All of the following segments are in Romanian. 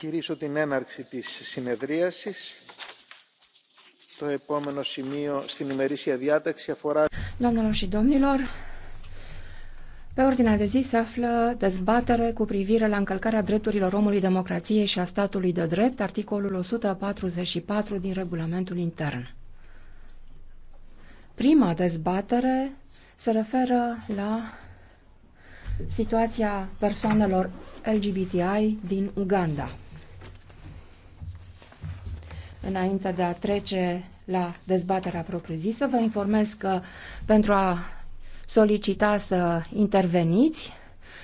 κηρύσω την έναρξη της συνεδρίασης. Το επόμενο σημείο στην ημερήσια διάταξη αφορά... Doamnelor și domnilor, pe ordinea de zi se află dezbatere cu privire la încălcarea drepturilor omului, democrației și a statului de drept, articolul 144 din regulamentul intern. Prima dezbatere se referă la situația persoanelor LGBTI din Uganda. Înainte de a trece la dezbaterea propriu-zisă, vă informez că pentru a solicita să interveniți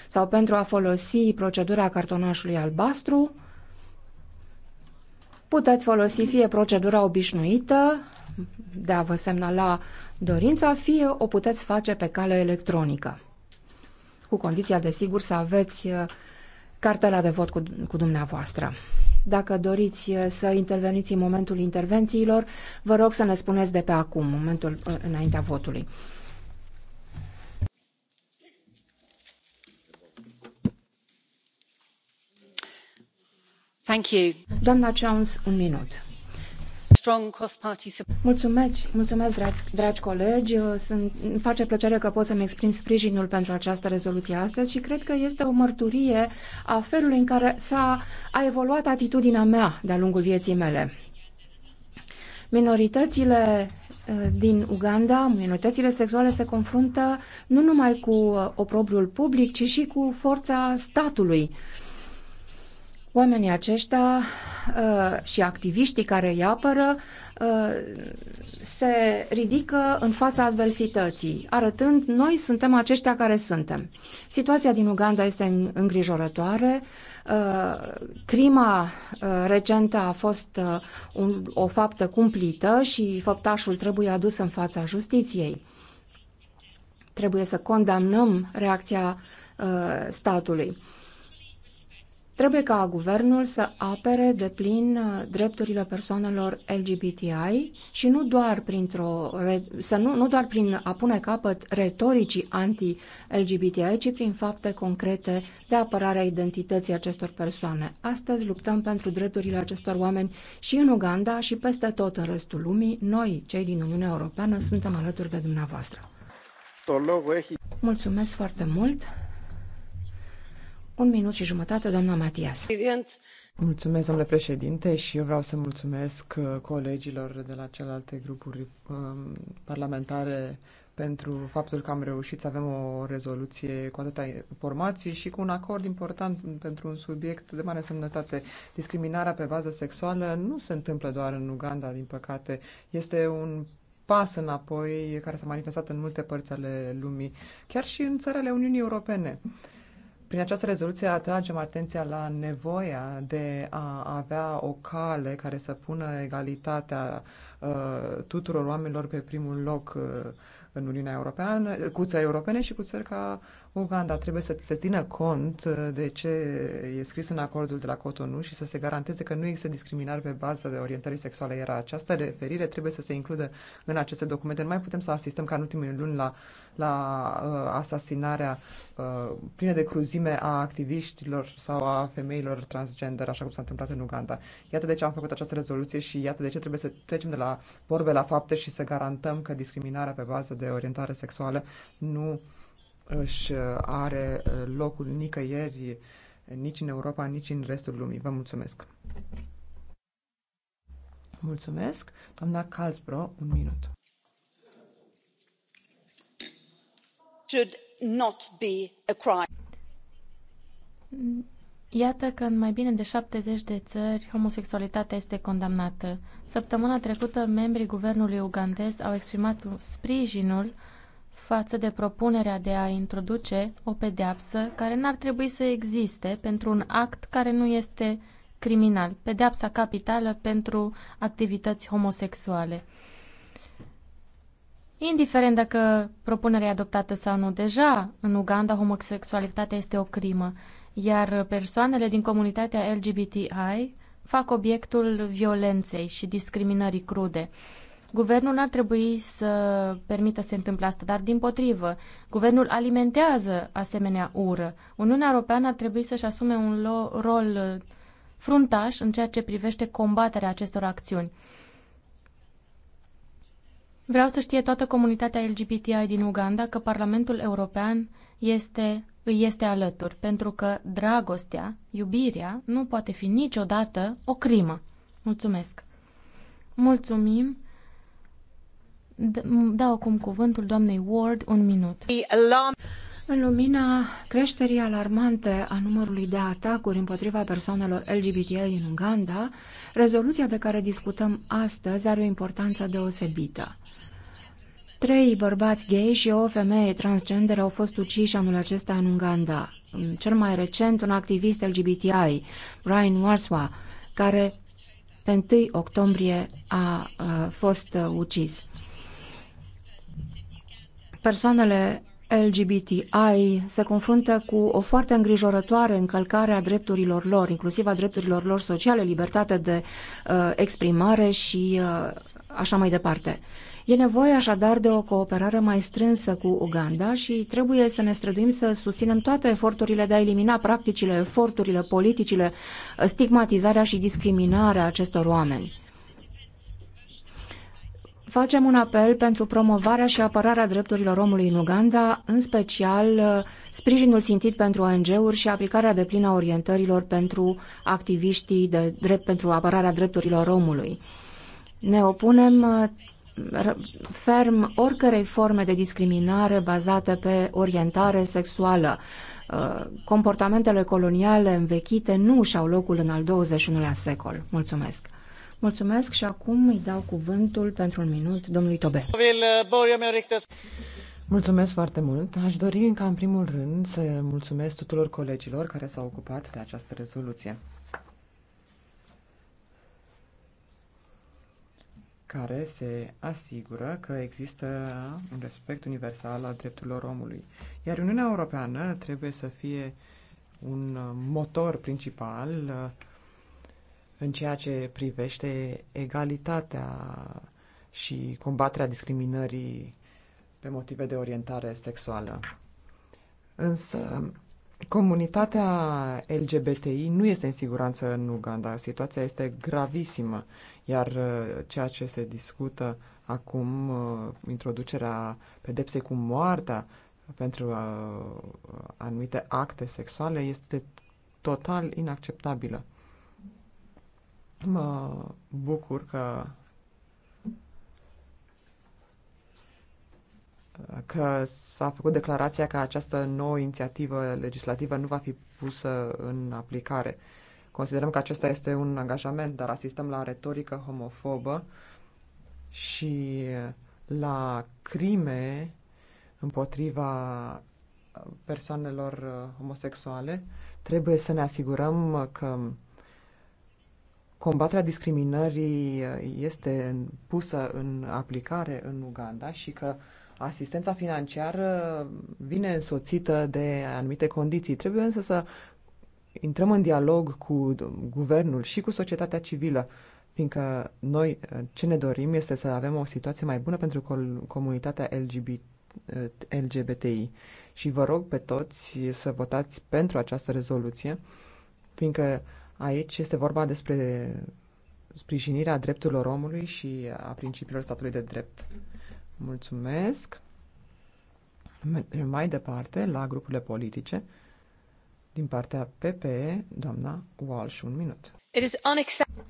sau pentru a folosi procedura cartonașului albastru, puteți folosi fie procedura obișnuită de a vă semnala dorința, fie o puteți face pe cale electronică. Cu condiția, desigur, să aveți uh, cartela de vot cu, cu dumneavoastră. Dacă doriți uh, să interveniți în momentul intervențiilor, vă rog să ne spuneți de pe acum, momentul uh, înaintea votului. Thank you. Doamna Jones, un minut. Mulțumesc, mulțumesc dragi, colegi. îmi face plăcere că pot să-mi exprim sprijinul pentru această rezoluție astăzi și cred că este o mărturie a felului în care s-a a evoluat atitudinea mea de-a lungul vieții mele. Minoritățile eh, din Uganda, minoritățile sexuale se confruntă nu numai cu eh, oprobriul public, ci și cu forța statului. Oamenii aceștia uh, și activiștii care îi apără uh, se ridică în fața adversității, arătând noi suntem aceștia care suntem. Situația din Uganda este îngrijorătoare. Uh, crima uh, recentă a fost uh, un, o faptă cumplită și făptașul trebuie adus în fața justiției. Trebuie să condamnăm reacția uh, statului. Trebuie ca guvernul să apere de plin uh, drepturile persoanelor LGBTI și nu doar, printr-o, să nu, nu doar prin a pune capăt retoricii anti-LGBTI, ci prin fapte concrete de apărare a identității acestor persoane. Astăzi luptăm pentru drepturile acestor oameni și în Uganda și peste tot în restul lumii. Noi, cei din Uniunea Europeană, suntem alături de dumneavoastră. Mulțumesc foarte mult! Un minut și jumătate, doamna Matias. Mulțumesc, domnule președinte, și eu vreau să mulțumesc uh, colegilor de la celelalte grupuri um, parlamentare pentru faptul că am reușit să avem o rezoluție cu atâta informații și cu un acord important pentru un subiect de mare semnătate. Discriminarea pe bază sexuală nu se întâmplă doar în Uganda, din păcate. Este un pas înapoi care s-a manifestat în multe părți ale lumii, chiar și în țările Uniunii Europene. Uh, prin această rezoluție atragem atenția la nevoia de a avea o cale care să pună egalitatea uh, tuturor oamenilor pe primul loc uh, în Uniunea Europeană, cu țări europene și cu țări ca Uganda trebuie să se țină cont uh, de ce e scris în acordul de la Cotonou și să se garanteze că nu există discriminare pe bază de orientare sexuală era această referire trebuie să se includă în aceste documente. Nu mai putem să asistăm ca în ultimele luni la, la uh, asasinarea uh, plină de cruzime a activiștilor sau a femeilor transgender, așa cum s-a întâmplat în Uganda. Iată de ce am făcut această rezoluție și iată de ce trebuie să trecem de la vorbe la fapte și să garantăm că discriminarea pe bază de orientare sexuală nu își uh, are uh, locul nicăieri, nici în Europa, nici în restul lumii. Vă mulțumesc! Mulțumesc! Doamna Calsbro, un minut. Should not be a crime. Iată că în mai bine de 70 de țări homosexualitatea este condamnată. Săptămâna trecută, membrii guvernului ugandez au exprimat sprijinul față de propunerea de a introduce o pedeapsă care n-ar trebui să existe pentru un act care nu este criminal, pedeapsa capitală pentru activități homosexuale. Indiferent dacă propunerea e adoptată sau nu, deja în Uganda homosexualitatea este o crimă, iar persoanele din comunitatea LGBTI fac obiectul violenței și discriminării crude. Guvernul n-ar trebui să permită să se întâmple asta, dar din potrivă, guvernul alimentează asemenea ură. Uniunea Europeană ar trebui să-și asume un rol uh, fruntaș în ceea ce privește combaterea acestor acțiuni. Vreau să știe toată comunitatea LGBTI din Uganda că Parlamentul European este, îi este alături, pentru că dragostea, iubirea, nu poate fi niciodată o crimă. Mulțumesc! Mulțumim! Dau acum cuvântul doamnei Ward, un minut. În lumina creșterii alarmante a numărului de atacuri împotriva persoanelor LGBTI în Uganda, rezoluția de care discutăm astăzi are o importanță deosebită. Trei bărbați gay și o femeie transgender au fost uciși anul acesta în Uganda. Cel mai recent, un activist LGBTI, Ryan Warswa, care pe 1 octombrie a, a fost uh, ucis persoanele LGBTI se confruntă cu o foarte îngrijorătoare încălcare a drepturilor lor, inclusiv a drepturilor lor sociale, libertate de uh, exprimare și uh, așa mai departe. E nevoie așadar de o cooperare mai strânsă cu Uganda și trebuie să ne străduim să susținem toate eforturile de a elimina practicile, eforturile, politicile, stigmatizarea și discriminarea acestor oameni. Facem un apel pentru promovarea și apărarea drepturilor omului în Uganda, în special uh, sprijinul țintit pentru ONG-uri și aplicarea de plină orientărilor pentru activiștii de drept, pentru apărarea drepturilor omului. Ne opunem uh, ferm oricărei forme de discriminare bazate pe orientare sexuală. Uh, comportamentele coloniale învechite nu și-au locul în al 21-lea secol. Mulțumesc! Mulțumesc și acum îi dau cuvântul pentru un minut domnului Tobe. Mulțumesc foarte mult. Aș dori ca în primul rând să mulțumesc tuturor colegilor care s-au ocupat de această rezoluție. care se asigură că există un respect universal al drepturilor omului. Iar Uniunea Europeană trebuie să fie un motor principal uh, în ceea ce privește egalitatea și combaterea discriminării pe motive de orientare sexuală. Însă, comunitatea LGBTI nu este în siguranță în Uganda. Situația este gravisimă, iar uh, ceea ce se discută acum, uh, introducerea pedepsei cu moartea pentru uh, anumite acte sexuale, este total inacceptabilă. Mă bucur că că s-a făcut declarația că această nouă inițiativă legislativă nu va fi pusă în aplicare. Considerăm că acesta este un angajament, dar asistăm la retorică homofobă și la crime împotriva persoanelor uh, homosexuale. Trebuie să ne asigurăm că combaterea discriminării uh, este pusă în aplicare în Uganda și că asistența financiară vine însoțită de anumite condiții. Trebuie însă să intrăm în dialog cu guvernul și cu societatea civilă, fiindcă noi uh, ce ne dorim este să avem o situație mai bună pentru comunitatea LGBT, uh, LGBTI. Și vă rog pe toți să votați pentru această rezoluție, fiindcă Aici este vorba despre sprijinirea drepturilor omului și a principiilor statului de drept. Mulțumesc. Mai departe, la grupurile politice, din partea PPE, doamna Walsh, un minut.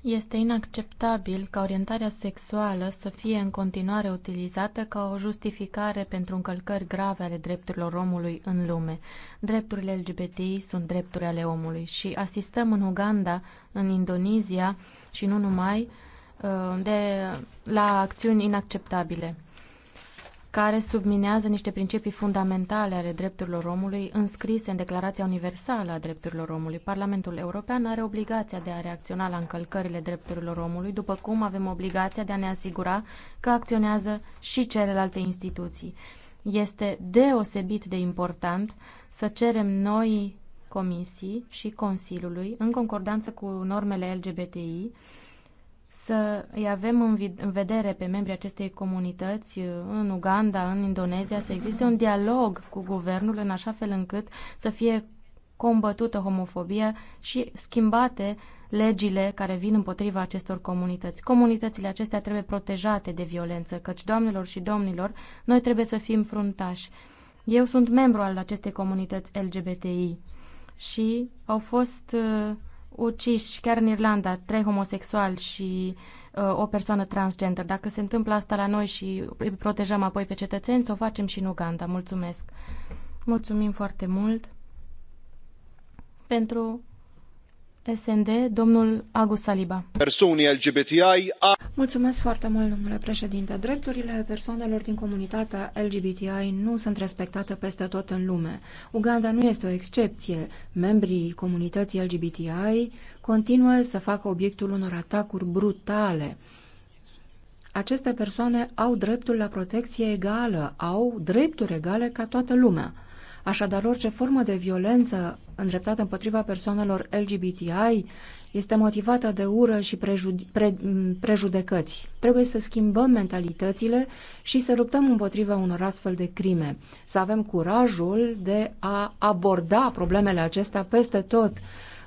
Este inacceptabil ca orientarea sexuală să fie în continuare utilizată ca o justificare pentru încălcări grave ale drepturilor omului în lume. Drepturile LGBTI sunt drepturi ale omului și asistăm în Uganda, în Indonezia și nu numai uh, de, la acțiuni inacceptabile care subminează niște principii fundamentale ale drepturilor omului înscrise în Declarația Universală a Drepturilor Omului. Parlamentul European are obligația de a reacționa la încălcările drepturilor omului, după cum avem obligația de a ne asigura că acționează și celelalte instituții. Este deosebit de important să cerem noi comisii și Consiliului, în concordanță cu normele LGBTI, să îi avem în, în vedere pe membrii acestei comunități uh, în Uganda, în Indonezia, să existe un dialog cu guvernul în așa fel încât să fie combătută homofobia și schimbate legile care vin împotriva acestor comunități. Comunitățile acestea trebuie protejate de violență, căci, doamnelor și domnilor, noi trebuie să fim fruntași. Eu sunt membru al acestei comunități LGBTI și au fost uh, uciși chiar în Irlanda trei homosexuali și uh, o persoană transgender. Dacă se întâmplă asta la noi și îi protejăm apoi pe cetățeni, să o facem și în Uganda. Mulțumesc! Mulțumim foarte mult pentru SND, domnul Agus Saliba. Persoanii LGBTI Mulțumesc foarte mult, domnule președinte. Drepturile persoanelor din comunitatea LGBTI nu sunt respectate peste tot în lume. Uganda nu este o excepție. Membrii comunității LGBTI continuă să facă obiectul unor atacuri brutale. Aceste persoane au dreptul la protecție egală, au drepturi egale ca toată lumea. Așadar, orice formă de violență îndreptată împotriva persoanelor LGBTI este motivată de ură și prejudi, pre prejudecăți. Trebuie să schimbăm mentalitățile și să luptăm împotriva unor astfel de crime. Să avem curajul de a aborda problemele acestea peste tot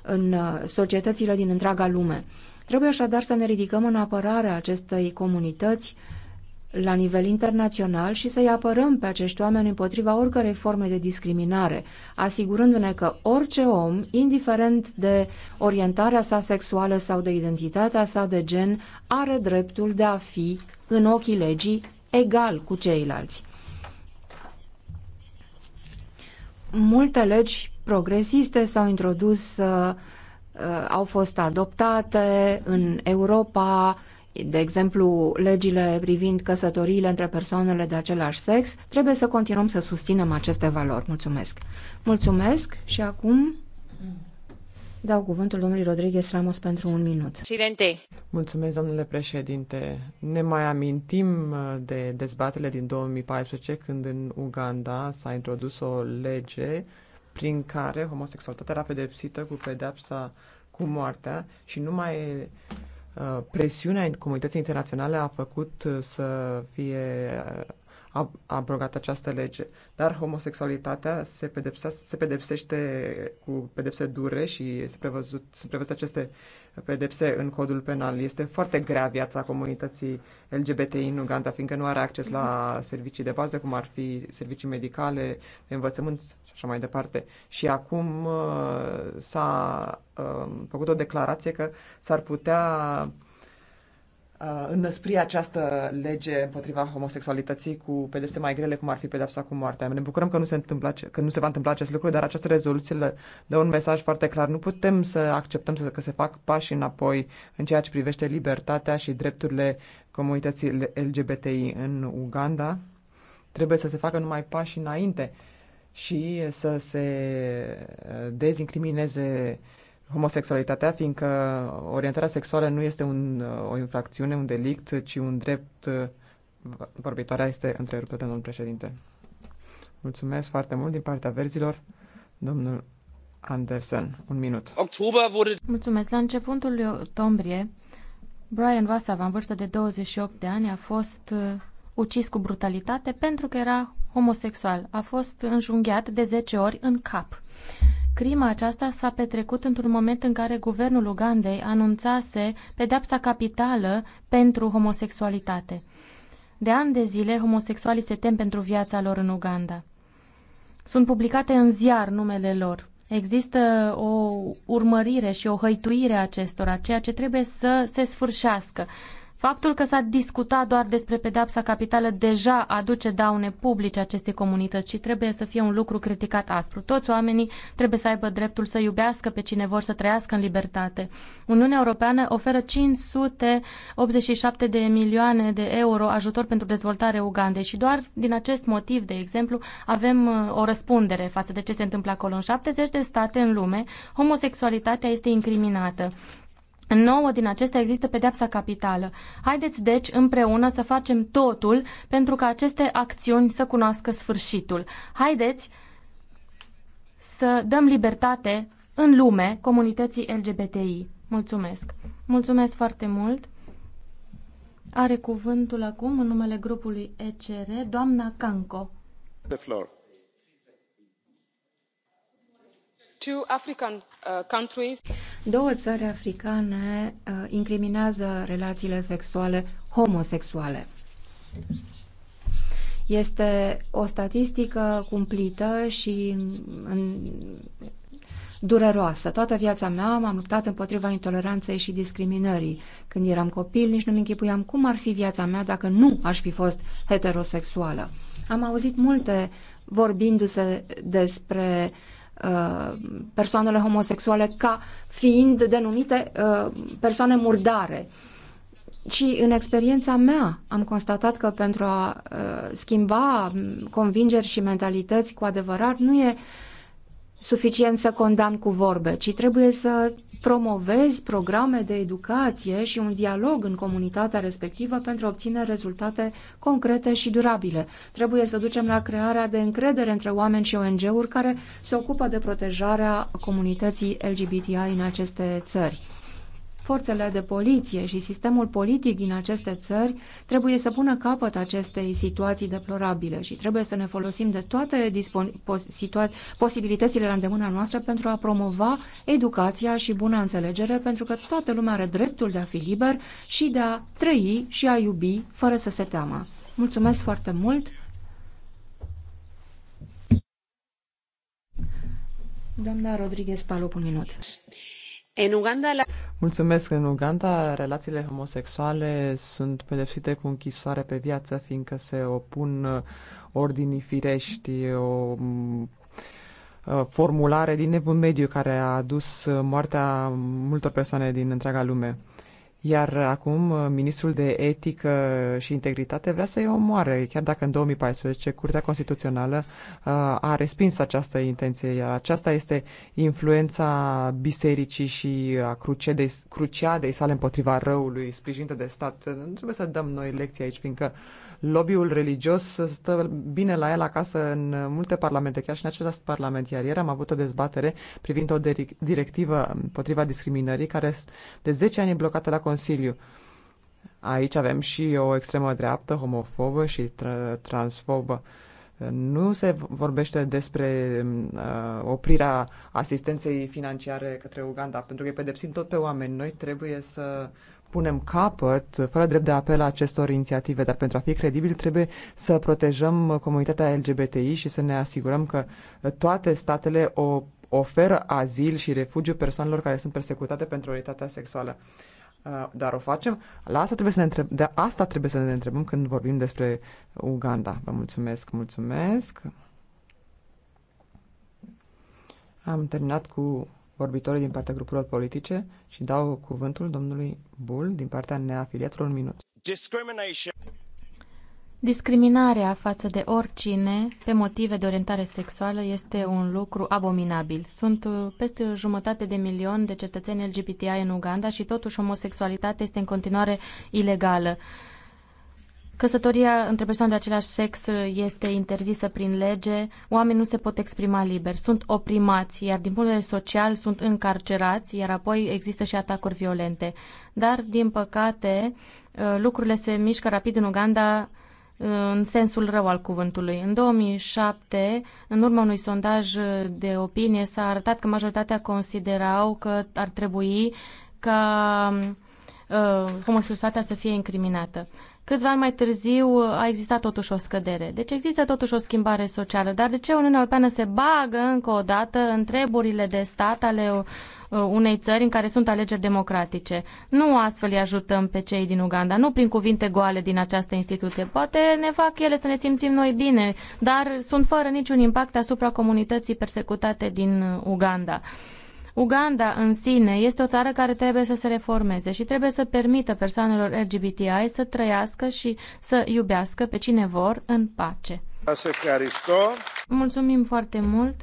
în uh, societățile din întreaga lume. Trebuie așadar să ne ridicăm în apărarea acestei comunități la nivel internațional și să-i apărăm pe acești oameni împotriva oricărei forme de discriminare, asigurându-ne că orice om, indiferent de orientarea sa sexuală sau de identitatea sa de gen, are dreptul de a fi, în ochii legii, egal cu ceilalți. Multe legi progresiste s-au introdus, uh, uh au fost adoptate în Europa, de exemplu, legile privind căsătoriile între persoanele de același sex, trebuie să continuăm să susținem aceste valori. Mulțumesc! Mulțumesc și acum dau cuvântul domnului Rodriguez Ramos pentru un minut. Presidente. Mulțumesc, domnule președinte. Ne mai amintim uh, de dezbatele din 2014 când în Uganda s-a introdus o lege prin care homosexualitatea era pedepsită cu pedepsa cu moartea și nu mai. Uh, presiunea comunității internaționale a făcut uh, să fie uh, abrogată această lege. Dar homosexualitatea se, pedepsa, se pedepsește cu pedepse dure și este prevăzut, sunt prevăzute aceste pedepse în codul penal. Este foarte grea viața comunității LGBTI în Uganda, fiindcă nu are acces la servicii de bază, cum ar fi servicii medicale, de învățământ și așa mai departe. Și acum uh, s-a um, făcut o declarație că s-ar putea uh, înăspri această lege împotriva homosexualității cu pedepse mai grele, cum ar fi pedepsa cu moartea. Ne bucurăm că nu se, întâmplă, că nu se va întâmpla acest lucru, dar această rezoluție dă un mesaj foarte clar. Nu putem să acceptăm să, că se fac pași înapoi în ceea ce privește libertatea și drepturile comunității LGBTI în Uganda. Trebuie să se facă numai pași înainte și să se eh, dezincrimineze homosexualitatea, fiindcă orientarea sexuală nu este un, eh, o infracțiune, un delict, ci un drept. Eh, vorbitoarea este întreruptă, domnul președinte. Mulțumesc foarte mult din partea verzilor, domnul Anderson. Un minut. Mulțumesc. La începutul lui octombrie, Brian Vassava, în vârstă de 28 de ani, a fost ucis cu brutalitate pentru că era homosexual. A fost înjunghiat de 10 ori în cap. Crima aceasta s-a petrecut într-un moment în care guvernul Ugandei anunțase pedepsa capitală pentru homosexualitate. De ani de zile, homosexualii se tem pentru viața lor în Uganda. Sunt publicate în ziar numele lor. Există o urmărire și o hăituire a acestora, ceea ce trebuie să se sfârșească. Faptul că s-a discutat doar despre pedapsa capitală deja aduce daune publice acestei comunități și trebuie să fie un lucru criticat aspru. Toți oamenii trebuie să aibă dreptul să iubească pe cine vor să trăiască în libertate. Uniunea Europeană oferă 587 de milioane de euro ajutor pentru dezvoltare Ugandei și doar din acest motiv, de exemplu, avem uh, o răspundere față de ce se întâmplă acolo. În 70 de state în lume, homosexualitatea este incriminată. În nouă din acestea există pedeapsa capitală. Haideți, deci, împreună să facem totul pentru ca aceste acțiuni să cunoască sfârșitul. Haideți să dăm libertate în lume comunității LGBTI. Mulțumesc! Mulțumesc foarte mult! Are cuvântul acum, în numele grupului ECR, doamna Canco. The floor. Uh, Două țări africane uh, incriminează relațiile sexuale homosexuale. Este o statistică cumplită și în, dureroasă. Toată viața mea m-am luptat împotriva intoleranței și discriminării. Când eram copil, nici nu-mi închipuiam cum ar fi viața mea dacă nu aș fi fost heterosexuală. Am auzit multe vorbindu-se despre Uh, persoanele homosexuale ca fiind denumite uh, persoane murdare. Și în experiența mea am constatat că pentru a uh, schimba convingeri și mentalități cu adevărat nu e suficient să condamn cu vorbe, ci trebuie să promovezi programe de educație și un dialog în comunitatea respectivă pentru a obține rezultate concrete și durabile. Trebuie să ducem la crearea de încredere între oameni și ONG-uri care se ocupă de protejarea comunității LGBTI în aceste țări. Forțele de poliție și sistemul politic din aceste țări trebuie să pună capăt acestei situații deplorabile și trebuie să ne folosim de toate posibilitățile la îndemâna noastră pentru a promova educația și buna înțelegere, pentru că toată lumea are dreptul de a fi liber și de a trăi și a iubi fără să se teamă. Mulțumesc foarte mult! Doamna Rodriguez Palop, un minut în Uganda, la... Mulțumesc. În Uganda, relațiile homosexuale sunt pedepsite cu închisoare pe viață, fiindcă se opun uh, ordinii firești, o mm, uh, formulare din evul mediu care a adus uh, moartea multor persoane din întreaga lume. Iar acum uh, ministrul de etică și integritate vrea să-i omoare, chiar dacă în 2014 Curtea Constituțională uh, a respins această intenție. Iar aceasta este influența bisericii și a crucedei, cruciadei sale împotriva răului sprijinită de stat. Nu trebuie să dăm noi lecții aici, fiindcă lobby-ul religios stă bine la el acasă în multe parlamente, chiar și în acest parlament. Iar ieri am avut o dezbatere privind o directivă împotriva discriminării care de 10 ani e blocată la Consiliu. Aici avem și o extremă dreaptă, homofobă și tra- transfobă. Nu se vorbește despre uh, oprirea asistenței financiare către Uganda, pentru că e pedepsim tot pe oameni. Noi trebuie să punem capăt, fără drept de apel, acestor inițiative, dar pentru a fi credibil trebuie să protejăm comunitatea LGBTI și să ne asigurăm că toate statele o oferă azil și refugiu persoanelor care sunt persecutate pentru orientarea sexuală. Uh, dar o facem? La asta trebuie să ne întreb, de asta trebuie să ne întrebăm când vorbim despre Uganda. Vă mulțumesc, mulțumesc. Am terminat cu vorbitorii din partea grupurilor politice și dau cuvântul domnului Bull din partea neafiliatului un minut. Discriminarea față de oricine pe motive de orientare sexuală este un lucru abominabil. Sunt uh, peste jumătate de milion de cetățeni LGBTI în Uganda și totuși homosexualitatea este în continuare ilegală. Căsătoria între persoane de același sex este interzisă prin lege, oamenii nu se pot exprima liber, sunt oprimați, iar din punct de vedere social sunt încarcerați, iar apoi există și atacuri violente. Dar, din păcate, uh, lucrurile se mișcă rapid în Uganda uh, în sensul rău al cuvântului. În 2007, în urma unui sondaj de opinie, s-a arătat că majoritatea considerau că ar trebui ca uh, homosexualitatea să fie incriminată. Câțiva ani mai târziu uh, a existat totuși o scădere. Deci există totuși o schimbare socială. Dar de ce Uniunea Europeană se bagă încă o dată în treburile de stat ale uh, unei țări în care sunt alegeri democratice. Nu astfel îi ajutăm pe cei din Uganda, nu prin cuvinte goale din această instituție. Poate ne fac ele să ne simțim noi bine, dar sunt fără niciun impact asupra comunității persecutate din uh, Uganda. Uganda în sine este o țară care trebuie să se reformeze și trebuie să permită persoanelor LGBTI să trăiască și să iubească pe cine vor în pace. Mulțumim foarte mult!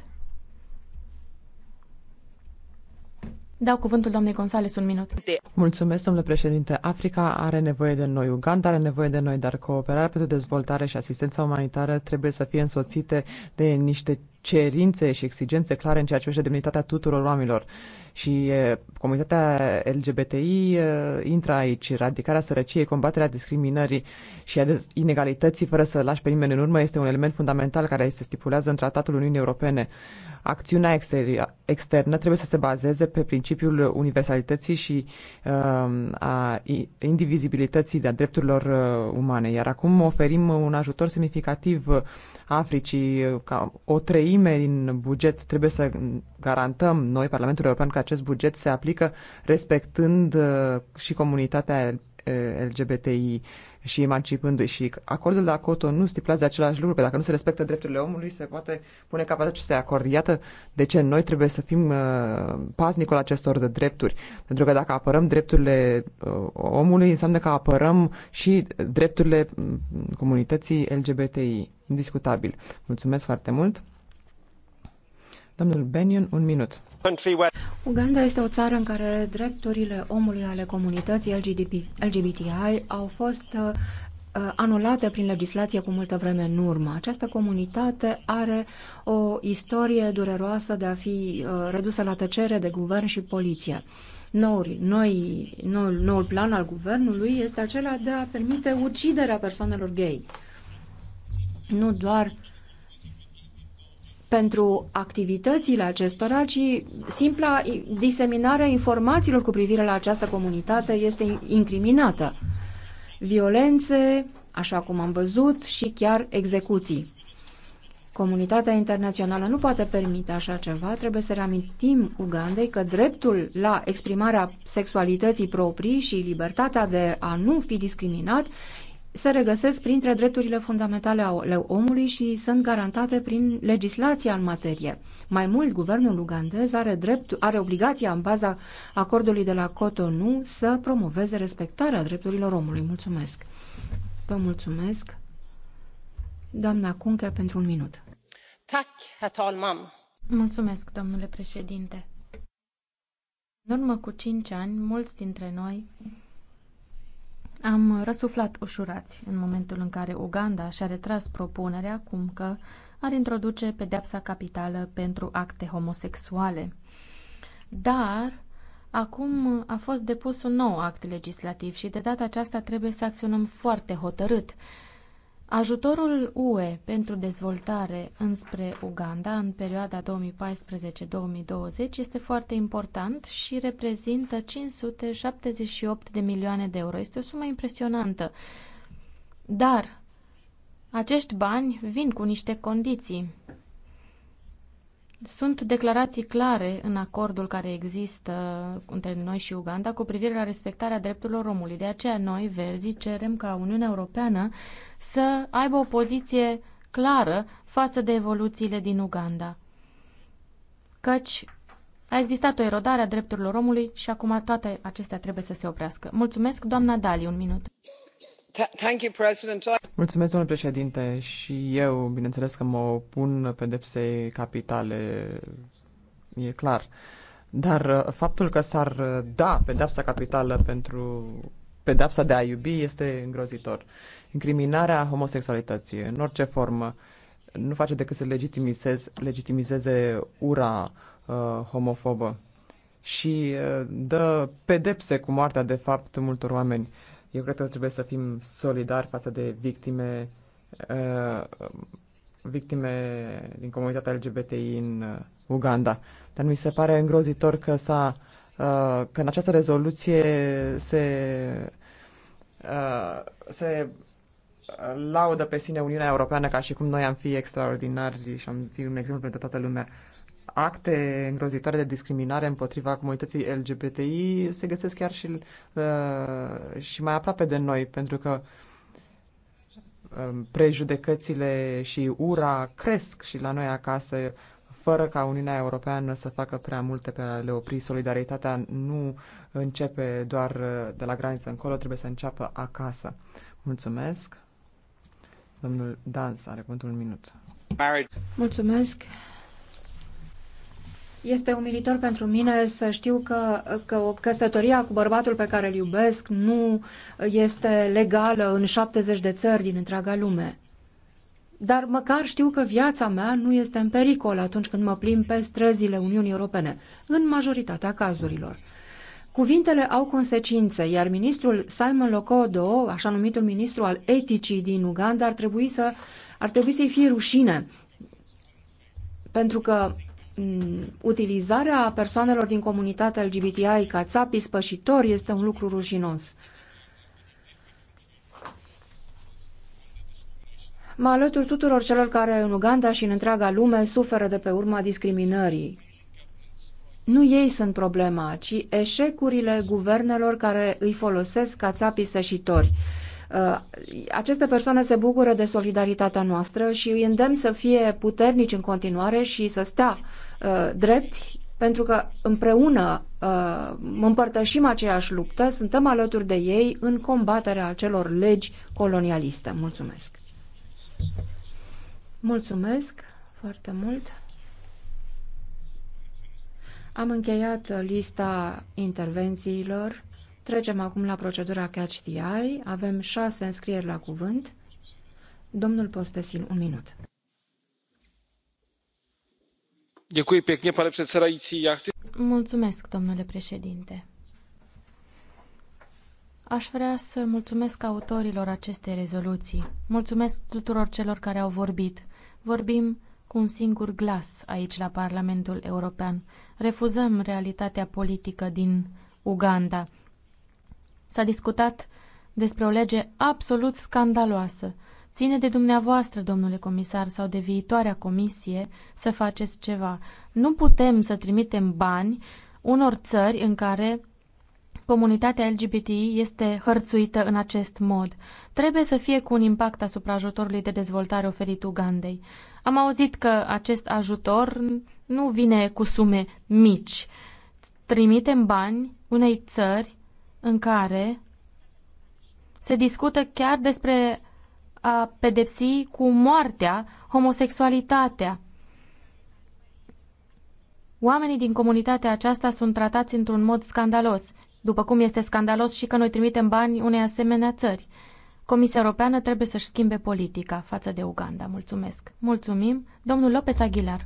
Dau cuvântul doamnei Gonzales un minut. Mulțumesc, domnule președinte. Africa are nevoie de noi, Uganda are nevoie de noi, dar cooperarea pentru dezvoltare și asistența umanitară trebuie să fie însoțite de niște cerințe și exigențe clare în ceea ce privește demnitatea tuturor oamenilor. Și comunitatea LGBTI intră aici. Radicarea sărăciei, combaterea discriminării și a inegalității fără să lași pe nimeni în urmă este un element fundamental care se stipulează în Tratatul Uniunii Europene acțiunea externă trebuie să se bazeze pe principiul universalității și uh, a indivizibilității de-a drepturilor uh, umane. Iar acum oferim un ajutor semnificativ uh, Africii, ca o treime din buget trebuie să garantăm noi, Parlamentul European, că acest buget se aplică respectând uh, și comunitatea uh, LGBTI și emancipându-i. Și acordul de la Cotonou stipulează același lucru, că dacă nu se respectă drepturile omului, se poate pune capăt acestui acord. Iată de ce noi trebuie să fim uh, paznicul acestor de drepturi. Pentru că dacă apărăm drepturile uh, omului, înseamnă că apărăm și drepturile mm, comunității LGBTI. Indiscutabil. Mulțumesc foarte mult. Domnul Benion, un minut Uganda este o țară în care drepturile omului ale comunității LGBTI au fost uh, uh, anulate prin legislație cu multă vreme în urmă. Această comunitate are o istorie dureroasă de a fi uh, redusă la tăcere de guvern și poliție. Noul, noi, noul, noul plan al guvernului este acela de a permite uciderea persoanelor gay. Nu doar uh, pentru activitățile acestora, ci simpla diseminarea informațiilor cu privire la această comunitate este incriminată. Violențe, așa cum am văzut, și chiar execuții. Comunitatea internațională nu poate permite așa ceva. Trebuie să reamintim Ugandei că dreptul la exprimarea sexualității proprii și libertatea de a nu fi discriminat se regăsesc printre drepturile fundamentale ale omului și sunt garantate prin legislația în materie. Mai mult, guvernul ugandez are, drept, are obligația în baza acordului de la Cotonou să promoveze respectarea drepturilor omului. Mulțumesc! Vă mulțumesc! Doamna Cunca, pentru un minut. Tak, herr talman. Mulțumesc, domnule președinte. În urmă cu cinci ani, mulți dintre noi am răsuflat ușurați în momentul în care Uganda și-a retras propunerea cum că ar introduce pedepsa capitală pentru acte homosexuale. Dar acum a fost depus un nou act legislativ și de data aceasta trebuie să acționăm foarte hotărât Ajutorul UE pentru dezvoltare înspre Uganda în perioada 2014-2020 este foarte important și reprezintă 578 de milioane de euro. Este o sumă impresionantă. Dar acești bani vin cu niște condiții. Sunt declarații clare în acordul care există între noi și Uganda cu privire la respectarea drepturilor omului. De aceea noi, verzii, cerem ca Uniunea Europeană să aibă o poziție clară față de evoluțiile din Uganda. Căci a existat o erodare a drepturilor omului și acum toate acestea trebuie să se oprească. Mulțumesc, doamna Dali, un minut. Mulțumesc domnule președinte și eu bineînțeles că mă opun pedepsei capitale e clar dar uh, faptul că s ar uh, da pedepsa capitală pentru pedepsa de a iubi este îngrozitor. Incriminarea homosexualității în orice formă nu face decât să legitimizeze, legitimizeze ura uh, homofobă și uh, dă pedepse cu moartea de fapt multor oameni. Uh, eu cred că trebuie să fim solidari față de victime, uh, victime din comunitatea LGBTI în uh, Uganda. Dar mi se pare îngrozitor că, s-a, uh, că în această rezoluție se, uh, se laudă pe sine Uniunea Europeană ca și cum noi am fi extraordinari și am fi un exemplu pentru toată lumea acte îngrozitoare de discriminare împotriva comunității LGBTI se găsesc chiar și, uh, și mai aproape de noi, pentru că um, prejudecățile și ura cresc și la noi acasă, fără ca Uniunea Europeană să facă prea multe pe a le opri. Solidaritatea nu începe doar uh, de la graniță încolo, trebuie să înceapă acasă. Mulțumesc. Domnul Dans are cuvântul un minut. Mulțumesc. Este umilitor pentru mine să știu că, că o căsătoria cu bărbatul pe care îl iubesc nu este legală în 70 de țări din întreaga lume. Dar măcar știu că viața mea nu este în pericol atunci când mă plim pe străzile Uniunii Europene, în majoritatea cazurilor. Cuvintele au consecințe, iar ministrul Simon Lokodo, așa numitul ministru al eticii din Uganda, ar trebui să ar trebui să-i fie rușine. Pentru că Mm, utilizarea persoanelor din comunitatea LGBTI ca țapi spășitori este un lucru rușinos. Mă alătur tuturor celor care în Uganda și în întreaga lume suferă de pe urma discriminării. Nu ei sunt problema, ci eșecurile guvernelor care îi folosesc ca țapii sășitori. Uh, aceste persoane se bucură de solidaritatea noastră și îi îndemn să fie puternici în continuare și să stea Uh, drepți pentru că împreună uh, împărtășim aceeași luptă, suntem alături de ei în combaterea acelor legi colonialiste. Mulțumesc! Mulțumesc foarte mult! Am încheiat lista intervențiilor. Trecem acum la procedura Catch the Eye. Avem șase înscrieri la cuvânt. Domnul Pospesil, un minut pane předsedající domnule președinte aș vrea să mulțumesc autorilor acestei rezoluții. Mulțumesc tuturor celor care au vorbit. Vorbim cu un singur glas aici la Parlamentul European. Refuzăm realitatea politică din Uganda. S-a discutat despre o lege absolut scandaloasă Ține de dumneavoastră, domnule comisar, sau de viitoarea comisie să faceți ceva. Nu putem să trimitem bani unor țări în care comunitatea LGBTI este hărțuită în acest mod. Trebuie să fie cu un impact asupra ajutorului de dezvoltare oferit Ugandei. Am auzit că acest ajutor nu vine cu sume mici. Trimitem bani unei țări în care se discută chiar despre a pedepsi cu moartea homosexualitatea. Oamenii din comunitatea aceasta sunt tratați într-un mod scandalos, după cum este scandalos și că noi trimitem bani unei asemenea țări. Comisia Europeană trebuie să-și schimbe politica față de Uganda. Mulțumesc. Mulțumim. Domnul Lopez Aguilar.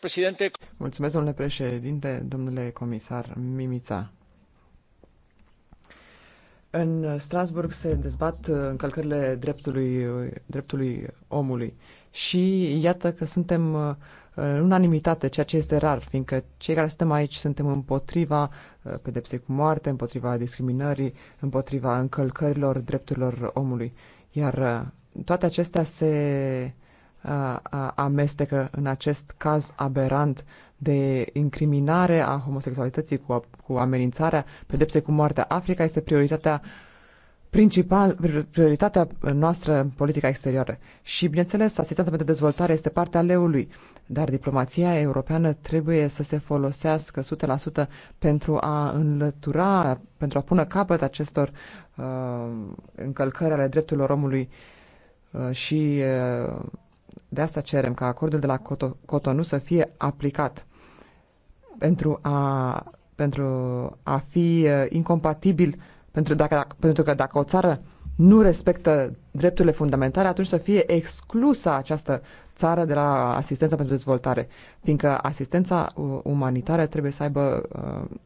Președinte. Mulțumesc, domnule președinte, domnule comisar Mimița. În Strasburg se dezbat încălcările dreptului, dreptului omului și iată că suntem uh, în unanimitate, ceea ce este rar, fiindcă cei care suntem aici suntem împotriva uh, pedepsei cu moarte, împotriva discriminării, împotriva încălcărilor drepturilor omului. Iar uh, toate acestea se amestecă în acest caz aberant de incriminare a homosexualității cu, cu amenințarea pedepse cu moartea. Africa este prioritatea principal, prioritatea noastră în politica exterioară. Și, bineînțeles, asistența pentru dezvoltare este partea leului, dar diplomația europeană trebuie să se folosească 100% pentru a înlătura, pentru a pune capăt acestor uh, încălcări ale drepturilor omului uh, și uh, de asta cerem ca acordul de la Cotonou să fie aplicat pentru a, pentru a fi uh, incompatibil, pentru, dacă, pentru că dacă o țară nu respectă drepturile fundamentale, atunci să fie exclusă această țară de la asistența pentru dezvoltare, fiindcă asistența uh, umanitară trebuie să aibă,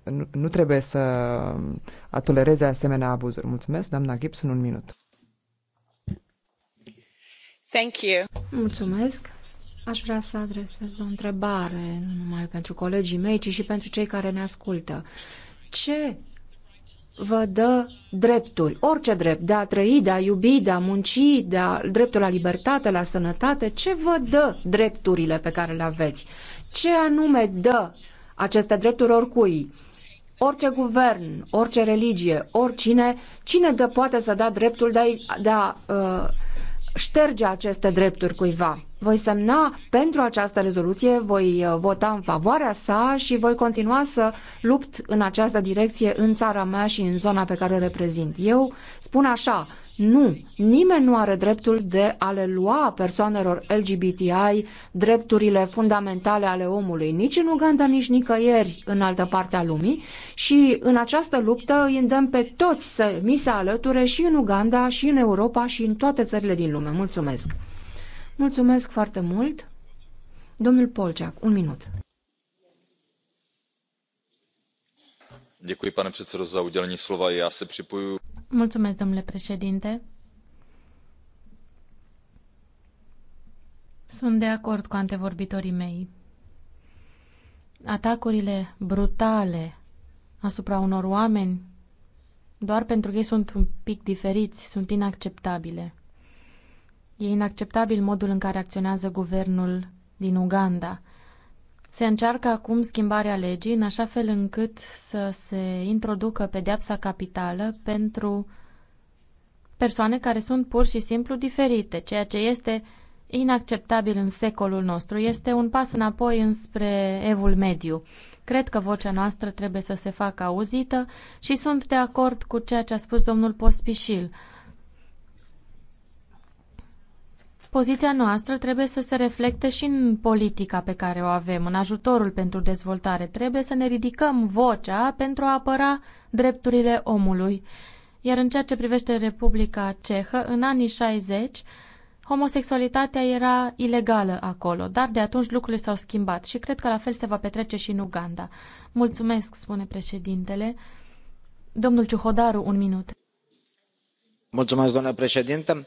uh, nu trebuie să tolereze asemenea abuzuri. Mulțumesc, doamna Gibson, un minut. Thank you. Mulțumesc. Aș vrea să adresez o întrebare, nu numai pentru colegii mei, ci și pentru cei care ne ascultă. Ce vă dă dreptul, orice drept, de a trăi, de a iubi, de a munci, de a, dreptul la libertate, la sănătate, ce vă dă drepturile pe care le aveți? Ce anume dă aceste drepturi oricui? Orice guvern, orice religie, oricine, cine dă poate să dea dreptul de a, de a uh, șterge aceste drepturi cuiva? voi semna pentru această rezoluție, voi uh, vota în favoarea sa și voi continua să lupt în această direcție în țara mea și în zona pe care o reprezint. Eu spun așa, nu, nimeni nu are dreptul de a le lua persoanelor LGBTI drepturile fundamentale ale omului, nici în Uganda, nici nicăieri în altă parte a lumii și în această luptă îi îndemn pe toți să mi se alăture și în Uganda, și în Europa, și în toate țările din lume. Mulțumesc! Mulțumesc foarte mult. Domnul Polceac, un minut. Děkuji, pane předsedo, za udělení slova. Já se připojuji. Mulțumesc, domnule președinte. Sunt de acord cu antevorbitorii mei. Atacurile brutale asupra unor oameni doar pentru că ei sunt un pic diferiți, sunt inacceptabile. E inacceptabil modul în care acționează guvernul din Uganda. Se încearcă acum schimbarea legii în așa fel încât să se introducă pedeapsa capitală pentru persoane care sunt pur și simplu diferite, ceea ce este inacceptabil în secolul nostru. Este un pas înapoi înspre evul mediu. Cred că vocea noastră trebuie să se facă auzită și sunt de acord cu ceea ce a spus domnul Pospișil. Poziția noastră trebuie să se reflecte și în politica pe care o avem, în ajutorul pentru dezvoltare. Trebuie să ne ridicăm vocea pentru a apăra drepturile omului. Iar în ceea ce privește Republica Cehă, în anii 60, homosexualitatea era ilegală acolo, dar de atunci lucrurile s-au schimbat și cred că la fel se va petrece și în Uganda. Mulțumesc, spune președintele. Domnul Ciuhodaru, un minut. Mulțumesc, domnule președinte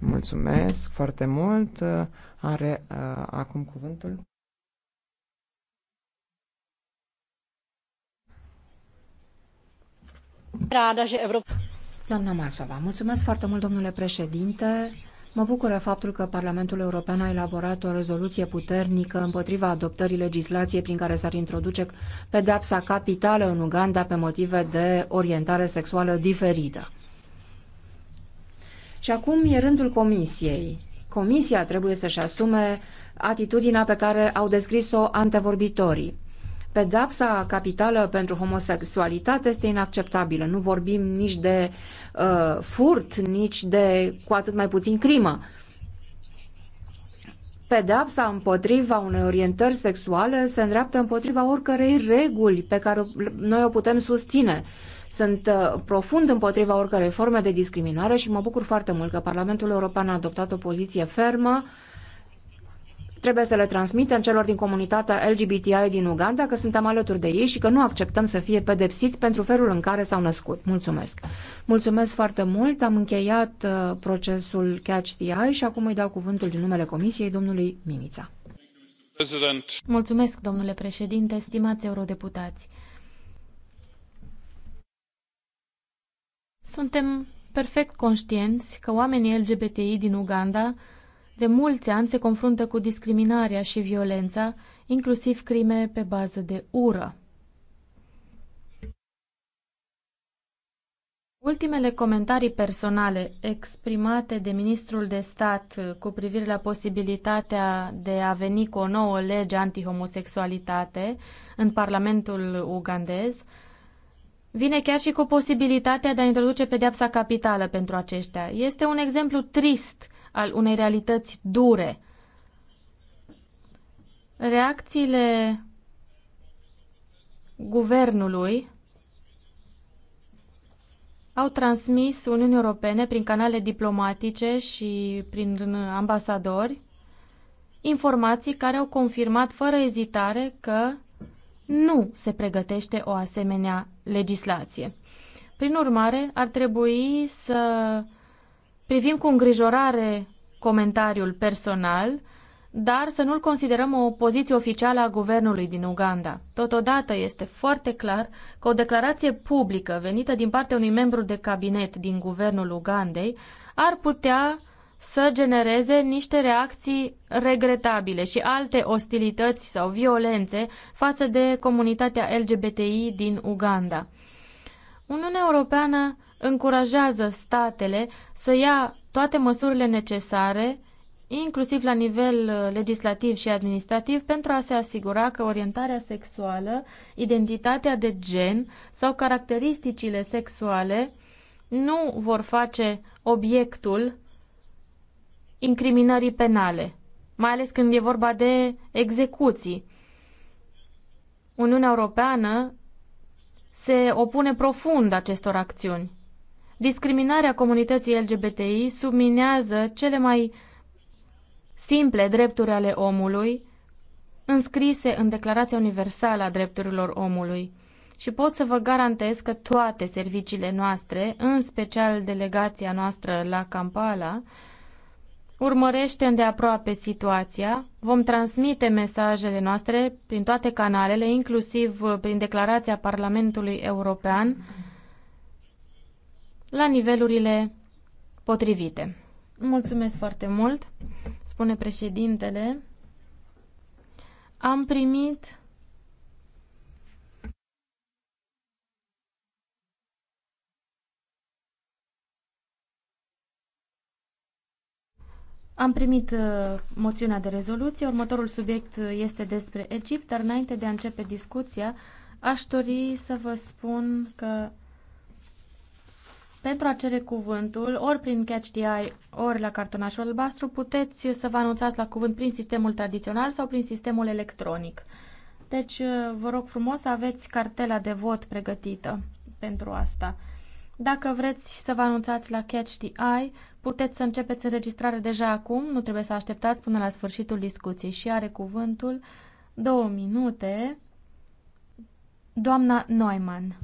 Mulțumesc foarte mult. Are uh, acum cuvântul. Doamna Marșava, mulțumesc foarte mult, domnule președinte. Mă bucură faptul că Parlamentul European a elaborat o rezoluție puternică împotriva adoptării legislației prin care s-ar introduce pedepsa capitală în Uganda pe motive de orientare sexuală diferită. Și acum e rândul Comisiei. Comisia trebuie să-și asume atitudinea pe care au descris-o antevorbitorii. Pedapsa capitală pentru homosexualitate este inacceptabilă. Nu vorbim nici de uh, furt, nici de cu atât mai puțin crimă. Pedapsa împotriva unei orientări sexuale se îndreaptă împotriva oricărei reguli pe care noi o putem susține. Uh, sunt uh, profund împotriva oricărei forme de discriminare și mă bucur foarte mult că Parlamentul European a adoptat o poziție fermă Trebuie să le transmitem celor din comunitatea LGBTI din Uganda că suntem alături de ei și că nu acceptăm să fie pedepsiți pentru felul în care s-au născut. Mulțumesc! Mulțumesc foarte mult! Am încheiat uh, procesul Catch the Eye și acum îi dau cuvântul din numele Comisiei domnului Mimița. Mulțumesc, domnule președinte, stimați eurodeputați. Suntem perfect conștienți că oamenii LGBTI din Uganda de mulți ani se confruntă cu discriminarea și violența, inclusiv crime pe bază de ură. Ultimele comentarii personale exprimate de ministrul de stat uh, cu privire la posibilitatea de a veni cu o nouă lege antihomosexualitate în Parlamentul ugandez vine chiar și cu posibilitatea de a introduce pedeapsa capitală pentru aceștia. Este un exemplu trist al unei realități dure. Reacțiile guvernului au transmis Uniunii Europene prin canale diplomatice și prin ambasadori informații care au confirmat fără ezitare că nu se pregătește o asemenea legislație. Prin urmare, ar trebui să privim cu îngrijorare comentariul personal, dar să nu-l considerăm o poziție oficială a guvernului din Uganda. Totodată este foarte clar că o declarație publică venită din partea unui membru de cabinet din guvernul Ugandei ar putea să genereze niște reacții regretabile și alte ostilități sau violențe față de comunitatea LGBTI din Uganda. Uniunea Europeană încurajează statele să ia toate măsurile necesare, inclusiv la nivel uh, legislativ și administrativ, pentru a se asigura că orientarea sexuală, identitatea de gen sau caracteristicile sexuale nu vor face obiectul incriminării penale, mai ales când e vorba de execuții. Uniunea Europeană se opune profund acestor acțiuni. Discriminarea comunității LGBTI subminează cele mai simple drepturi ale omului, înscrise în Declarația Universală a Drepturilor Omului. Și pot să vă garantez că toate serviciile noastre, în special delegația noastră la Kampala, urmărește îndeaproape situația. Vom transmite mesajele noastre prin toate canalele, inclusiv uh, prin declarația Parlamentului European, la nivelurile potrivite. Mulțumesc foarte mult, spune președintele. Am primit Am primit uh, moțiunea de rezoluție. Următorul subiect uh, este despre Egipt, dar înainte de a începe discuția, aș dori să vă spun că pentru a cere cuvântul, ori prin Catch the Eye, ori la cartonașul albastru, puteți să vă anunțați la cuvânt prin sistemul tradițional sau prin sistemul electronic. Deci, uh, vă rog frumos să aveți cartela de vot pregătită pentru asta. Dacă vreți să vă anunțați la Catch the Eye, Puteți să începeți înregistrare deja acum, nu trebuie să așteptați până la sfârșitul discuției. Și are cuvântul două minute doamna Neumann.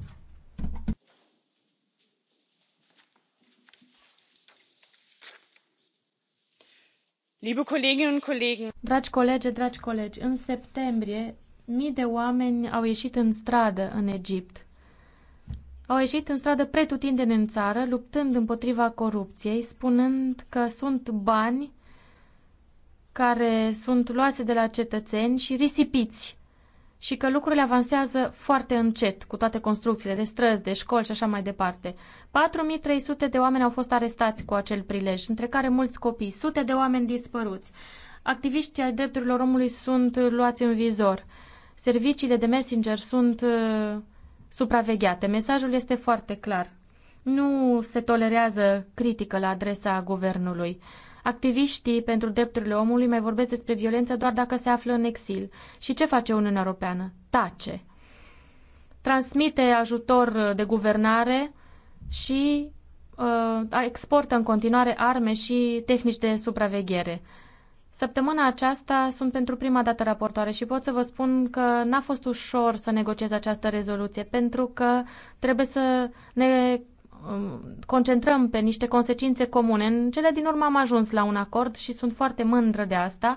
Liebe Kolleginnen und Kollegen, dragi colegi, dragi colegi, în septembrie mii de oameni au ieșit în stradă în Egipt au ieșit în stradă pretutindeni în țară, luptând împotriva corupției, spunând că sunt bani care sunt luați de la cetățeni și risipiți și că lucrurile avansează foarte încet cu toate construcțiile de străzi, de școli și așa mai departe. 4300 de oameni au fost arestați cu acel prilej, între care mulți copii, sute de oameni dispăruți. Activiștii ai drepturilor omului sunt luați în vizor. Serviciile de messenger sunt uh, supravegheate. Mesajul este foarte clar. Nu se tolerează critică la adresa guvernului. Activiștii pentru drepturile omului mai vorbesc despre violență doar dacă se află în exil. Și ce face Uniunea Europeană? Tace. Transmite ajutor de guvernare și uh, exportă în continuare arme și tehnici de supraveghere. Săptămâna aceasta sunt pentru prima dată raportoare și pot să vă spun că n-a fost ușor să negociez această rezoluție, pentru că trebuie să ne um, concentrăm pe niște consecințe comune. În cele din urmă am ajuns la un acord și sunt foarte mândră de asta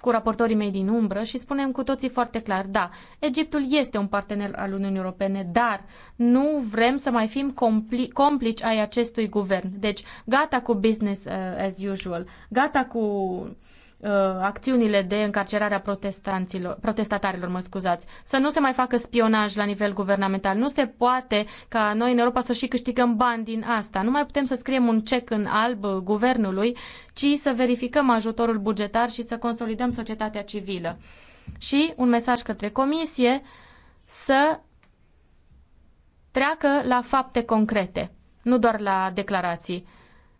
cu raportorii mei din umbră și spunem cu toții foarte clar, da, Egiptul este un partener al Uniunii Europene, dar nu vrem să mai fim compli- complici ai acestui guvern. Deci, gata cu business uh, as usual, gata cu uh, Uh, acțiunile de încarcerare a protestanților, protestatarilor, mă scuzați, să nu se mai facă spionaj la nivel guvernamental. Nu se poate ca noi în Europa să și câștigăm bani din asta. Nu mai putem să scriem un cec în alb guvernului, ci să verificăm ajutorul bugetar și să consolidăm societatea civilă. Și un mesaj către comisie să treacă la fapte concrete, nu doar la declarații.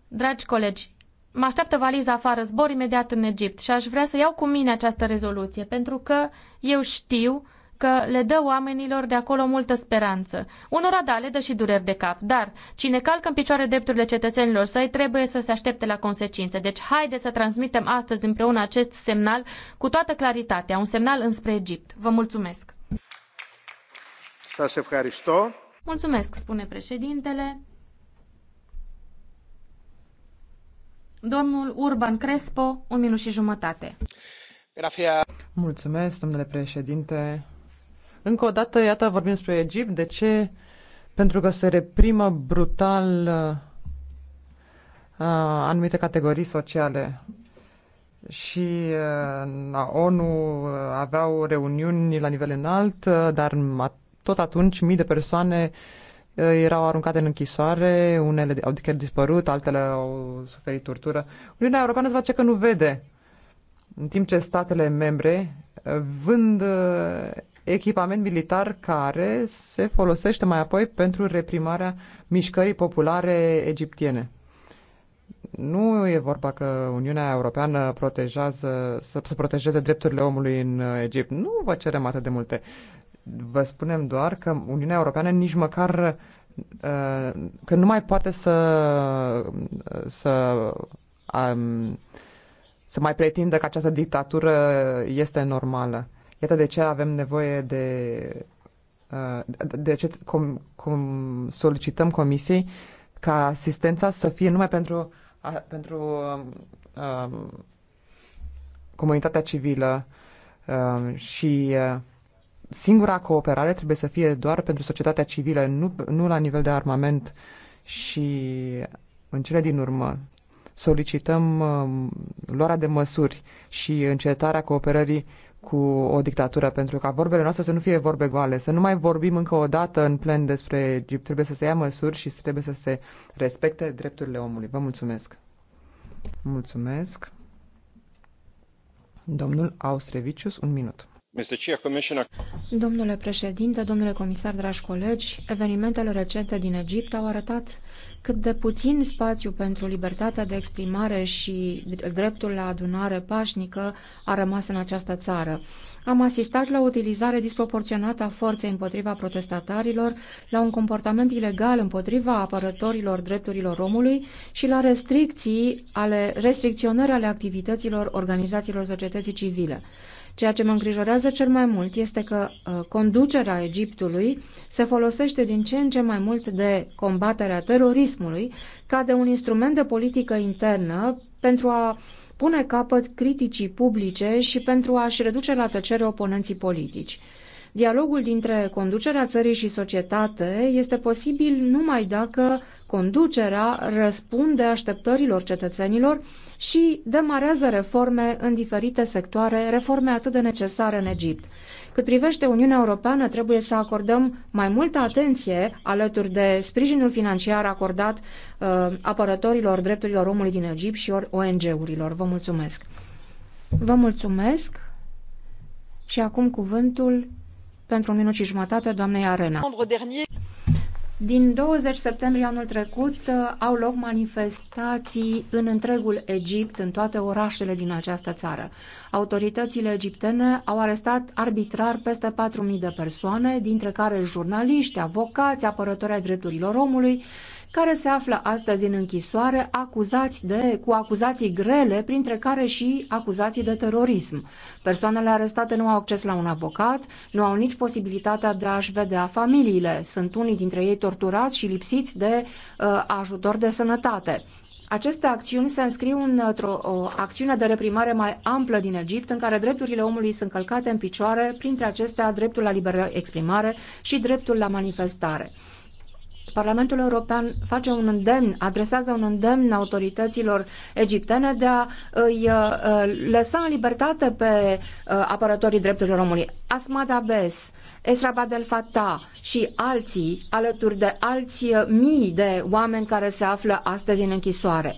Dragi colegi, mă așteaptă valiza afară, zbor imediat în Egipt și aș vrea să iau cu mine această rezoluție, pentru că eu știu că le dă oamenilor de acolo multă speranță. Unora da, le dă și dureri de cap, dar cine calcă în picioare drepturile cetățenilor săi trebuie să se aștepte la consecințe. Deci haide să transmitem astăzi împreună acest semnal cu toată claritatea, un semnal înspre Egipt. Vă mulțumesc! Mulțumesc, spune președintele. Domnul Urban Crespo, un și jumătate. Mulțumesc, domnule președinte. Încă o dată, iată, vorbim despre Egipt. De ce? Pentru că se reprimă brutal uh, anumite categorii sociale și la uh, ONU uh, aveau reuniuni la nivel înalt, uh, dar tot atunci mii de persoane erau aruncate în închisoare, unele au chiar dispărut, altele au suferit tortură. Uniunea Europeană îți face că nu vede, în timp ce statele membre uh, vând uh, echipament militar care se folosește mai apoi pentru reprimarea mișcării populare egiptiene. Nu e vorba că Uniunea Europeană protejează, să, să protejeze drepturile omului în uh, Egipt. Nu vă cerem atât de multe. Vă spunem doar că Uniunea Europeană nici măcar uh, că nu mai poate să să um, să mai pretindă că această dictatură este normală. Iată de ce avem nevoie de uh, de ce com, com solicităm comisiei ca asistența să fie numai pentru pentru um, comunitatea civilă um, și uh, singura cooperare trebuie să fie doar pentru societatea civilă, nu, nu la nivel de armament și în cele din urmă solicităm uh, luarea de măsuri și încetarea cooperării cu o dictatură, pentru ca vorbele noastre să nu fie vorbe goale, să nu mai vorbim încă o dată în plen despre Egipt. Trebuie să se ia măsuri și trebuie să se respecte drepturile omului. Vă mulțumesc! Mulțumesc! Domnul Austrevicius, un minut. Domnule președinte, domnule comisar, dragi colegi, evenimentele recente din Egipt au arătat cât de puțin spațiu pentru libertatea de exprimare și dreptul la adunare pașnică a rămas în această țară. Am asistat la o utilizare disproporționată a forței împotriva protestatarilor, la un comportament ilegal împotriva apărătorilor drepturilor omului și la restricții ale, restricționări ale activităților organizațiilor societății civile. Ceea ce mă îngrijorează cel mai mult este că uh, conducerea Egiptului se folosește din ce în ce mai mult de combaterea terorismului ca de un instrument de politică internă pentru a pune capăt criticii publice și pentru a-și reduce la tăcere oponenții politici. Dialogul dintre conducerea țării și societate este posibil numai dacă conducerea răspunde așteptărilor cetățenilor și demarează reforme în diferite sectoare, reforme atât de necesare în Egipt. Cât privește Uniunea Europeană, trebuie să acordăm mai multă atenție alături de sprijinul financiar acordat uh, apărătorilor drepturilor omului din Egipt și ONG-urilor. Vă mulțumesc! Vă mulțumesc și acum cuvântul pentru un minut și jumătate doamnei Arena. Din 20 septembrie anul trecut uh, au loc manifestații în întregul Egipt, în toate orașele din această țară. Autoritățile egiptene au arestat arbitrar peste 4.000 de persoane, dintre care jurnaliști, avocați, apărători ai drepturilor omului care se află astăzi în închisoare acuzați de, cu acuzații grele, printre care și acuzații de terorism. Persoanele arestate nu au acces la un avocat, nu au nici posibilitatea de a-și vedea familiile. Sunt unii dintre ei torturați și lipsiți de uh, ajutor de sănătate. Aceste acțiuni se înscriu într-o o acțiune de reprimare mai amplă din Egipt, în care drepturile omului sunt călcate în picioare, printre acestea dreptul la liberă exprimare și dreptul la manifestare. Parlamentul European face un îndemn, adresează un îndemn autorităților egiptene de a îi uh, lăsa în libertate pe uh, apărătorii drepturilor omului. Asma Bes, Esra Badel Fattah și alții, alături de alți uh, mii de oameni care se află astăzi în închisoare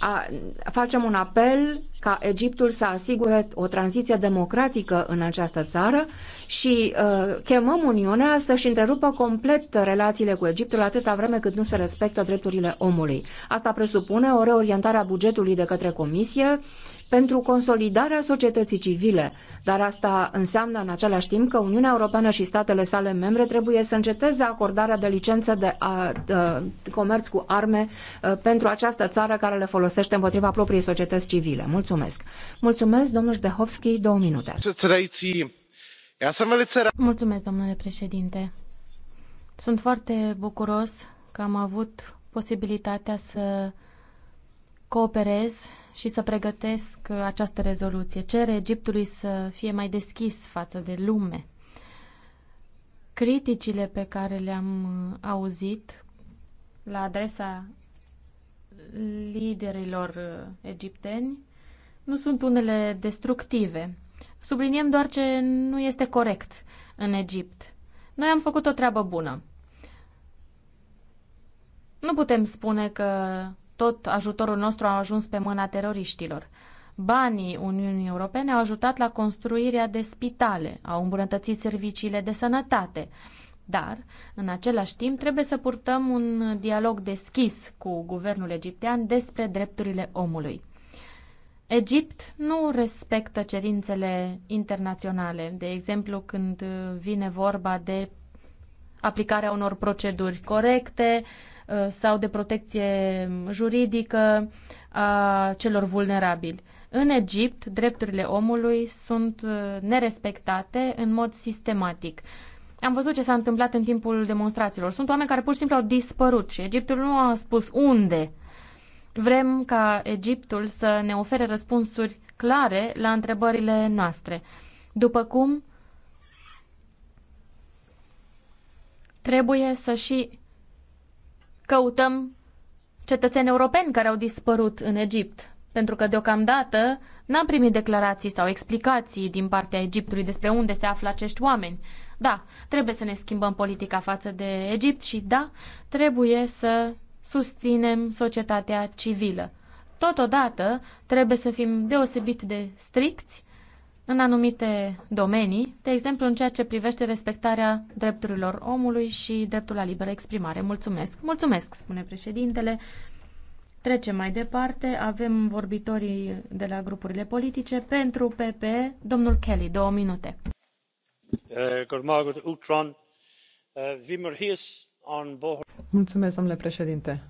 a, facem un apel ca Egiptul să asigure o tranziție democratică în această țară și uh, chemăm Uniunea să-și întrerupă complet relațiile cu Egiptul atâta vreme cât nu se respectă drepturile omului. Asta presupune o reorientare a bugetului de către Comisie pentru consolidarea societății civile, dar asta înseamnă în același timp că Uniunea Europeană și statele sale membre trebuie să înceteze acordarea de licențe de, a, de comerț cu arme uh, pentru această țară care le folosește împotriva propriei societăți civile. Mulțumesc. Mulțumesc, domnul Dehovski, două minute. Mulțumesc, domnule președinte. Sunt foarte bucuros că am avut posibilitatea să cooperez și să pregătesc uh, această rezoluție. Cere Egiptului să fie mai deschis față de lume. Criticile pe care le-am uh, auzit la adresa liderilor uh, egipteni nu sunt unele destructive. Subliniem doar ce nu este corect în Egipt. Noi am făcut o treabă bună. Nu putem spune că tot ajutorul nostru a ajuns pe mâna teroriștilor. Banii Uniunii Europene au ajutat la construirea de spitale, au îmbunătățit serviciile de sănătate. Dar, în același timp, trebuie să purtăm un dialog deschis cu guvernul egiptean despre drepturile omului. Egipt nu respectă cerințele internaționale, de exemplu când vine vorba de aplicarea unor proceduri corecte, Uh, sau de protecție juridică a celor vulnerabili. În Egipt, drepturile omului sunt uh, nerespectate în mod sistematic. Am văzut ce s-a întâmplat în timpul demonstrațiilor. Sunt oameni care pur și simplu au dispărut și Egiptul nu a spus unde. Vrem ca Egiptul să ne ofere răspunsuri clare la întrebările noastre. După cum trebuie să și căutăm cetățeni europeni care au dispărut în Egipt, pentru că deocamdată n-am primit declarații sau explicații din partea Egiptului despre unde se află acești oameni. Da, trebuie să ne schimbăm politica față de Egipt și da, trebuie să susținem societatea civilă. Totodată, trebuie să fim deosebit de stricți în anumite domenii, de exemplu în ceea ce privește respectarea drepturilor omului și dreptul la liberă exprimare. Mulțumesc! Mulțumesc, spune președintele. Trecem mai departe. Avem vorbitorii de la grupurile politice. Pentru PP, domnul Kelly, două minute. Eh, eh, Mulțumesc, domnule președinte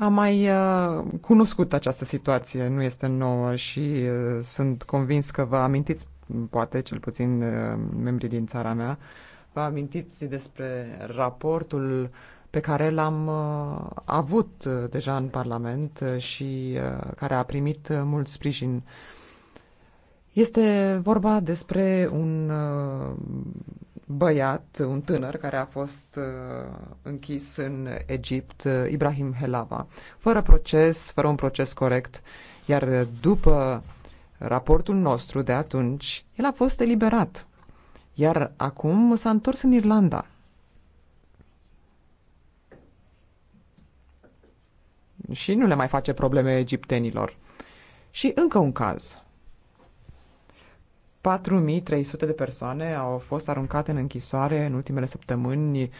am mai uh, cunoscut această situație, nu este nouă și uh, sunt convins că vă amintiți, poate cel puțin uh, membrii din țara mea, vă amintiți despre raportul pe care l-am avut deja în Parlament și care a primit mult sprijin. Este vorba despre un băiat, un tânăr care a fost uh, închis în Egipt, uh, Ibrahim Helava, fără proces, fără un proces corect, iar după raportul nostru de atunci, el a fost eliberat. Iar acum s-a întors în Irlanda. Și nu le mai face probleme egiptenilor. Și încă un caz. 4300 de persoane au fost aruncate în închisoare în ultimele săptămâni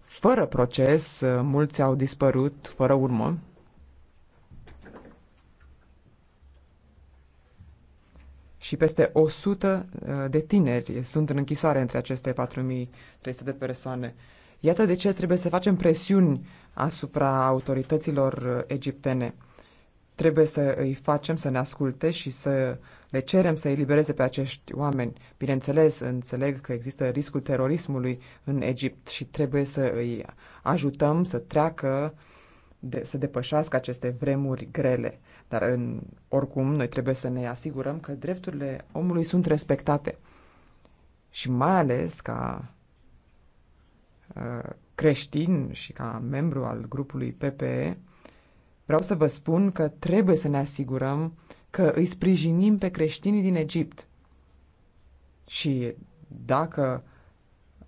fără proces, mulți au dispărut fără urmă. Și peste 100 uh, de tineri sunt în închisoare între aceste 4300 de persoane. Iată de ce trebuie să facem presiuni asupra autorităților uh, egiptene. Trebuie să îi facem să ne asculte și să le cerem să îi libereze pe acești oameni. Bineînțeles, înțeleg că există riscul terorismului în Egipt și trebuie să îi ajutăm să treacă, de, să depășească aceste vremuri grele. Dar, în, oricum, noi trebuie să ne asigurăm că drepturile omului sunt respectate. Și mai ales ca uh, creștin și ca membru al grupului PPE, Vreau să vă spun că trebuie să ne asigurăm că îi sprijinim pe creștinii din Egipt. Și dacă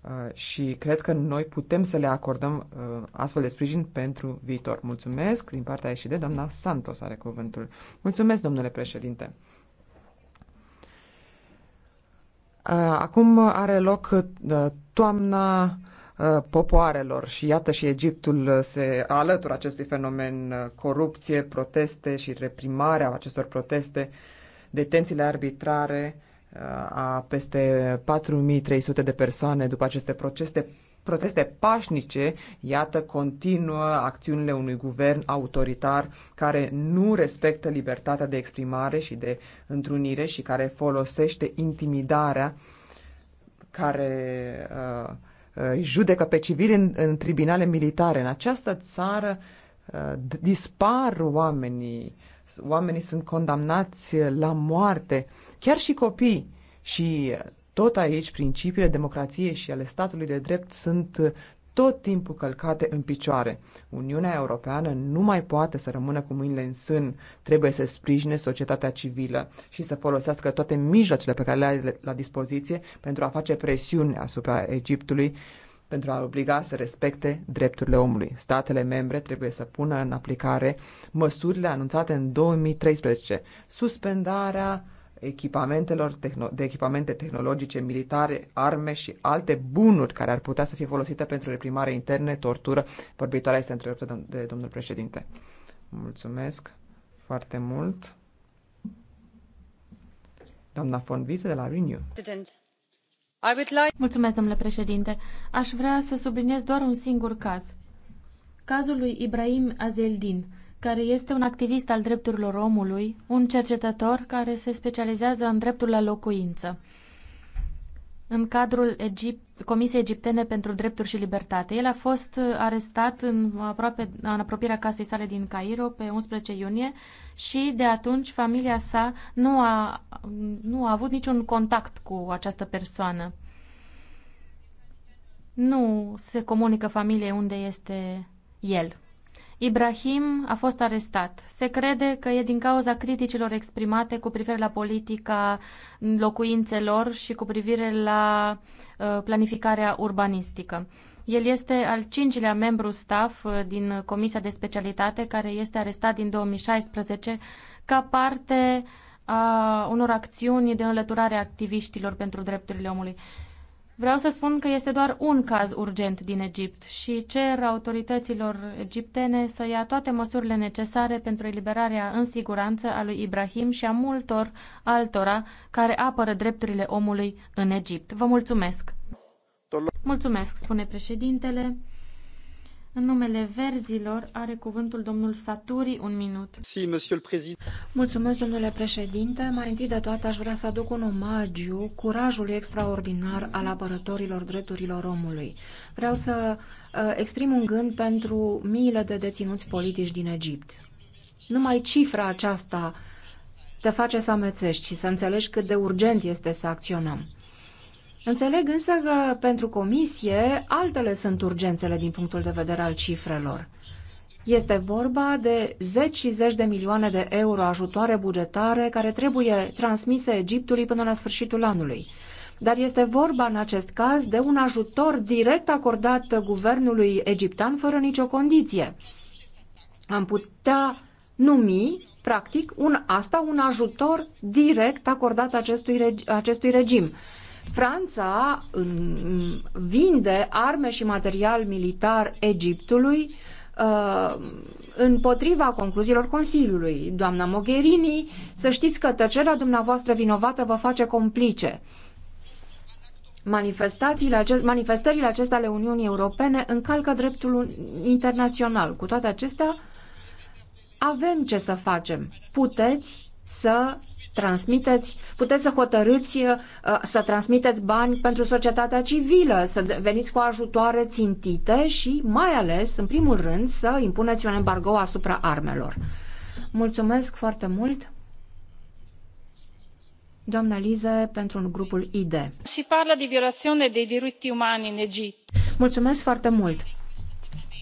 uh, și cred că noi putem să le acordăm uh, astfel de sprijin pentru viitor. Mulțumesc din partea de doamna Santos are cuvântul. Mulțumesc, domnule președinte. Uh, acum are loc toamna Uh, popoarelor. Și iată și Egiptul uh, se alătură acestui fenomen uh, corupție, proteste și reprimarea acestor proteste, detențiile arbitrare a peste 4300 de persoane după aceste proteste, proteste pașnice, iată, continuă acțiunile unui guvern autoritar care nu respectă libertatea de exprimare și de întrunire și care folosește intimidarea, care uh, Uh, judecă pe civili în, în tribunale militare. În această țară uh, dispar oamenii, oamenii sunt condamnați la moarte, chiar și copii. Și uh, tot aici principiile democrației și ale statului de drept sunt tot timpul călcate în picioare. Uniunea Europeană nu mai poate să rămână cu mâinile în sân, trebuie să sprijine societatea civilă și să folosească toate mijloacele pe care le are la dispoziție pentru a face presiune asupra Egiptului pentru a obliga să respecte drepturile omului. Statele membre trebuie să pună în aplicare măsurile anunțate în 2013, suspendarea echipamentelor de echipamente tehnologice, militare, arme și alte bunuri care ar putea să fie folosite pentru reprimare interne, tortură. Vorbitoarea este întreruptă de domnul președinte. Mulțumesc foarte mult. Doamna von Wiese de la Renew. Mulțumesc, domnule președinte. Aș vrea să subliniez doar un singur caz. Cazul lui Ibrahim Azeldin care este un activist al drepturilor omului, un cercetător care se specializează în dreptul la locuință în cadrul Egip- Comisiei Egiptene pentru Drepturi și Libertate. El a fost uh, arestat în, aproape, în apropierea casei sale din Cairo pe 11 iunie și de atunci familia sa nu a, nu a avut niciun contact cu această persoană. Nu se comunică familiei unde este el. Ibrahim a fost arestat. Se crede că e din cauza criticilor exprimate cu privire la politica locuințelor și cu privire la uh, planificarea urbanistică. El este al cincilea membru staff uh, din Comisia de Specialitate care este arestat din 2016 ca parte a unor acțiuni de înlăturare a activiștilor pentru drepturile omului. Vreau să spun că este doar un caz urgent din Egipt și cer autorităților egiptene să ia toate măsurile necesare pentru eliberarea în siguranță a lui Ibrahim și a multor altora care apără drepturile omului în Egipt. Vă mulțumesc! Mulțumesc, spune președintele. În numele verzilor are cuvântul domnul Saturi, un minut. Si, monsieur le président. Mulțumesc, domnule președinte. Mai întâi de toate aș vrea să aduc un omagiu curajului extraordinar al apărătorilor drepturilor omului. Vreau să uh, exprim un gând pentru miile de deținuți politici din Egipt. Numai cifra aceasta te face să amețești și să înțelegi cât de urgent este să acționăm. Înțeleg însă că pentru comisie altele sunt urgențele din punctul de vedere al cifrelor. Este vorba de zeci și zeci de milioane de euro ajutoare bugetare care trebuie transmise Egiptului până la sfârșitul anului. Dar este vorba în acest caz de un ajutor direct acordat guvernului egiptan fără nicio condiție. Am putea numi, practic, un, asta un ajutor direct acordat acestui, acestui regim Franța vinde arme și material militar Egiptului uh, împotriva concluziilor Consiliului. Doamna Mogherini, să știți că tăcerea dumneavoastră vinovată vă face complice. Manifestațiile acest, manifestările acestea ale Uniunii Europene încalcă dreptul internațional. Cu toate acestea, avem ce să facem. Puteți să transmiteți, puteți să hotărâți uh, să transmiteți bani pentru societatea civilă, să veniți cu ajutoare țintite și mai ales, în primul rând, să impuneți un embargo asupra armelor. Mulțumesc foarte mult! Doamna Lize, pentru grupul ID. Și parla de violațiune de diritti umani în Egipt. Mulțumesc foarte mult!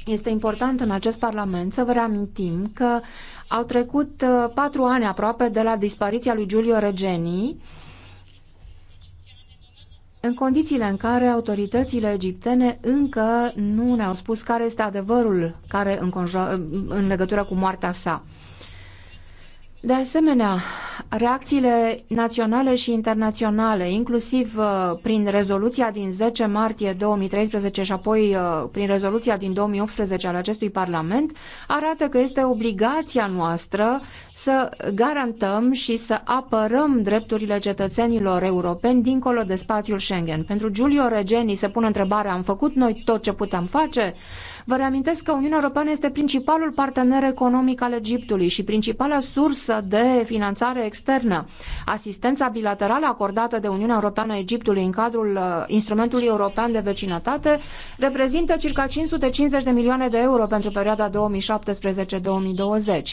Este important în acest Parlament să vă reamintim că au trecut uh, patru ani aproape de la dispariția lui Giulio Regeni, în condițiile în care autoritățile egiptene încă nu ne-au spus care este adevărul care în legătură cu moartea sa. De asemenea, reacțiile naționale și internaționale, inclusiv uh, prin rezoluția din 10 martie 2013 și apoi uh, prin rezoluția din 2018 al acestui Parlament, arată că este obligația noastră să garantăm și să apărăm drepturile cetățenilor europeni dincolo de spațiul Schengen. Pentru Giulio Regeni se pune întrebarea, am făcut noi tot ce putem face? Vă reamintesc că Uniunea Europeană este principalul partener economic al Egiptului și principala sursă de finanțare externă. Asistența bilaterală acordată de Uniunea Europeană Egiptului în cadrul uh, instrumentului european de vecinătate reprezintă circa 550 de milioane de euro pentru perioada 2017-2020.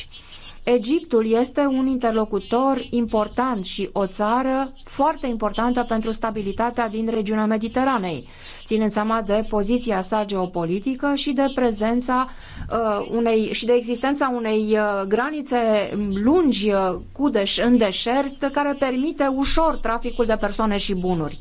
Egiptul este un interlocutor important și o țară foarte importantă pentru stabilitatea din regiunea Mediteranei ținând seama de poziția sa geopolitică și de prezența uh, unei și de existența unei uh, granițe lungi uh, cu deș- în deșert care permite ușor traficul de persoane și bunuri.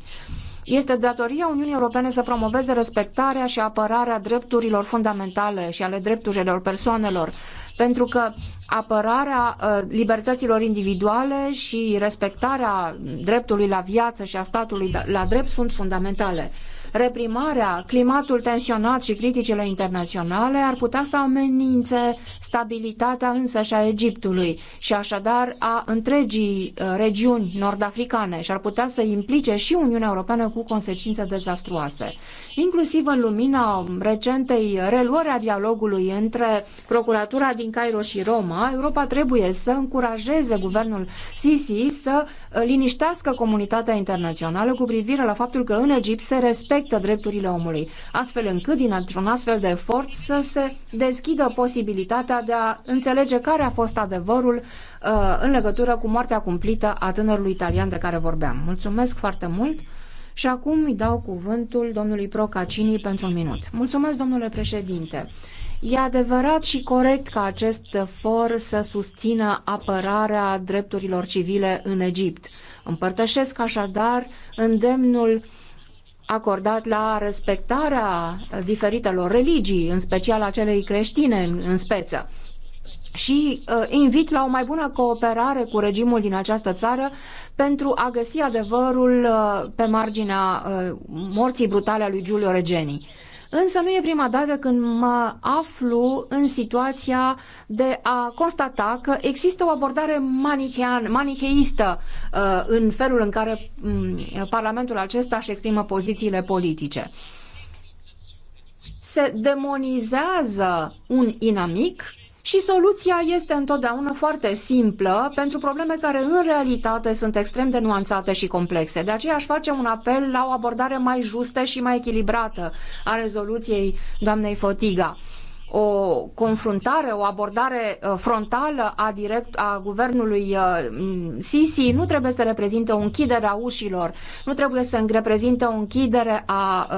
Este datoria Uniunii Europene să promoveze respectarea și apărarea drepturilor fundamentale și ale drepturilor persoanelor, pentru că apărarea uh, libertăților individuale și respectarea dreptului la viață și a statului la drept sunt fundamentale reprimarea, climatul tensionat și criticile internaționale ar putea să amenințe stabilitatea însăși a Egiptului și așadar a întregii uh, regiuni nord-africane și ar putea să implice și Uniunea Europeană cu consecințe dezastruoase. Inclusiv în lumina recentei reluări a dialogului între Procuratura din Cairo și Roma, Europa trebuie să încurajeze guvernul Sisi să uh, liniștească comunitatea internațională cu privire la faptul că în Egipt se respectă respectă drepturile omului, astfel încât din un astfel de efort să se deschidă posibilitatea de a înțelege care a fost adevărul uh, în legătură cu moartea cumplită a tânărului italian de care vorbeam. Mulțumesc foarte mult și acum îi dau cuvântul domnului Procacini pentru un minut. Mulțumesc, domnule președinte. E adevărat și corect ca acest for să susțină apărarea drepturilor civile în Egipt. Împărtășesc așadar îndemnul acordat la respectarea diferitelor religii, în special a celei creștine în speță. Și uh, invit la o mai bună cooperare cu regimul din această țară pentru a găsi adevărul uh, pe marginea uh, morții brutale a lui Giulio Regeni. Însă nu e prima dată când mă aflu în situația de a constata că există o abordare manichean, manicheistă uh, în felul în care mm, Parlamentul acesta își exprimă pozițiile politice. Se demonizează un inamic și soluția este întotdeauna foarte simplă pentru probleme care în realitate sunt extrem de nuanțate și complexe. De aceea aș face un apel la o abordare mai justă și mai echilibrată a rezoluției doamnei Fotiga o confruntare, o abordare uh, frontală a, direct, a guvernului uh, mm, Sisi nu trebuie să reprezinte o închidere a ușilor, nu trebuie să reprezinte o închidere a,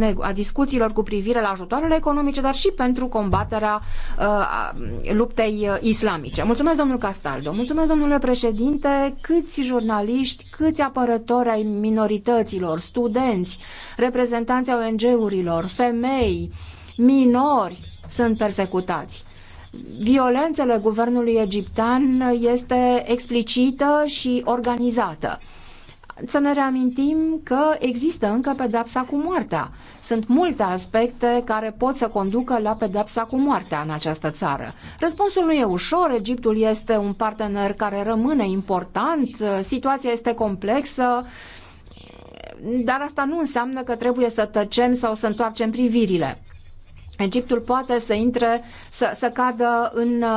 uh, a discuțiilor cu privire la ajutoarele economice, dar și pentru combaterea a, luptei islamice. Mulțumesc, domnul Castaldo. Mulțumesc, domnule președinte. Câți jurnaliști, câți apărători ai minorităților, studenți, reprezentanți ONG-urilor, femei, minori, sunt persecutați. Violențele guvernului egiptean este explicită și organizată. Să ne reamintim că există încă pedepsa cu moartea. Sunt multe aspecte care pot să conducă la pedepsa cu moartea în această țară. Răspunsul nu e ușor, Egiptul este un partener care rămâne important, situația este complexă, dar asta nu înseamnă că trebuie să tăcem sau să întoarcem privirile. Egiptul poate să intre, să, să cadă în uh,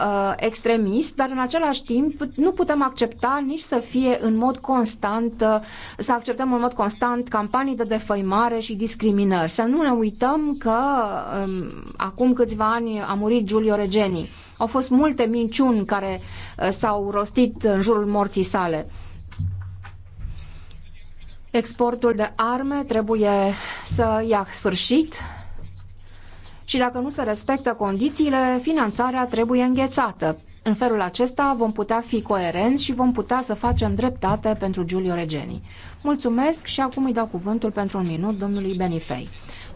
uh extremist, dar în același timp nu putem accepta nici să fie în mod constant, uh, să acceptăm în mod constant campanii de defăimare și discriminări. Să nu ne uităm că um, acum câțiva ani a murit Giulio Regeni. Au fost multe minciuni care uh, s-au rostit în jurul morții sale. Exportul de arme trebuie să ia sfârșit și dacă nu se respectă condițiile, finanțarea trebuie înghețată. În felul acesta vom putea fi coerenți și vom putea să facem dreptate pentru Giulio Regeni. Mulțumesc și acum îi dau cuvântul pentru un minut domnului Benifei.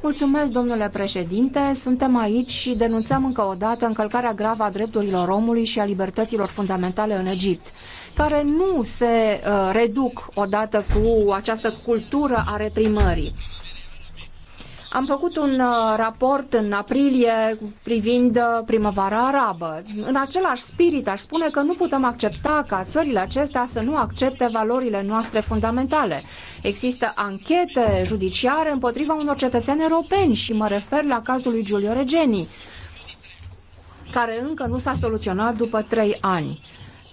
Mulțumesc, domnule președinte. Suntem aici și denunțăm încă o dată încălcarea gravă a drepturilor omului și a libertăților fundamentale în Egipt, care nu se uh, reduc odată cu această cultură a reprimării. Am făcut un uh, raport în aprilie privind uh, primăvara arabă. În același spirit aș spune că nu putem accepta ca țările acestea să nu accepte valorile noastre fundamentale. Există anchete judiciare împotriva unor cetățeni europeni și mă refer la cazul lui Giulio Regeni care încă nu s-a soluționat după trei ani.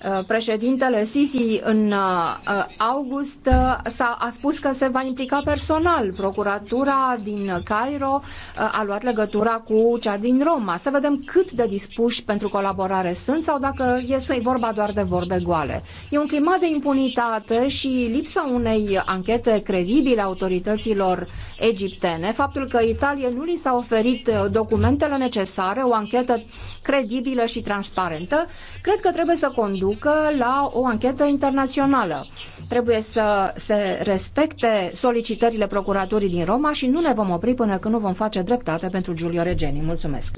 Uh, președintele Sisi în uh, august uh, s-a, a spus că se va implica personal. Procuratura din Cairo a luat legătura cu cea din Roma. Să vedem cât de dispuși pentru colaborare sunt sau dacă e să vorba doar de vorbe goale. E un climat de impunitate și lipsa unei anchete credibile a autorităților egiptene, faptul că Italia nu li s-a oferit documentele necesare, o anchetă credibilă și transparentă, cred că trebuie să conducă ducă la o anchetă internațională. Trebuie să se respecte solicitările procuratorii din Roma și nu ne vom opri până când nu vom face dreptate pentru Giulio Regeni. Mulțumesc!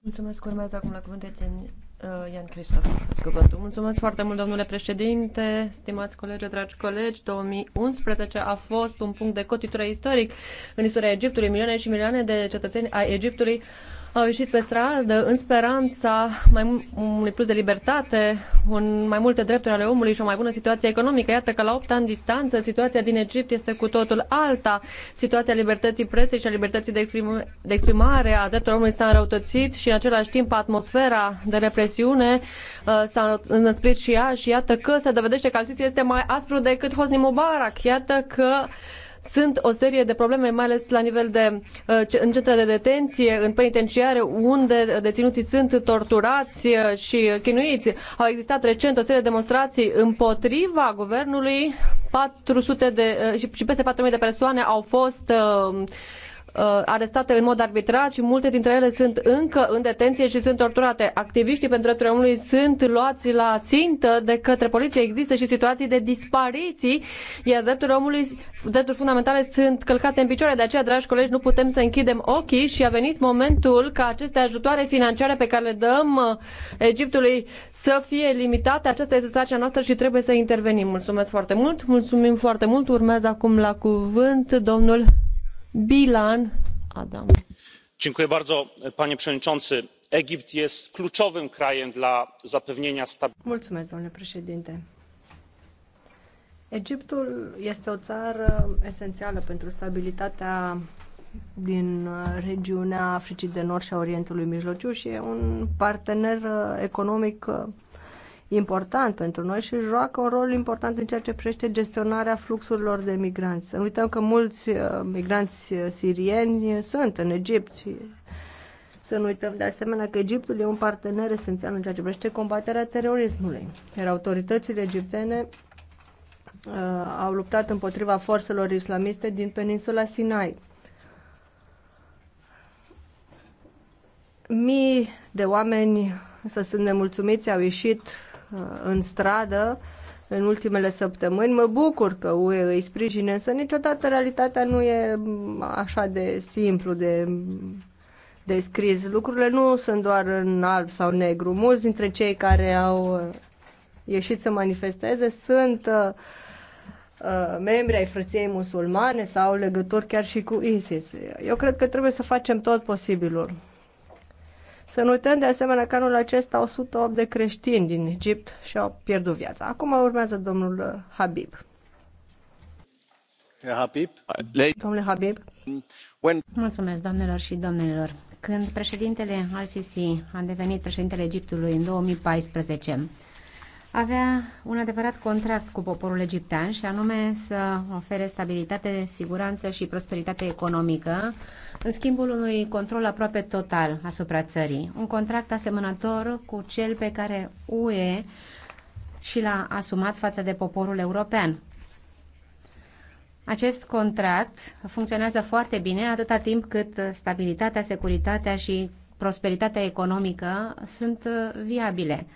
Mulțumesc, urmează acum la cuvânt Etienne Ian uh, Cristof, cuvântul. Mulțumesc foarte mult, domnule președinte, stimați colegi, dragi colegi. 2011 a fost un punct de cotitură istoric în istoria Egiptului. Milioane și milioane de cetățeni ai Egiptului au ieșit pe stradă în speranța mai, unui plus de libertate, un, mai multe drepturi ale omului și o mai bună situație economică. Iată că la 8 ani distanță, situația din Egipt este cu totul alta. Situația libertății presei și a libertății de, exprim, de exprimare a drepturilor omului s-a înrăutățit și în același timp atmosfera de represiune uh, s-a înăsprit și ea și iată că se dovedește că al este mai aspru decât Hosni Mubarak. Iată că uh, sunt o serie de probleme, mai ales la nivel de uh, în centre de detenție, în penitenciare, unde deținuții sunt torturați uh, și chinuiți. Au existat recent o serie de demonstrații împotriva guvernului. 400 de, uh, și peste 4.000 de persoane au fost Uh, arestate în mod arbitrar și multe dintre ele sunt încă în detenție și sunt torturate. Activiștii pentru drepturile omului sunt luați la țintă de către poliție. Există și situații de dispariții, iar drepturile omului, drepturi fundamentale sunt călcate în picioare. De aceea, dragi colegi, nu putem să închidem ochii și a venit momentul ca aceste ajutoare financiare pe care le dăm uh, Egiptului să fie limitate. Aceasta este sarcina noastră și trebuie să intervenim. Mulțumesc foarte mult. Mulțumim foarte mult. Urmează acum la cuvânt domnul Bilan Adam. panie przewodniczący. Egipt jest kluczowym krajem dla zapewnienia Mulțumesc, domnule președinte. Egiptul este o țară esențială pentru stabilitatea din regiunea Africii de Nord și a Orientului Mijlociu și e un partener economic important pentru noi și joacă un rol important în ceea ce privește gestionarea fluxurilor de migranți. Să nu uităm că mulți uh, migranți uh, sirieni sunt în Egipt și să nu uităm de asemenea că Egiptul e un partener esențial în ceea ce privește combaterea terorismului. Iar autoritățile egiptene uh, au luptat împotriva forțelor islamiste din peninsula Sinai. Mii de oameni, să sunt nemulțumiți, au ieșit Uh, în stradă în ultimele săptămâni. Mă bucur că UE îi sprijine, însă niciodată realitatea nu e așa de simplu, de descris. Lucrurile nu sunt doar în alb sau negru. Mulți dintre cei care au uh, ieșit să manifesteze sunt uh, membri ai frăției musulmane sau legături chiar și cu ISIS. Eu cred că trebuie să facem tot posibilul să nu uităm de asemenea că anul acesta 108 de creștini din Egipt și-au pierdut viața. Acum urmează domnul Habib. Habib? Domnule Habib. When... Mulțumesc, doamnelor și domnilor. Când președintele Al-Sisi a devenit președintele Egiptului în 2014, avea un adevărat contract cu poporul egiptean și anume să ofere stabilitate, siguranță și prosperitate economică în schimbul unui control aproape total asupra țării. Un contract asemănător cu cel pe care UE și l-a asumat față de poporul european. Acest contract funcționează foarte bine atâta timp cât stabilitatea, securitatea și prosperitatea economică sunt viabile.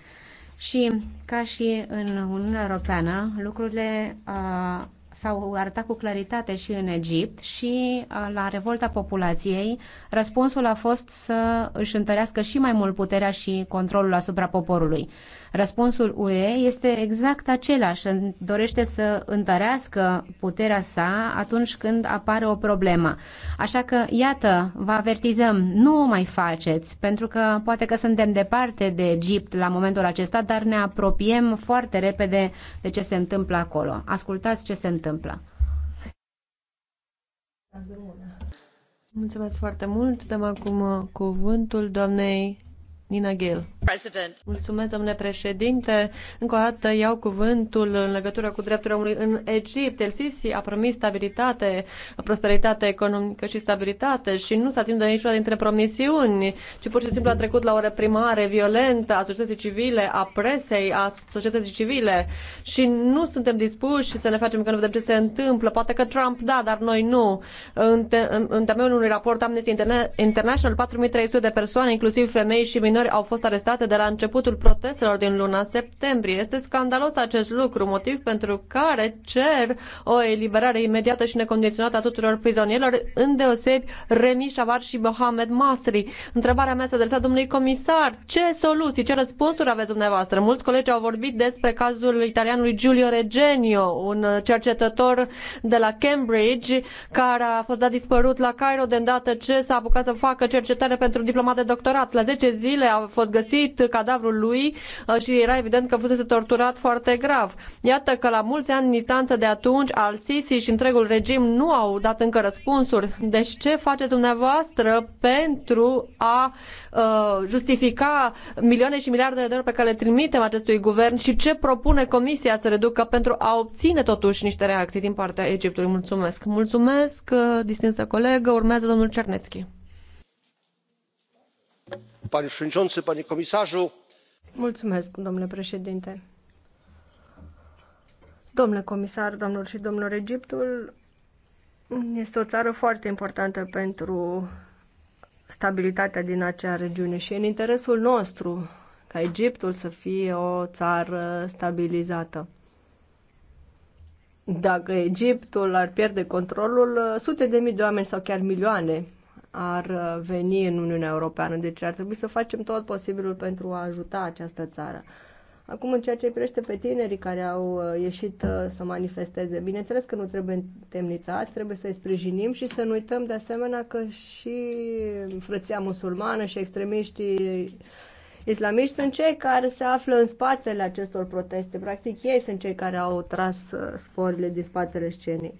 Și ca și în Uniunea Europeană, lucrurile uh, s-au arătat cu claritate și în Egipt și la revolta populației, răspunsul a fost să își întărească și mai mult puterea și controlul asupra poporului. Răspunsul UE este exact același. Dorește să întărească puterea sa atunci când apare o problemă. Așa că, iată, vă avertizăm, nu o mai faceți, pentru că poate că suntem departe de Egipt la momentul acesta, dar ne apropiem foarte repede de ce se întâmplă acolo. Ascultați ce se întâmplă. Mulțumesc foarte mult. Dăm acum cuvântul doamnei Nina Gale. Mulțumesc, domnule președinte. Încă o dată iau cuvântul în legătură cu drepturile omului în Egipt. El Sisi a promis stabilitate, prosperitate economică și stabilitate și nu s-a ținut de niciuna dintre promisiuni, ci pur și simplu a trecut la o reprimare violentă a societății civile, a presei, a societății civile și nu suntem dispuși să ne facem că nu vedem ce se întâmplă. Poate că Trump da, dar noi nu. În, în, în temeiul unui raport Amnesty International, 4300 de persoane, inclusiv femei și minori, au fost arestați afectate de la începutul protestelor din luna septembrie. Este scandalos acest lucru, motiv pentru care cer o eliberare imediată și necondiționată a tuturor prizonierilor, îndeosebi Remi Shavar și Mohamed Masri. Întrebarea mea se adresa domnului comisar. Ce soluții, ce răspunsuri aveți dumneavoastră? Mulți colegi au vorbit despre cazul italianului Giulio Regenio, un cercetător de la Cambridge, care a fost dat dispărut la Cairo de îndată ce s-a apucat să facă cercetare pentru diplomat de doctorat. La 10 zile a fost găsit găsit cadavrul lui uh, și era evident că fusese torturat foarte grav. Iată că la mulți ani în distanță de atunci, al Sisi și întregul regim nu au dat încă răspunsuri. Deci ce face dumneavoastră pentru a uh, justifica milioane și miliarde de euro pe care le trimitem acestui guvern și ce propune Comisia să reducă pentru a obține totuși niște reacții din partea Egiptului? Mulțumesc! Mulțumesc, uh, distinsă colegă. Urmează domnul Cernețchi domnule președinte domnule comisar doamnelor și domnilor egiptul este o țară foarte importantă pentru stabilitatea din acea regiune și în interesul nostru ca egiptul să fie o țară stabilizată. Dacă Egiptul ar pierde controlul, sute de mii de oameni sau chiar milioane ar uh, veni în Uniunea Europeană. Deci ar trebui să facem tot posibilul pentru a ajuta această țară. Acum, în ceea ce privește pe tinerii care au uh, ieșit uh, să manifesteze, bineînțeles că nu trebuie temnițați, trebuie să-i sprijinim și să nu uităm de asemenea că și frăția musulmană și extremiștii islamiști sunt cei care se află în spatele acestor proteste. Practic, ei sunt cei care au tras sforile din spatele scenei.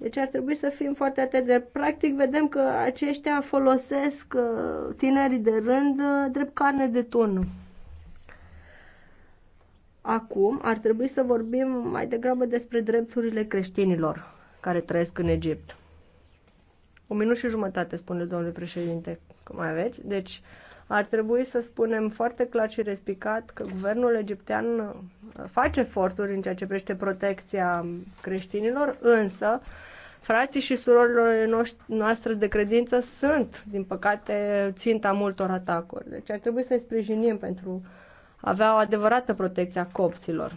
Deci ar trebui să fim foarte atenți. Practic vedem că aceștia folosesc uh, tinerii de rând uh, drept carne de tun. Acum ar trebui să vorbim mai degrabă despre drepturile creștinilor care trăiesc în Egipt. O minut și jumătate, spune domnul președinte, că mai aveți. Deci ar trebui să spunem foarte clar și respicat că guvernul egiptean uh, face eforturi în ceea ce privește protecția creștinilor, însă Frații și surorilor noastre de credință sunt, din păcate, ținta multor atacuri. Deci ar trebui să-i sprijinim pentru a avea o adevărată protecție a copților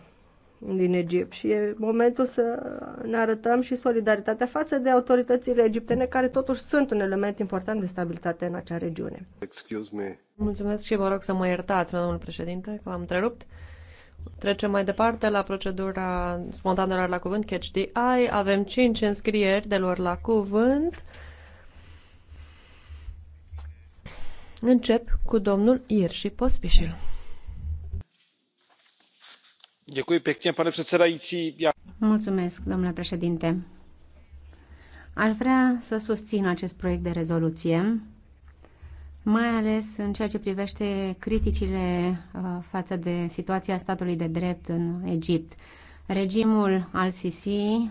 din Egipt și e momentul să ne arătăm și solidaritatea față de autoritățile egiptene care totuși sunt un element important de stabilitate în acea regiune. Excuse me. Mulțumesc și vă rog să mă iertați, domnul președinte, că v-am întrerupt. Trecem mai departe la procedura spontanelor la cuvânt, catch the eye. Avem 5 înscrieri de lor la cuvânt. Încep cu domnul Irși Pospișil. Mulțumesc, domnule președinte. Aș vrea să susțin acest proiect de rezoluție mai ales în ceea ce privește criticile uh, față de situația statului de drept în Egipt. Regimul al-Sisi uh,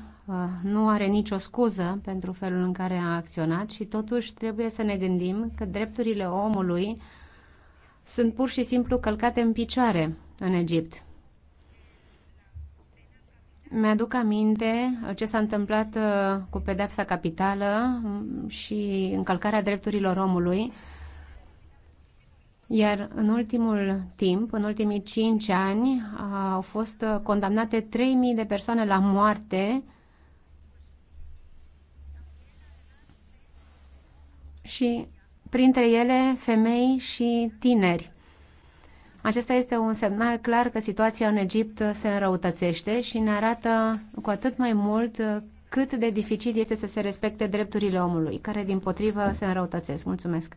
nu are nicio scuză pentru felul în care a acționat și totuși trebuie să ne gândim că drepturile omului sunt pur și simplu călcate în picioare în Egipt. Mi-aduc aminte uh, ce s-a întâmplat cu pedepsa capitală mm, și încălcarea drepturilor omului iar în ultimul timp, în ultimii cinci ani, au fost condamnate 3.000 de persoane la moarte și printre ele femei și tineri. Acesta este un semnal clar că situația în Egipt se înrăutățește și ne arată cu atât mai mult cât de dificil este să se respecte drepturile omului, care din potrivă se înrăutățesc. Mulțumesc!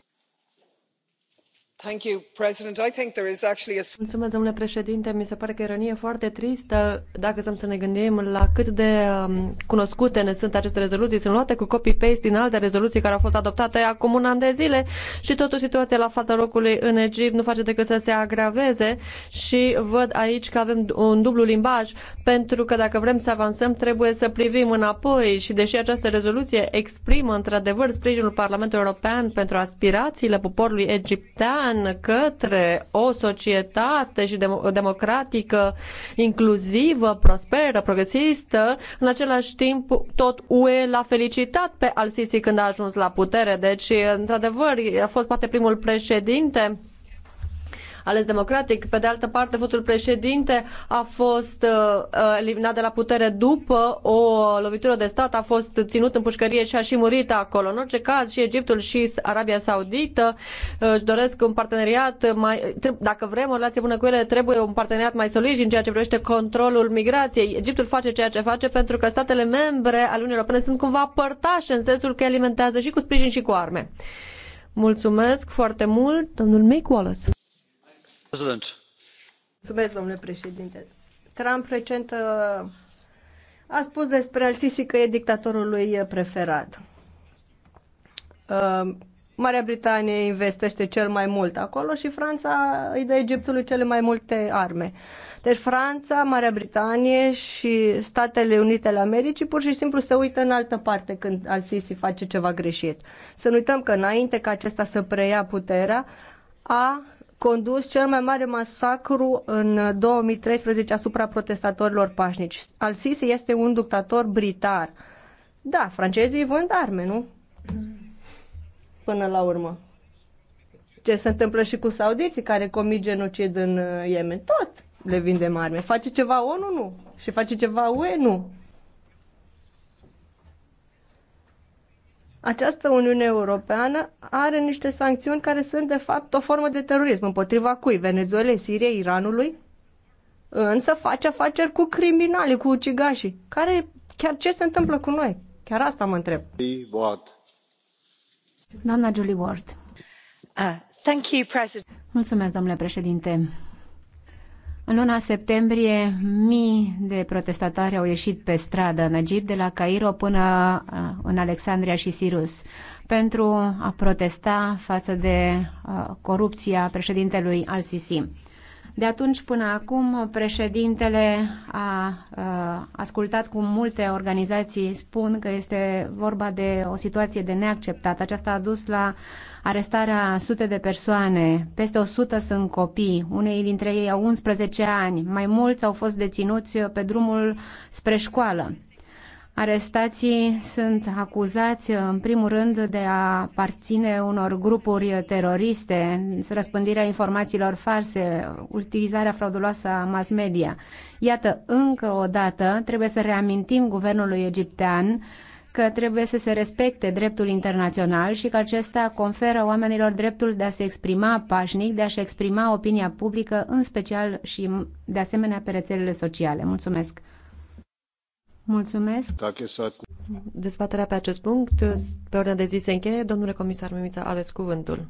domnule președinte mi se pare că e o ironie foarte tristă dacă stăm să ne gândim la cât de um, cunoscute ne sunt aceste rezoluții. Sunt luate cu copy paste din alte rezoluții care au fost adoptate acum un an de zile și totuși situația la fața locului în Egipt nu face decât să se agraveze și văd aici că avem un dublu limbaj pentru că dacă vrem să avansăm trebuie să privim înapoi și deși această rezoluție exprimă într-adevăr sprijinul Parlamentului European pentru aspirațiile poporului egiptean, European către o societate și democratică, inclusivă, prosperă, progresistă, în același timp tot UE l-a felicitat pe Al-Sisi când a ajuns la putere. Deci, într-adevăr, a fost poate primul președinte ales democratic. Pe de altă parte, fostul președinte a fost uh, uh, eliminat de la putere după o lovitură de stat, a fost ținut în pușcărie și a și murit acolo. În orice caz, și Egiptul și Arabia Saudită uh, își doresc un parteneriat mai... Dacă vrem o relație bună cu ele, trebuie un parteneriat mai solid în ceea ce privește controlul migrației. Egiptul face ceea ce face pentru că statele membre ale Uniunii Europene sunt cumva părtași în sensul că alimentează și cu sprijin și cu arme. Mulțumesc foarte mult, domnul Mick Wallace domnule președinte. Trump recent uh, a spus despre Al-Sisi că e dictatorul lui uh, preferat. Uh, Marea Britanie investește cel mai mult acolo și Franța îi dă Egiptului cele mai multe arme. Deci Franța, Marea Britanie și Statele Unite ale Americii pur și simplu se uită în altă parte când Al-Sisi face ceva greșit. Să nu uităm că înainte ca acesta să preia puterea, a condus cel mai mare masacru în 2013 asupra protestatorilor pașnici. Al-Sisi este un dictator britar. Da, francezii vând arme, nu? Până la urmă. Ce se întâmplă și cu saudiții care comit genocid în uh, Yemen? Tot le vindem arme. Face ceva ONU? Nu. Și face ceva UE? Nu. Această Uniune Europeană are niște sancțiuni care sunt, de fapt, o formă de terorism împotriva cui? Venezuelei, Siriei, Iranului? Însă face afaceri cu criminali, cu ucigașii. Care, chiar ce se întâmplă cu noi? Chiar asta mă întreb. Doamna Julie Ward. Uh, thank you, President. Mulțumesc, domnule președinte. În luna septembrie, mii de protestatari au ieșit pe stradă în Egipt, de la Cairo până uh, în Alexandria și Sirus, pentru a protesta față de uh, corupția președintelui al-Sisi. De atunci până acum, președintele a, a ascultat cum multe organizații spun că este vorba de o situație de neacceptat. Aceasta a dus la arestarea sute de persoane, peste 100 sunt copii, unei dintre ei au 11 ani, mai mulți au fost deținuți pe drumul spre școală. Arestații sunt acuzați, în primul rând, de a aparține unor grupuri teroriste, răspândirea informațiilor false, utilizarea frauduloasă a mass media. Iată, încă o dată, trebuie să reamintim guvernului egiptean că trebuie să se respecte dreptul internațional și că acesta conferă oamenilor dreptul de a se exprima pașnic, de a-și exprima opinia publică, în special și, de asemenea, pe rețelele sociale. Mulțumesc! Mulțumesc. Dezbaterea pe acest punct, pe ordinea de zi se încheie. Domnule comisar Mimița, aveți cuvântul.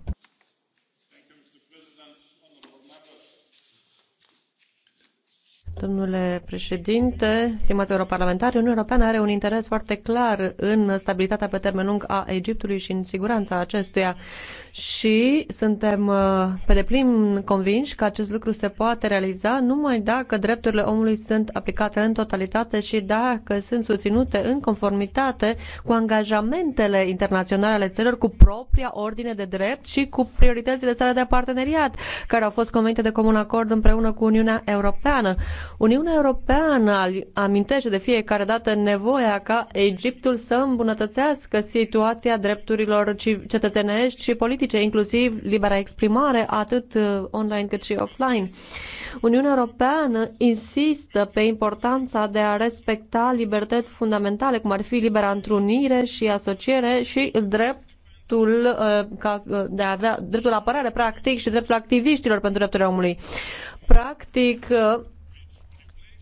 Domnule președinte, stimați europarlamentari, Uniunea Europeană are un interes foarte clar în stabilitatea pe termen lung a Egiptului și în siguranța acestuia și suntem uh, pe deplin convinși că acest lucru se poate realiza numai dacă drepturile omului sunt aplicate în totalitate și dacă sunt susținute în conformitate cu angajamentele internaționale ale țărilor, cu propria ordine de drept și cu prioritățile sale de parteneriat, care au fost convenite de comun acord împreună cu Uniunea Europeană. Uniunea Europeană amintește de fiecare dată nevoia ca Egiptul să îmbunătățească situația drepturilor cetățenești și politice politice, inclusiv libera exprimare, atât uh, online cât și offline. Uniunea Europeană insistă pe importanța de a respecta libertăți fundamentale, cum ar fi libera întrunire și asociere și drept dreptul uh, uh, de a avea dreptul la apărare, practic, și dreptul activiștilor pentru drepturile omului. Practic,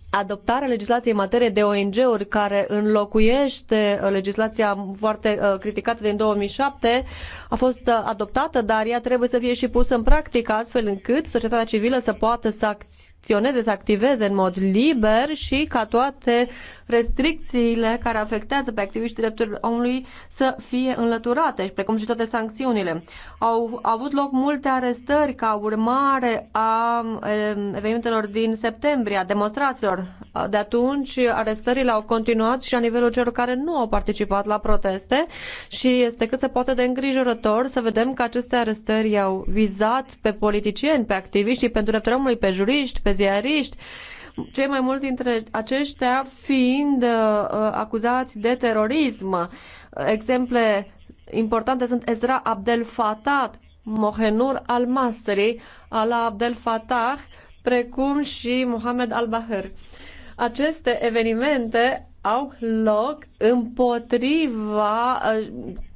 adoptarea legislației în materie de ONG-uri care înlocuiește uh, legislația foarte uh, criticată din 2007 a fost uh, adoptată, dar ea trebuie să fie și pusă în practică astfel încât societatea civilă să poată să acționeze acționeze, să activeze în mod liber și ca toate restricțiile care afectează pe activiștii drepturilor omului să fie înlăturate, precum și toate sancțiunile. Au, au avut loc multe arestări ca urmare a um, evenimentelor din septembrie, a demonstrațiilor. De atunci, arestările au continuat și la nivelul celor care nu au participat la proteste și este cât se poate de îngrijorător să vedem că aceste arestări au vizat pe politicieni, pe activiștii pentru drepturile omului, pe juriști, pe ziariști, cei mai mulți dintre aceștia fiind uh, acuzați de terorism. Exemple importante sunt Ezra Abdel Fattah, Mohenur al-Masri, Ala Abdel Fattah, precum și Mohamed al-Bahir. Aceste evenimente au loc împotriva uh,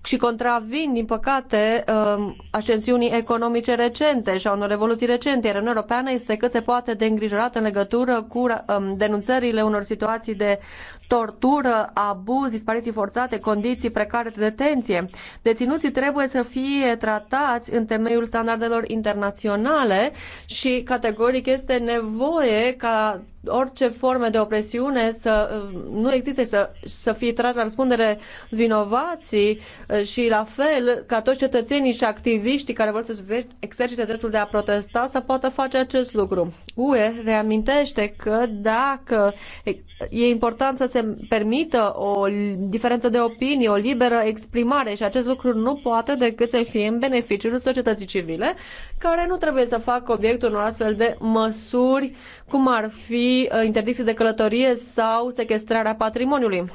și contravin, din păcate, um, ascensiunii economice recente și a unor revoluții recente. Iar în Europeană este cât se poate de îngrijorată în legătură cu um, denunțările unor situații de tortură, abuz, dispariții forțate, condiții precare de detenție. Deținuții trebuie să fie tratați în temeiul standardelor internaționale și categoric este nevoie ca orice forme de opresiune să um, nu existe, să, să fie trași la răspundere vinovații Eh, și la fel ca toți cetățenii și activiștii care vor să exercite dreptul de a protesta să poată face acest lucru. UE reamintește că dacă e important să se permită o diferență de opinie, o liberă exprimare și acest lucru nu poate decât să fie în beneficiul societății civile, care nu trebuie să facă obiectul unor astfel de măsuri, cum ar fi eh, interdicții de călătorie sau sequestrarea patrimoniului.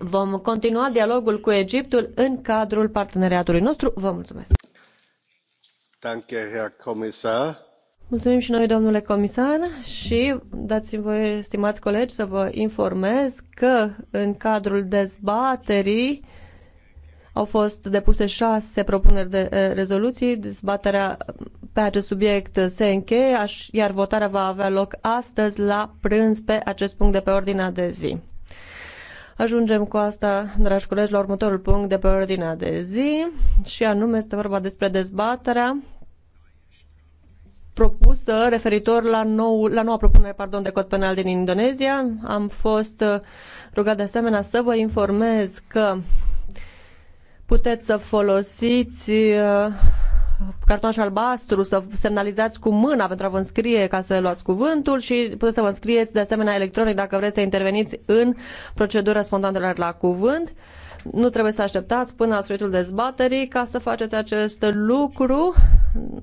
Vom continua dialogul cu Egiptul în cadrul parteneriatului nostru. Vă mulțumesc! Danke, Herr Kommissar. Mulțumim și noi, domnule comisar, și dați-mi voi, stimați colegi, să vă informez că în cadrul dezbaterii au fost depuse șase propuneri de eh, rezoluții. Dezbaterea mm, pe acest subiect se încheie, iar votarea va avea loc astăzi la prânz pe acest punct de pe ordinea de zi. Ajungem cu asta, dragi colegi, la următorul punct de pe ordinea de zi și anume este vorba despre dezbaterea propusă referitor la, nou, la noua propunere pardon, de cod penal din Indonezia. Am fost uh, rugat de asemenea să vă informez că puteți să folosiți uh, cartonaș albastru, să semnalizați cu mâna pentru a vă înscrie ca să luați cuvântul și puteți să vă înscrieți de asemenea electronic dacă vreți să interveniți în procedura spontanelor la cuvânt. Nu trebuie să așteptați până la sfârșitul dezbaterii ca să faceți acest lucru.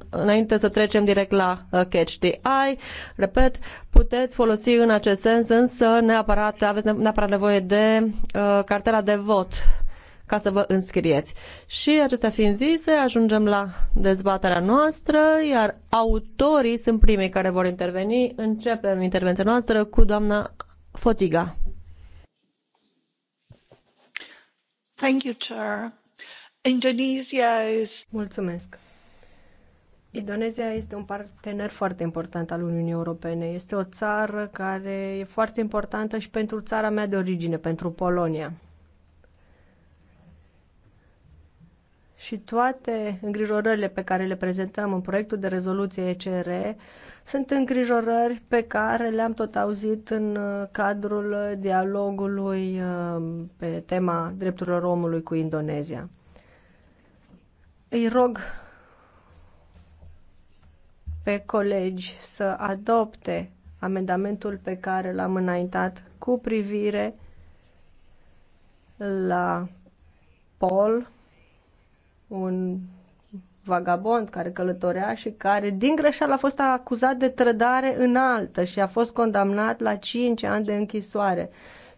Înainte să trecem direct la uh, Catch the Eye, repet, puteți folosi în acest sens, însă neapărat aveți neapărat nevoie de uh, cartela de vot ca să vă înscrieți. Și acestea fiind zise, ajungem la dezbaterea noastră, iar autorii sunt primii care vor interveni. Începem intervenția noastră cu doamna Fotiga. Thank you, Chair. Indonesia is... Mulțumesc. Indonezia este un partener foarte important al Uniunii Europene. Este o țară care e foarte importantă și pentru țara mea de origine, pentru Polonia. și toate îngrijorările pe care le prezentăm în proiectul de rezoluție ECR sunt îngrijorări pe care le-am tot auzit în uh, cadrul dialogului uh, pe tema drepturilor omului cu Indonezia. Îi rog pe colegi să adopte amendamentul pe care l-am înaintat cu privire la Paul un vagabond care călătorea și care din greșeală a fost acuzat de trădare înaltă și a fost condamnat la 5 ani de închisoare.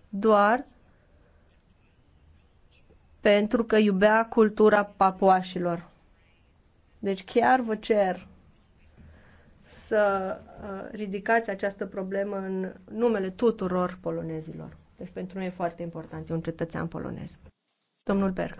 Doar pentru că iubea cultura papuașilor. Deci chiar vă cer să uh, ridicați această problemă în numele tuturor polonezilor. Deci pentru noi e foarte important, e un cetățean polonez. Domnul Berg.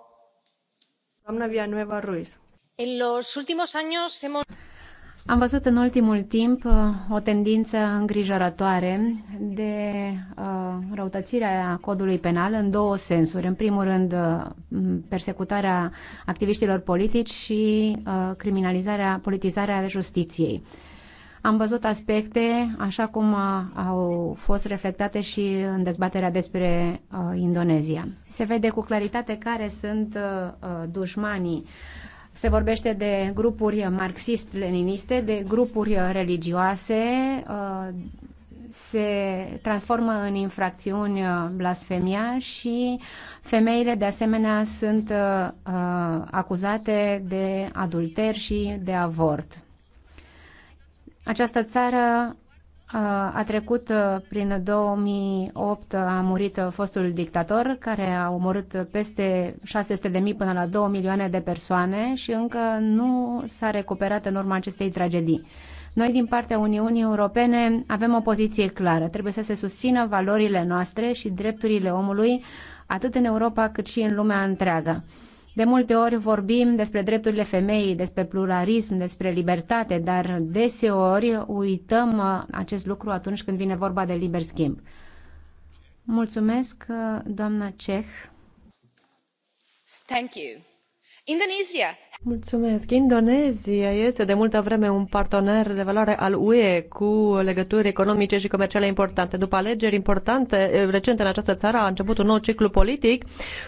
Doamna Villanueva Ruiz. En los últimos años hemos... Am văzut în ultimul timp uh, o tendință îngrijorătoare de uh, răutățirea codului penal în două sensuri. În primul rând, uh, persecutarea activiștilor politici și uh, criminalizarea, politizarea justiției. Uh, am văzut aspecte, așa cum au fost reflectate și în dezbaterea despre uh, Indonezia. Se vede cu claritate care sunt uh, dușmanii. Se vorbește de grupuri marxist-leniniste, de grupuri religioase, uh, se transformă în infracțiuni blasfemia și femeile de asemenea sunt uh, acuzate de adulter și de avort. Această țară uh, a trecut uh, prin 2008, a murit uh, fostul dictator care a omorât peste 600.000 până la 2 milioane de persoane și încă nu s-a recuperat în urma acestei tragedii. Noi, din partea Uniunii Europene, avem o poziție clară. Trebuie să se susțină valorile noastre și drepturile omului, atât în Europa cât și în lumea întreagă. De multe ori vorbim despre drepturile femeii, despre pluralism, despre libertate, dar deseori uităm uh, acest lucru atunci când vine vorba de liber schimb. Mulțumesc, uh, doamna Ceh. Thank you. Indonesia Mulțumesc. Indonezia este de multă vreme un partener de valoare al UE cu legături economice și comerciale importante. După alegeri importante eh, recente în această țară a început un nou ciclu politic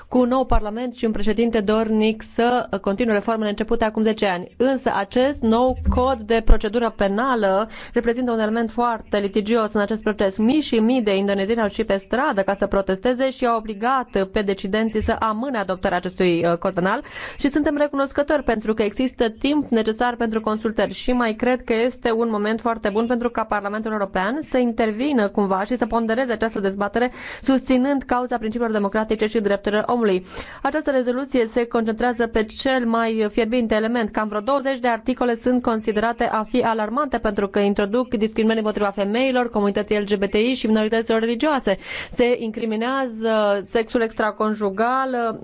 cu un nou parlament și un președinte dornic să continue reformele începute acum 10 ani. Însă acest nou cod de procedură penală reprezintă un element foarte litigios în acest proces. Mii și mii de indonezieni au și pe stradă ca să protesteze și au obligat pe decidenții să amâne adoptarea acestui eh, cod penal și suntem recunoscători pentru că există timp necesar pentru consultări și mai cred că este un moment foarte bun pentru ca Parlamentul European să intervină cumva și să pondereze această dezbatere susținând cauza principiilor democratice și drepturilor omului. Această rezoluție se concentrează pe cel mai fierbinte element. Cam vreo 20 de articole sunt considerate a fi alarmante pentru că introduc discriminări împotriva femeilor, comunității LGBTI și minorităților religioase. Se incriminează sexul extraconjugal,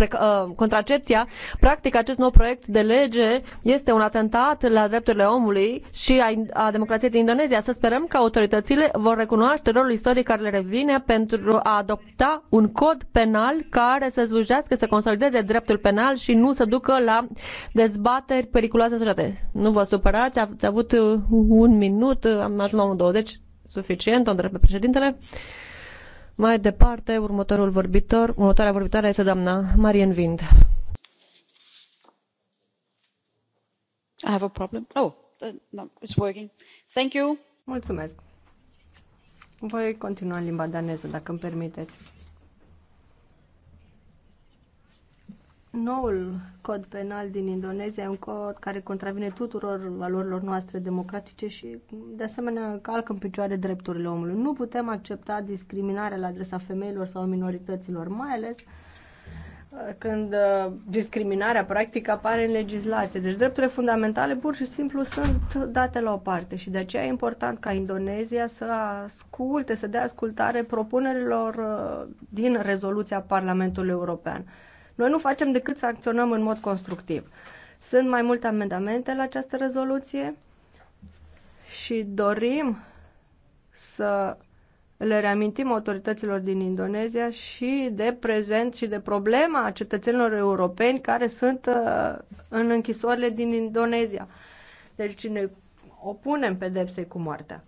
Uh, contracepția, practic acest nou proiect de lege este un atentat la drepturile omului și a, a democrației din Indonezia. Să sperăm că autoritățile vor recunoaște rolul istoric care le revine pentru a adopta un cod penal care să slujească, să consolideze dreptul penal și nu să ducă la dezbateri periculoase în societate. Nu vă supărați, ați avut un minut, am ajuns la 1.20, suficient, o întreb pe președintele. Mai departe, următorul vorbitor, următoarea vorbitoare este doamna Marien Vind. I have a problem. Oh, uh, no, it's working. Thank you. Mulțumesc. Voi continua în limba daneză, dacă îmi permiteți. Noul cod penal din Indonezia e un cod care contravine tuturor valorilor noastre democratice și, de asemenea, calcă în picioare drepturile omului. Nu putem accepta discriminarea la adresa femeilor sau minorităților, mai ales uh, când uh, discriminarea practic apare în legislație. Deci drepturile fundamentale pur și simplu sunt date la o parte și de aceea e important ca Indonezia să asculte, să dea ascultare propunerilor uh, din rezoluția Parlamentului European. Noi nu facem decât să acționăm în mod constructiv. Sunt mai multe amendamente la această rezoluție și dorim să le reamintim autorităților din Indonezia și de prezent și de problema cetățenilor europeni care sunt uh, în închisorile din Indonezia. Deci ne opunem pedepsei cu moartea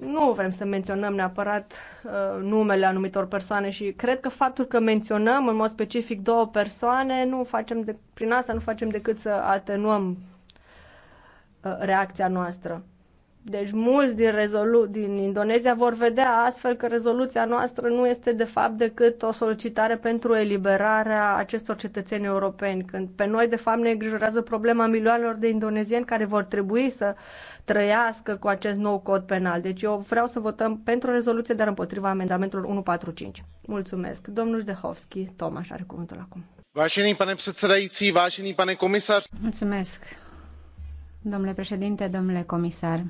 nu vrem să menționăm neapărat uh, numele anumitor persoane și cred că faptul că menționăm în mod specific două persoane, nu facem de, prin asta nu facem decât să atenuăm uh, reacția noastră. Deci mulți din, rezolu- din Indonezia vor vedea astfel că rezoluția noastră nu este de fapt decât o solicitare pentru eliberarea acestor cetățeni europeni, când pe noi de fapt ne îngrijorează problema milioanelor de indonezieni care vor trebui să uh, trăiască cu acest nou cod penal. Deci eu vreau să votăm pentru rezoluție, dar împotriva amendamentul 145. Mulțumesc. Domnul Jdehovski, Tomaș are cuvântul acum. Vážený pane předsedající, vážený pane comisar. Mulțumesc. Domnule președinte, domnule comisar.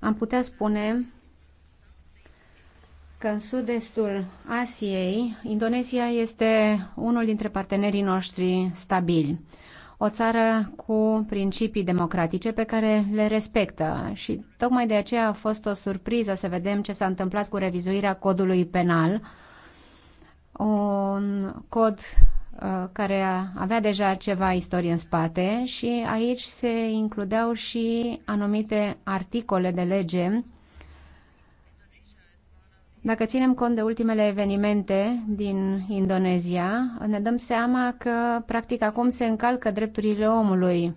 Am putea spune că în sud-estul Asiei, Indonezia este unul dintre partenerii noștri stabili o țară cu principii democratice pe care le respectă și tocmai de aceea a fost o surpriză să vedem ce s-a întâmplat cu revizuirea codului penal, un cod uh, care avea deja ceva istorie în spate și aici se includeau și anumite articole de lege dacă ținem cont de ultimele evenimente din Indonezia, ne dăm seama că practic acum se încalcă drepturile omului,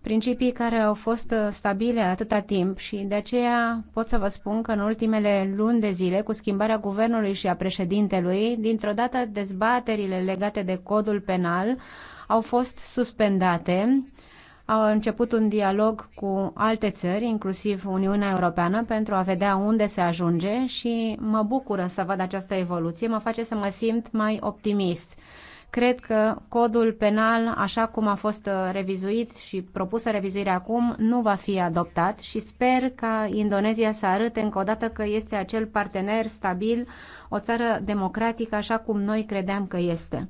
principii care au fost stabile atâta timp și de aceea pot să vă spun că în ultimele luni de zile, cu schimbarea guvernului și a președintelui, dintr-o dată dezbaterile legate de codul penal au fost suspendate au început un dialog cu alte țări, inclusiv Uniunea Europeană, pentru a vedea unde se ajunge și mă bucură să văd această evoluție, mă face să mă simt mai optimist. Cred că codul penal, așa cum a fost revizuit și propusă revizuirea acum, nu va fi adoptat și sper ca Indonezia să arate încă o dată că este acel partener stabil, o țară democratică, așa cum noi credeam că este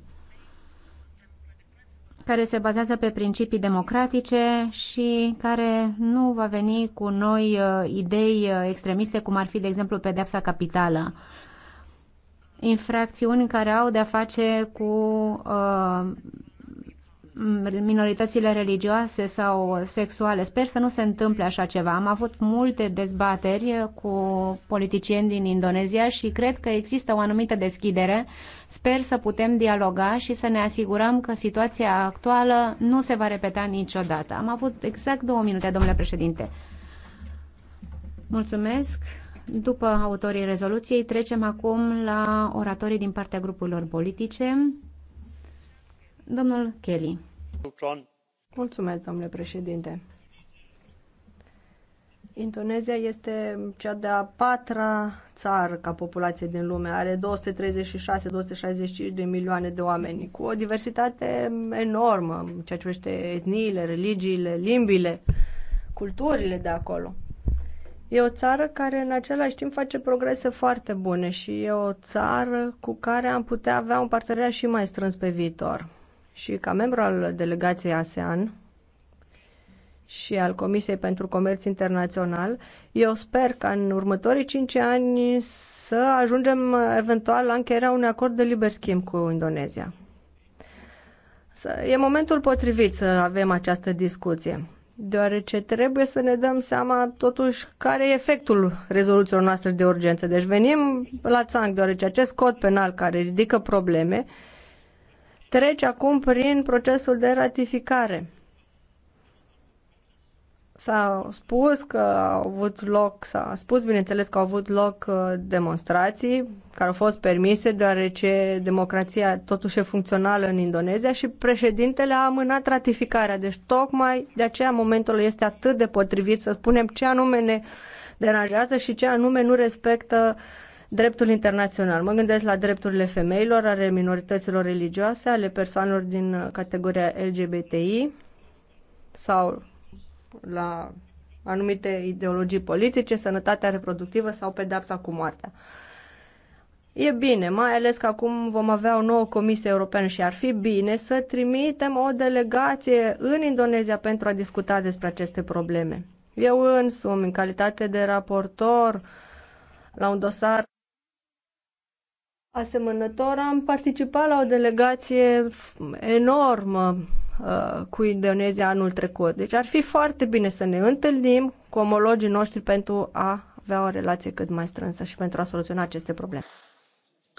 care se bazează pe principii democratice și care nu va veni cu noi uh, idei uh, extremiste, cum ar fi, de exemplu, pedepsa capitală. Infracțiuni care au de-a face cu uh, minoritățile religioase sau sexuale. Sper să nu se întâmple așa ceva. Am avut multe dezbateri cu politicieni din Indonezia și cred că există o anumită deschidere. Sper să putem dialoga și să ne asigurăm că situația actuală nu se va repeta niciodată. Am avut exact două minute, domnule președinte. Mulțumesc. După autorii rezoluției, trecem acum la oratorii din partea grupurilor politice. Domnul Kelly. Mulțumesc, domnule președinte. Indonezia este cea de-a patra țară ca populație din lume. Are 236-265 de milioane de oameni, cu o diversitate enormă în ceea ce privește etniile, religiile, limbile, culturile de acolo. E o țară care în același timp face progrese foarte bune și e o țară cu care am putea avea un parteneriat și mai strâns pe viitor și ca membru al delegației ASEAN și al Comisiei pentru Comerț Internațional, eu sper ca în următorii cinci ani să ajungem eventual la încheierea unui acord de liber schimb cu Indonezia. E momentul potrivit să avem această discuție, deoarece trebuie să ne dăm seama totuși care e efectul rezoluțiilor noastre de urgență. Deci venim la țang, deoarece acest cod penal care ridică probleme trece acum prin procesul de ratificare. S-a spus că au avut loc, s-a spus bineînțeles că au avut loc uh, demonstrații care au fost permise deoarece democrația totuși e funcțională în Indonezia și președintele a amânat ratificarea. Deci tocmai de aceea momentul este atât de potrivit să spunem ce anume ne deranjează și ce anume nu respectă uh, dreptul internațional. Mă gândesc la drepturile femeilor, ale minorităților religioase, ale persoanelor din categoria LGBTI sau la anumite ideologii politice, sănătatea reproductivă sau pedapsa cu moartea. E bine, mai ales că acum vom avea o nouă comisie europeană și ar fi bine să trimitem o delegație în Indonezia pentru a discuta despre aceste probleme. Eu însumi, în calitate de raportor la un dosar asemănător, am participat la o delegație enormă uh, cu Indonezia anul trecut. Deci ar fi foarte bine să ne întâlnim cu omologii noștri pentru a avea o relație cât mai strânsă și pentru a soluționa aceste probleme.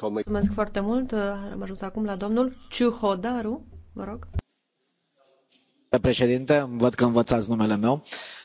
Mulțumesc foarte mult. Am ajuns acum la domnul Ciuhodaru. Vă rog. Președinte, văd că învățați numele meu. Uh,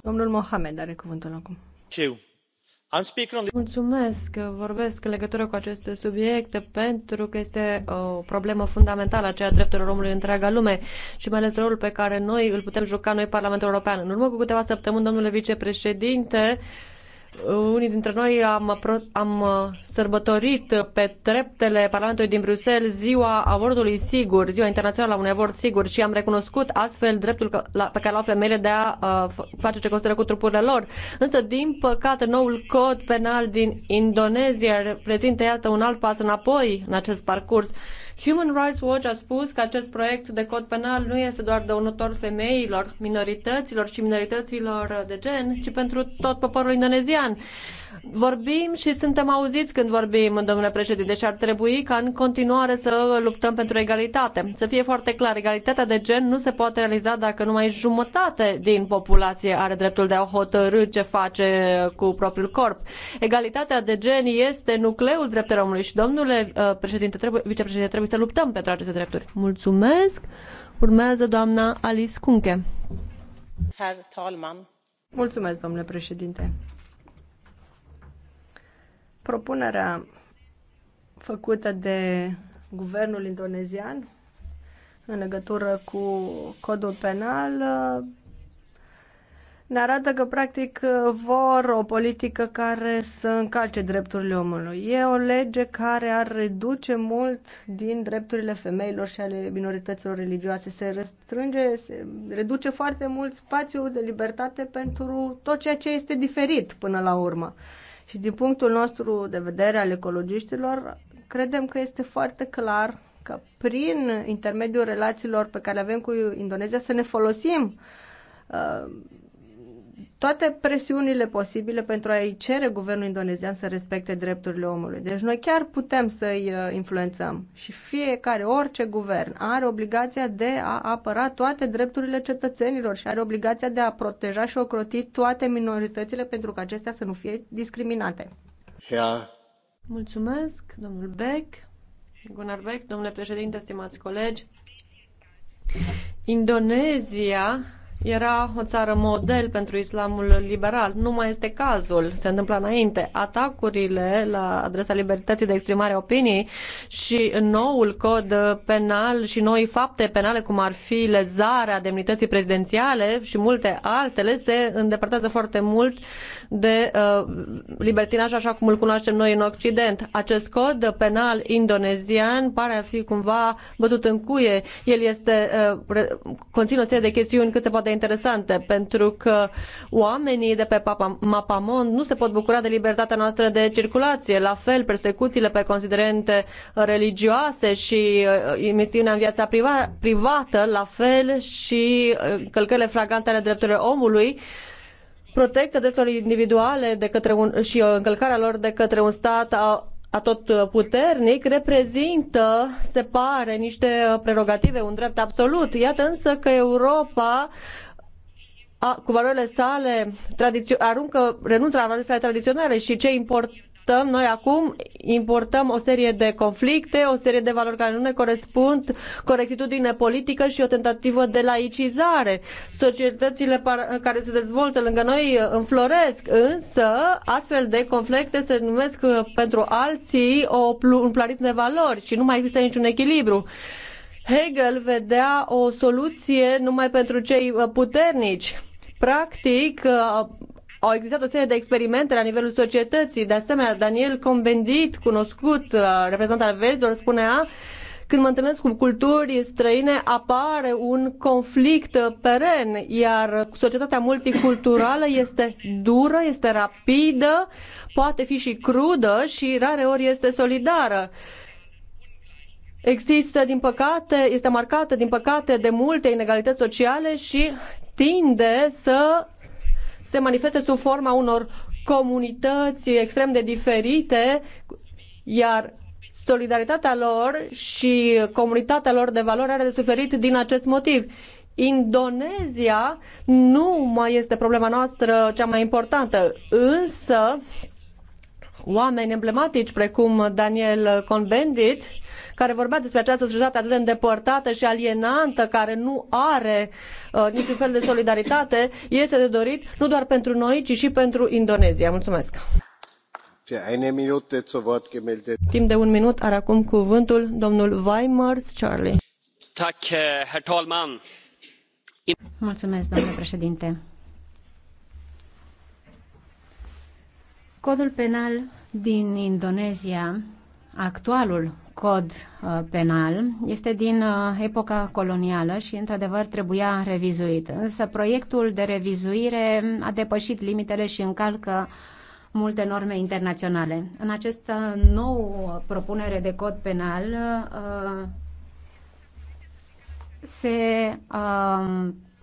Domnul Mohamed are cuvântul acum. Eu. că vorbesc în legătură cu aceste subiecte pentru că este uh, o problemă fundamentală aceea drepturilor omului în întreaga lume și mai ales rolul pe care noi îl putem juca noi Parlamentul European. În urmă cu câteva săptămâni, domnule vicepreședinte, unii dintre noi am, am uh, sărbătorit pe treptele Parlamentului din Bruxelles ziua avortului sigur, ziua internațională a unui avort sigur și am recunoscut astfel dreptul pe care l-au femeile de a uh, face ce consideră cu trupurile lor. Însă, din păcate, noul cod penal din Indonezia reprezintă, iată, un alt pas înapoi în acest parcurs Human Rights Watch a spus că acest proiect de cod penal nu este doar dăunător femeilor, minorităților și minorităților de gen, ci pentru tot poporul indonezian. Vorbim și suntem auziți când vorbim, domnule președinte, și deci ar trebui ca în continuare să luptăm pentru egalitate. Să fie foarte clar, egalitatea de gen nu se poate realiza dacă numai jumătate din populație are dreptul de a hotărâ ce face cu propriul corp. Egalitatea de gen este nucleul drepturilor omului și, domnule uh, președinte, trebuie, vicepreședinte, trebuie să luptăm pentru aceste drepturi. Mulțumesc! Urmează doamna Alice Cunche. Herr Talman. Mulțumesc, domnule președinte. Propunerea făcută de guvernul indonezian în legătură cu codul penal ne arată că practic vor o politică care să încalce drepturile omului. E o lege care ar reduce mult din drepturile femeilor și ale minorităților religioase. Se restrânge, se reduce foarte mult spațiul de libertate pentru tot ceea ce este diferit până la urmă. Și din punctul nostru de vedere al ecologiștilor, credem că este foarte clar că prin intermediul relațiilor pe care le avem cu Indonezia să ne folosim uh, toate presiunile posibile pentru a-i cere guvernul indonezian să respecte drepturile omului. Deci noi chiar putem să-i uh, influențăm și fiecare, orice guvern are obligația de a apăra toate drepturile cetățenilor și are obligația de a proteja și ocroti toate minoritățile pentru că acestea să nu fie discriminate. Yeah. Mulțumesc, domnul Beck. Gunnar Beck, domnule președinte, stimați colegi. Indonezia era o țară model pentru islamul liberal. Nu mai este cazul. Se întâmplă înainte. Atacurile la adresa libertății de exprimare a opinii și noul cod penal și noi fapte penale, cum ar fi lezarea demnității prezidențiale și multe altele, se îndepărtează foarte mult de uh, libertinaj așa cum îl cunoaștem noi în Occident. Acest cod penal indonezian pare a fi cumva bătut în cuie. El este, uh, conține o serie de chestiuni cât se poate interesante, pentru că oamenii de pe Mapamond nu se pot bucura de libertatea noastră de circulație. La fel, persecuțiile pe considerente religioase și imisiunea uh, în viața priva- privată, la fel și uh, călcările flagrante ale drepturilor omului, protecția drepturilor individuale de către un, și uh, încălcarea lor de către un stat atot puternic reprezintă, se pare, niște prerogative, un drept absolut. Iată însă că Europa a, cu valorile sale aruncă renunță la valorile sale tradiționale și ce important adoptăm noi acum, importăm o serie de conflicte, o serie de valori care nu ne corespund, corectitudine politică și o tentativă de laicizare. Societățile care se dezvoltă lângă noi înfloresc, însă astfel de conflicte se numesc uh, pentru alții o, un pluralism de valori și nu mai există niciun echilibru. Hegel vedea o soluție numai pentru cei uh, puternici. Practic, uh, au existat o serie de experimente la nivelul societății. De asemenea, Daniel Combendit, cunoscut uh, reprezentant al verzilor, spunea când mă întâlnesc cu culturi străine, apare un conflict peren, iar societatea multiculturală este dură, este rapidă, poate fi și crudă și rare ori este solidară. Există, din păcate, este marcată, din păcate, de multe inegalități sociale și tinde să se manifeste sub forma unor comunități extrem de diferite, iar solidaritatea lor și comunitatea lor de valoare are de suferit din acest motiv. Indonezia nu mai este problema noastră cea mai importantă, însă oameni emblematici precum Daniel Cohn-Bendit, care vorbea despre această societate atât de îndepărtată și alienantă, care nu are uh, niciun fel de solidaritate, este de dorit nu doar pentru noi, ci și pentru Indonezia. Mulțumesc! Timp de un minut are acum cuvântul domnul Weimers Charlie. Eh, Mulțumesc, domnule președinte Codul penal din Indonezia, actualul cod uh, penal, este din uh, epoca colonială și, într-adevăr, trebuia revizuit. Însă proiectul de revizuire a depășit limitele și încalcă multe norme internaționale. În această nouă propunere de cod penal uh, se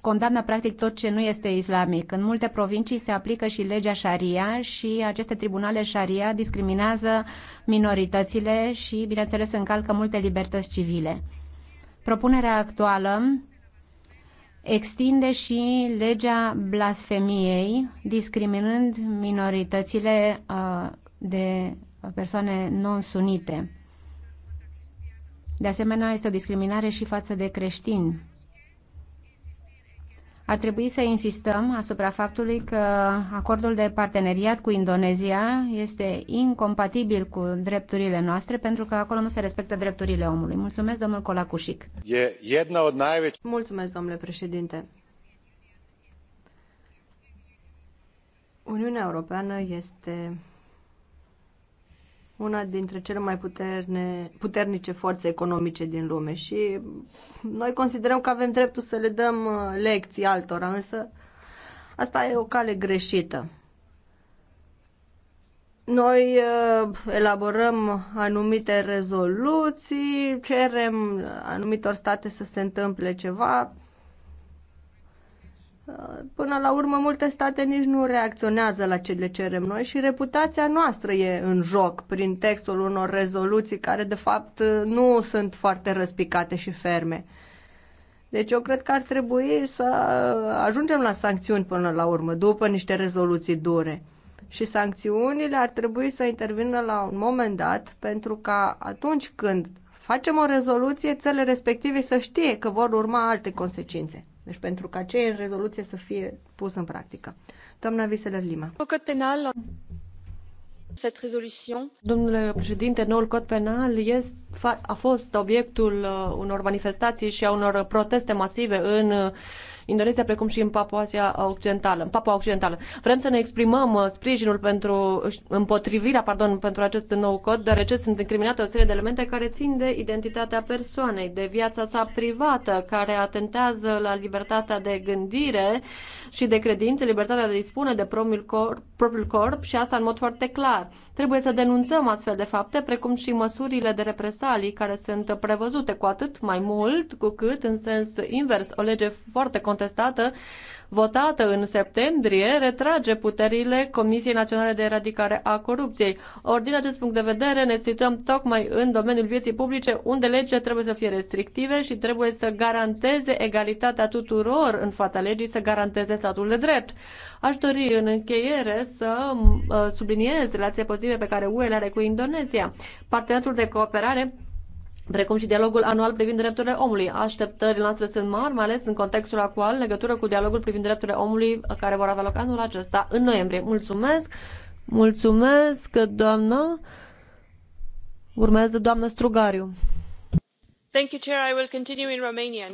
condamnă practic tot ce nu este islamic. În multe provincii se aplică și legea Sharia și aceste tribunale Sharia discriminează minoritățile și, bineînțeles, încalcă multe libertăți civile. Propunerea actuală extinde și legea blasfemiei, discriminând minoritățile uh, de persoane non-sunite. De asemenea, este o discriminare și față de creștini. Ar trebui să insistăm asupra faptului că acordul de parteneriat cu Indonezia este incompatibil cu drepturile noastre pentru că acolo nu se respectă drepturile omului. Mulțumesc, domnul Colacușic. Mulțumesc, domnule președinte. Uniunea Europeană este una dintre cele mai puterne, puternice forțe economice din lume și noi considerăm că avem dreptul să le dăm uh, lecții altora, însă asta e o cale greșită. Noi uh, elaborăm anumite rezoluții, cerem anumitor state să se întâmple ceva, Până la urmă, multe state nici nu reacționează la ce le cerem noi și reputația noastră e în joc prin textul unor rezoluții care, de fapt, nu sunt foarte răspicate și ferme. Deci eu cred că ar trebui să ajungem la sancțiuni până la urmă, după niște rezoluții dure. Și sancțiunile ar trebui să intervină la un moment dat, pentru că atunci când facem o rezoluție, țările respective să știe că vor urma alte consecințe. Deci pentru ca ce e în rezoluție să fie pus în practică. Doamna Viseler Lima. Cod penal. Domnule președinte, noul cod penal este, a fost obiectul uh, unor manifestații și a unor proteste masive în uh, Indonezia, precum și în Papuasia Occidentală. În Papua Occidentală. Vrem să ne exprimăm uh, sprijinul pentru împotrivirea, pardon, pentru acest nou cod, deoarece sunt incriminate o serie de elemente care țin de identitatea persoanei, de viața sa privată, care atentează la libertatea de gândire și de credință, libertatea de dispune de propriul corp, propriul corp și asta în mod foarte clar. Trebuie să denunțăm astfel de fapte, precum și măsurile de represalii care sunt prevăzute cu atât mai mult, cu cât, în sens invers, o lege foarte contra- contestată votată în septembrie retrage puterile Comisiei Naționale de Eradicare a Corupției. Ori, din acest punct de vedere, ne situăm tocmai în domeniul vieții publice, unde legile trebuie să fie restrictive și trebuie să garanteze egalitatea tuturor în fața legii, să garanteze statul de drept. Aș dori în încheiere să uh, subliniez relația pozitive pe care UE le are cu Indonezia. Parteneriatul de cooperare precum și dialogul anual privind drepturile omului. Așteptările noastre sunt mari, mai ales în contextul actual, în legătură cu dialogul privind drepturile omului care vor avea loc anul acesta, în noiembrie. Mulțumesc! Mulțumesc, doamnă! Urmează doamna Strugariu. Thank you, Chair. I will continue in Romanian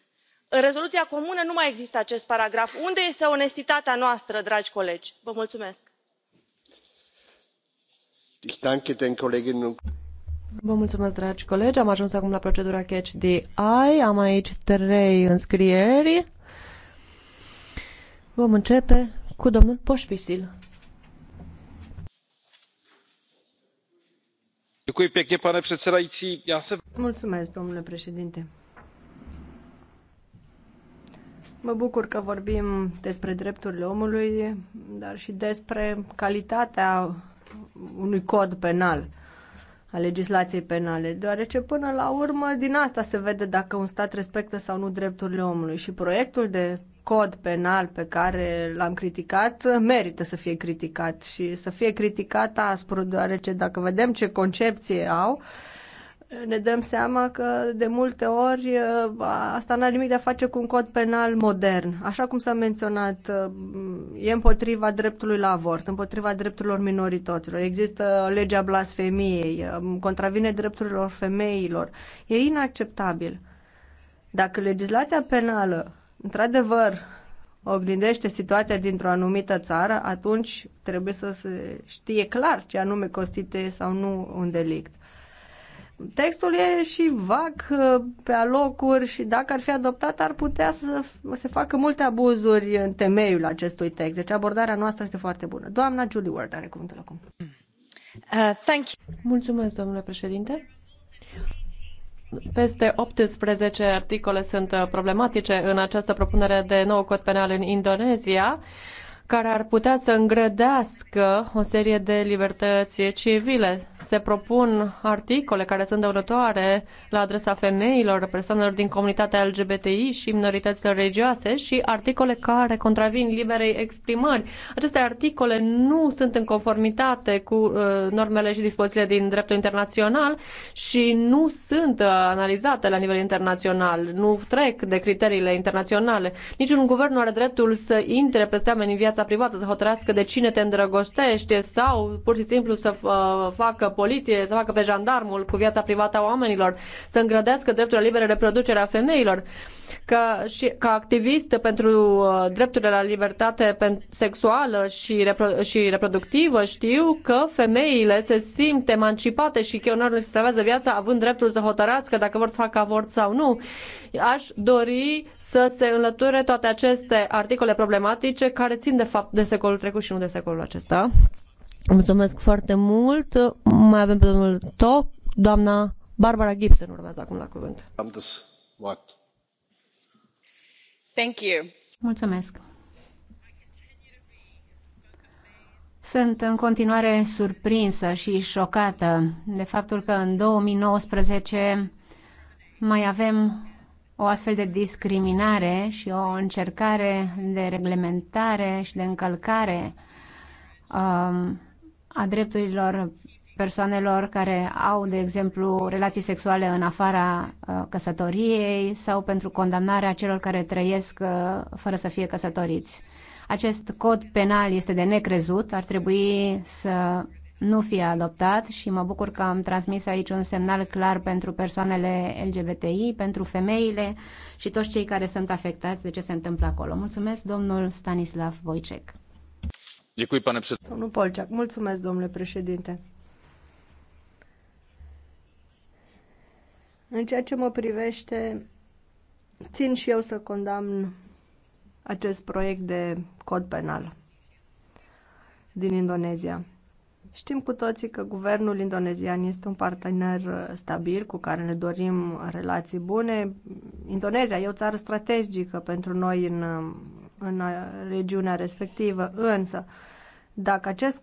în rezoluția comună nu mai există acest paragraf. unde este onestitatea noastră dragi colegi? vă mulțumesc. Vă mulțumesc, dragi colegi. Am ajuns acum la procedura Catch the Eye. Am aici trei înscrieri. Vom începe cu domnul Poșpisil. Mulțumesc, domnule președinte Mă bucur că vorbim despre drepturile omului, dar și despre calitatea unui cod penal, a legislației penale, deoarece până la urmă din asta se vede dacă un stat respectă sau nu drepturile omului și proiectul de cod penal pe care l-am criticat merită să fie criticat și să fie criticat aspru, deoarece dacă vedem ce concepție au, uh, ne dăm seama că de multe ori uh, asta n-are nimic de a face cu un cod penal modern. Așa cum s-a menționat, uh, e împotriva dreptului la avort, împotriva drepturilor minorităților. Există legea blasfemiei, uh, contravine drepturilor femeilor. E inacceptabil. Dacă legislația penală, într-adevăr, oglindește situația dintr-o anumită țară, atunci trebuie să se știe clar ce anume constituie sau nu un delict. Textul e și vag uh, pe alocuri și dacă ar fi adoptat ar putea să se facă multe abuzuri în temeiul acestui text. Deci abordarea noastră este foarte bună. Doamna Julie Ward are cuvântul acum. Uh, thank you. Mulțumesc, domnule președinte. Peste 18 articole sunt uh, problematice în această propunere de nou cod penal în Indonezia. Uh, care ar putea să îngrădească o serie de libertăți civile. Se propun articole care sunt dăunătoare la adresa femeilor, persoanelor din comunitatea LGBTI și minorităților religioase și articole care contravin liberei exprimări. Aceste articole nu sunt în conformitate cu uh, normele și dispozițiile din dreptul internațional și nu sunt uh, analizate la nivel internațional, nu trec de criteriile internaționale. Niciun guvern nu are dreptul să intre peste oameni în viața viața privată, să hotărească de cine te îndrăgostește sau pur și simplu să uh, facă poliție, să facă pe jandarmul cu viața privată a oamenilor, să îngrădească drepturile libere de reproducere a femeilor. Uh, ca, și, ca activist pentru uh, drepturile la libertate sexuală și, repro- și reproductivă, știu că femeile se simt emancipate și că le se salvează viața având dreptul să hotărască dacă vor să facă avort sau nu. Aș dori să se înlăture toate aceste articole problematice care țin de fapt de secolul trecut și nu de secolul acesta. Mulțumesc foarte mult. Mai avem pe domnul Toc, doamna Barbara Gibson urmează acum la cuvânt. Am Mulțumesc. Sunt în continuare surprinsă și șocată de faptul că în 2019 mai avem o astfel de discriminare și o încercare de reglementare și de încălcare um, a drepturilor persoanelor care au, de exemplu, relații sexuale în afara uh, căsătoriei sau pentru condamnarea celor care trăiesc uh, fără să fie căsătoriți. Acest cod penal este de necrezut, ar trebui să nu fie adoptat și mă bucur că am transmis aici un semnal clar pentru persoanele LGBTI, pentru femeile și toți cei care sunt afectați de ce se întâmplă acolo. Mulțumesc, domnul Stanislav Wojcek. Domnul Polciac, mulțumesc, domnule președinte În ceea ce mă privește, țin și eu să condamn acest proiect de cod penal din Indonezia. Știm cu toții că guvernul indonezian este un partener stabil cu care ne dorim relații bune. Indonezia e o țară strategică pentru noi în, în regiunea respectivă, însă dacă acest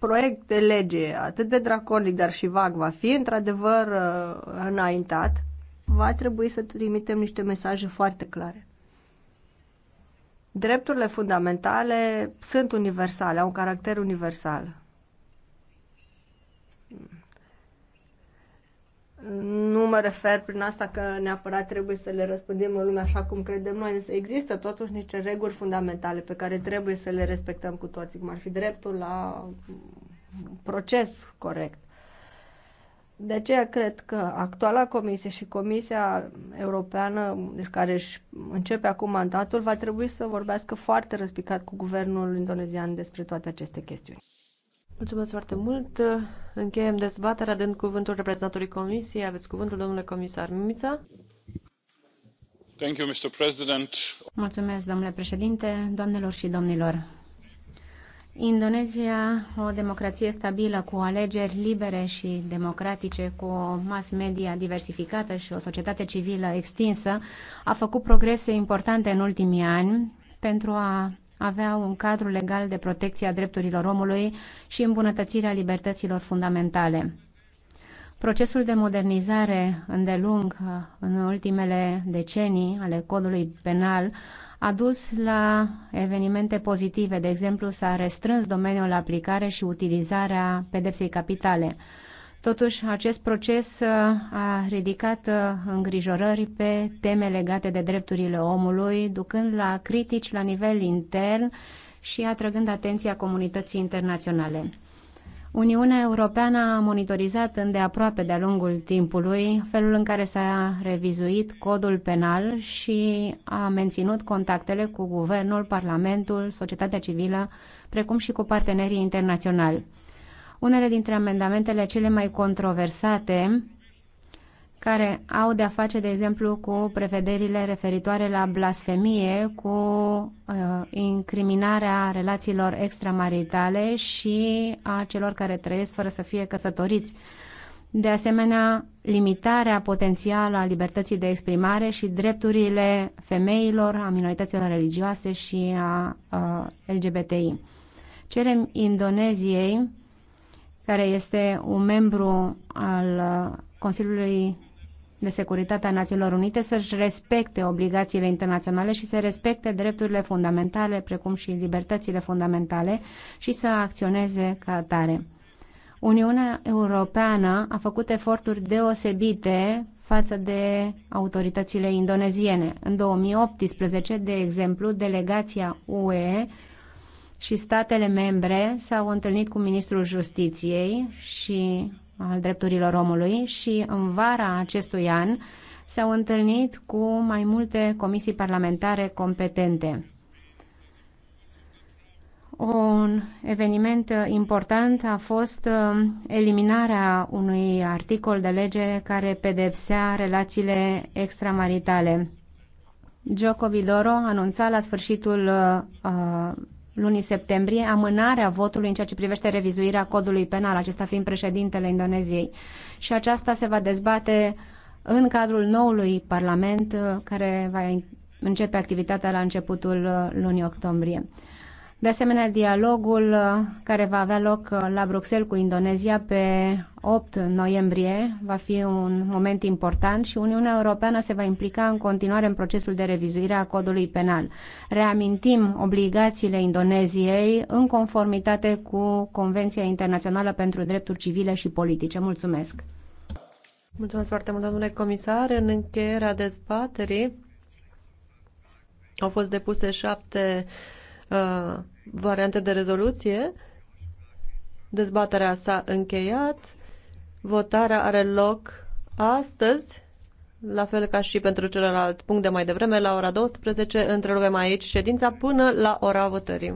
proiect de lege atât de draconic, dar și vag va fi într-adevăr uh, înaintat, va trebui să trimitem niște mesaje foarte clare. Drepturile fundamentale sunt universale, au un caracter universal. Nu mă refer prin asta că neapărat trebuie să le răspândim în lume așa cum credem noi, însă există totuși niște reguli fundamentale pe care trebuie să le respectăm cu toții, cum ar fi dreptul la proces corect. De aceea cred că actuala comisie și Comisia Europeană, deci care își începe acum mandatul, va trebui să vorbească foarte răspicat cu guvernul indonezian despre toate aceste chestiuni. Mulțumesc foarte mult. Încheiem dezbaterea dând cuvântul reprezentantului Comisiei. Aveți cuvântul, domnule comisar Mimița. Thank you, Mr. President. Mulțumesc, domnule președinte, doamnelor și domnilor. Indonezia, o democrație stabilă cu alegeri libere și democratice, cu o mass media diversificată și o societate civilă extinsă, a făcut progrese importante în ultimii ani pentru a avea un cadru legal de protecție a drepturilor omului și îmbunătățirea libertăților fundamentale. Procesul de modernizare îndelung uh, în ultimele decenii ale codului penal a dus la evenimente pozitive, de exemplu s-a restrâns domeniul aplicare și utilizarea pedepsei capitale. Totuși, acest proces uh, a ridicat uh, îngrijorări pe teme legate de drepturile omului, ducând la critici la nivel intern și atrăgând atenția comunității internaționale. Uniunea Europeană a monitorizat îndeaproape de-a lungul timpului felul în care s-a revizuit codul penal și a menținut contactele cu guvernul, parlamentul, societatea civilă, precum și cu partenerii internaționali. Unele dintre amendamentele cele mai controversate care au de-a face, de exemplu, cu prevederile referitoare la blasfemie, cu uh, incriminarea relațiilor extramaritale și a celor care trăiesc fără să fie căsătoriți. De asemenea, limitarea potențială a libertății de exprimare și drepturile femeilor, a minorităților religioase și a uh, LGBTI. Cerem Indoneziei care este un membru al uh, Consiliului de Securitate a Națiunilor Unite, să-și respecte obligațiile internaționale și să respecte drepturile fundamentale, precum și libertățile fundamentale, și să acționeze ca atare. Uniunea Europeană a făcut eforturi deosebite față de autoritățile indoneziene. În 2018, de exemplu, delegația UE și statele membre s-au întâlnit cu ministrul justiției și al drepturilor omului și în vara acestui an s-au întâlnit cu mai multe comisii parlamentare competente. Un eveniment important a fost uh, eliminarea unui articol de lege care pedepsea relațiile extramaritale. Gioco Vidoro anunța la sfârșitul uh, lunii septembrie amânarea votului în ceea ce privește revizuirea codului penal, acesta fiind președintele Indoneziei. Și aceasta se va dezbate în cadrul noului Parlament uh, care va începe activitatea la începutul uh, lunii octombrie. De asemenea, dialogul uh, care va avea loc uh, la Bruxelles cu Indonezia pe 8 noiembrie va fi un moment important și Uniunea Europeană se va implica în continuare în procesul de revizuire a codului penal. Reamintim obligațiile Indoneziei în conformitate cu Convenția Internațională pentru Drepturi Civile și Politice. Mulțumesc! Mulțumesc foarte mult, domnule comisar. În încheierea dezbaterii au fost depuse șapte Uh, variante de rezoluție. Dezbaterea s-a încheiat. Votarea are loc astăzi, la fel ca și pentru celălalt punct de mai devreme, la ora 12. Întrerupem aici ședința până la ora votării.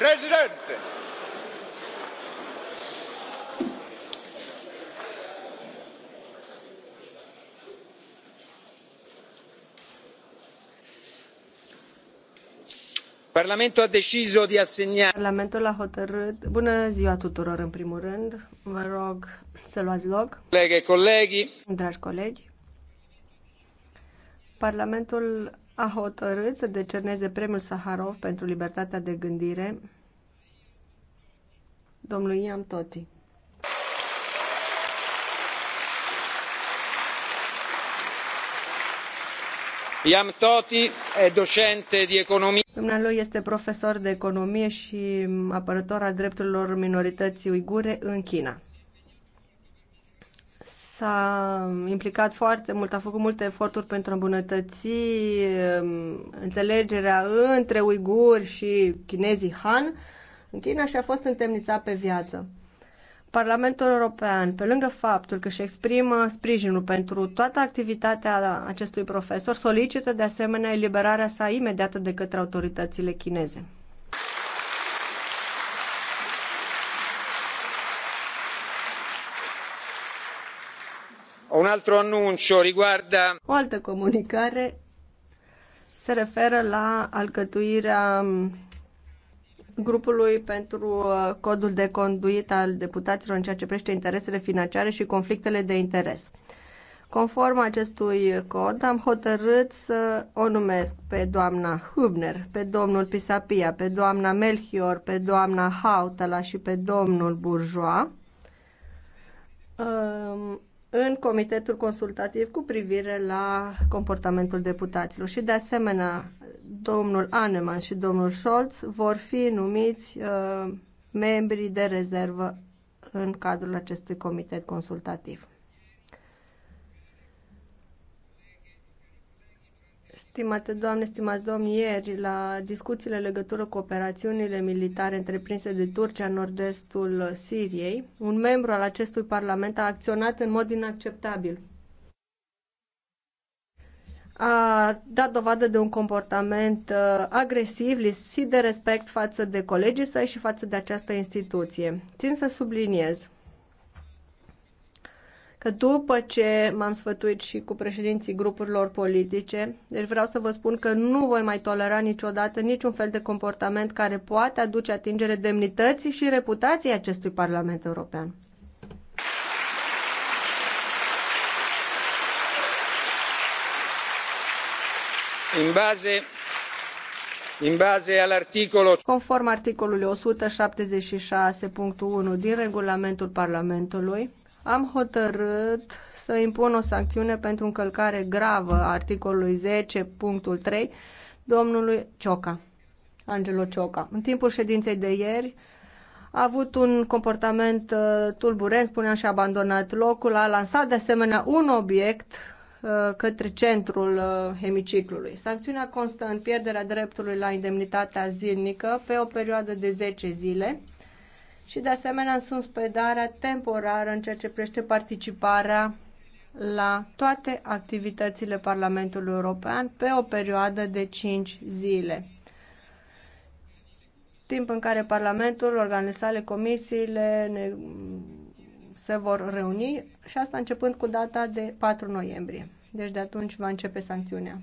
președinte! Parlamentul a deciso di assegnare. Parlamentul a hotărât. Bună ziua tuturor, în primul rând. Vă rog să luați loc. Colegi, colegi. Dragi colegi. Parlamentul a hotărât să decerneze premiul Saharov pentru libertatea de gândire domnul Ian Toti. Iam Toti e docente de economie. Dumnealui este profesor de economie și apărător a drepturilor minorității uigure în China s-a implicat foarte mult, a făcut multe eforturi pentru a îmbunătăți um, înțelegerea între uiguri și chinezii Han, în China și a fost întemnițat pe viață. Parlamentul European, pe lângă faptul că își exprimă sprijinul pentru toată activitatea acestui profesor, solicită de asemenea eliberarea sa imediată de către autoritățile chineze. Un alt annuncio riguarda... O altă comunicare se referă la alcătuirea grupului pentru uh, codul de conduit al deputaților în ceea ce privește interesele financiare și conflictele de interes. Conform acestui cod, am hotărât să o numesc pe doamna Hübner, pe domnul Pisapia, pe doamna Melchior, pe doamna Hautala și pe domnul Bourgeois um, în Comitetul Consultativ cu privire la comportamentul deputaților. Și de asemenea, domnul Aneman și domnul Scholz vor fi numiți uh, membrii de rezervă în cadrul acestui comitet consultativ. Stimate doamne, stimați domni, ieri la discuțiile legătură cu operațiunile militare întreprinse de Turcia în nord-estul Siriei, un membru al acestui parlament a acționat în mod inacceptabil. A dat dovadă de un comportament uh, agresiv, lipsit de respect față de colegii săi și față de această instituție. Țin să subliniez că după ce m-am sfătuit și cu președinții grupurilor politice, deci vreau să vă spun că nu voi mai tolera niciodată niciun fel de comportament care poate aduce atingere demnității și reputației acestui Parlament European. În baze în baze al articolo... Conform articolului 176.1 din regulamentul Parlamentului, am hotărât să impun o sancțiune pentru încălcare gravă a articolului 10.3 domnului Cioca, Angelo Cioca. În timpul ședinței de ieri a avut un comportament uh, tulburent, spunea și a abandonat locul, a lansat de asemenea un obiect uh, către centrul uh, hemiciclului. Sancțiunea constă în pierderea dreptului la indemnitatea zilnică pe o perioadă de 10 zile, și de asemenea în suspendarea temporară în ceea ce privește participarea la toate activitățile Parlamentului European pe o perioadă de 5 zile. Timp în care Parlamentul, organizele, comisiile ne, se vor reuni și asta începând cu data de 4 noiembrie. Deci de atunci va începe sancțiunea.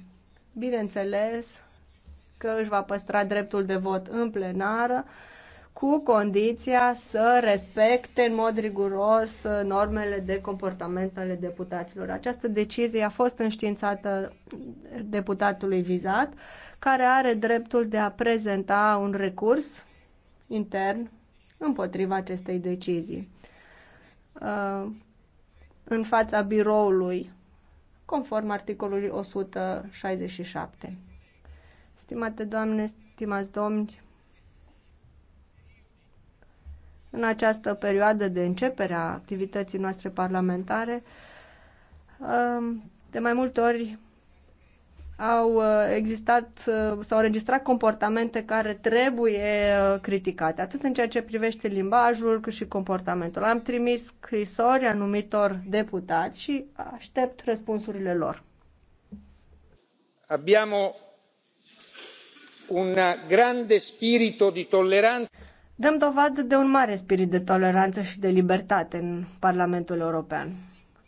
Bineînțeles că își va păstra dreptul de vot în plenară, cu condiția să respecte în mod riguros uh, normele de comportament ale deputaților. Această decizie a fost înștiințată deputatului vizat, care are dreptul de a prezenta un recurs intern împotriva acestei decizii uh, în fața biroului, conform articolului 167. Stimate doamne, stimați domni, în această perioadă de începere a activității noastre parlamentare, um, de mai multe ori au uh, existat, uh, s-au înregistrat comportamente care trebuie uh, criticate, atât în ceea ce privește limbajul, cât și comportamentul. Am trimis scrisori anumitor deputați și aștept răspunsurile lor. Abbiamo un grande spirito di tolleranza. Dăm dovadă de un mare spirit de toleranță și de libertate în Parlamentul European.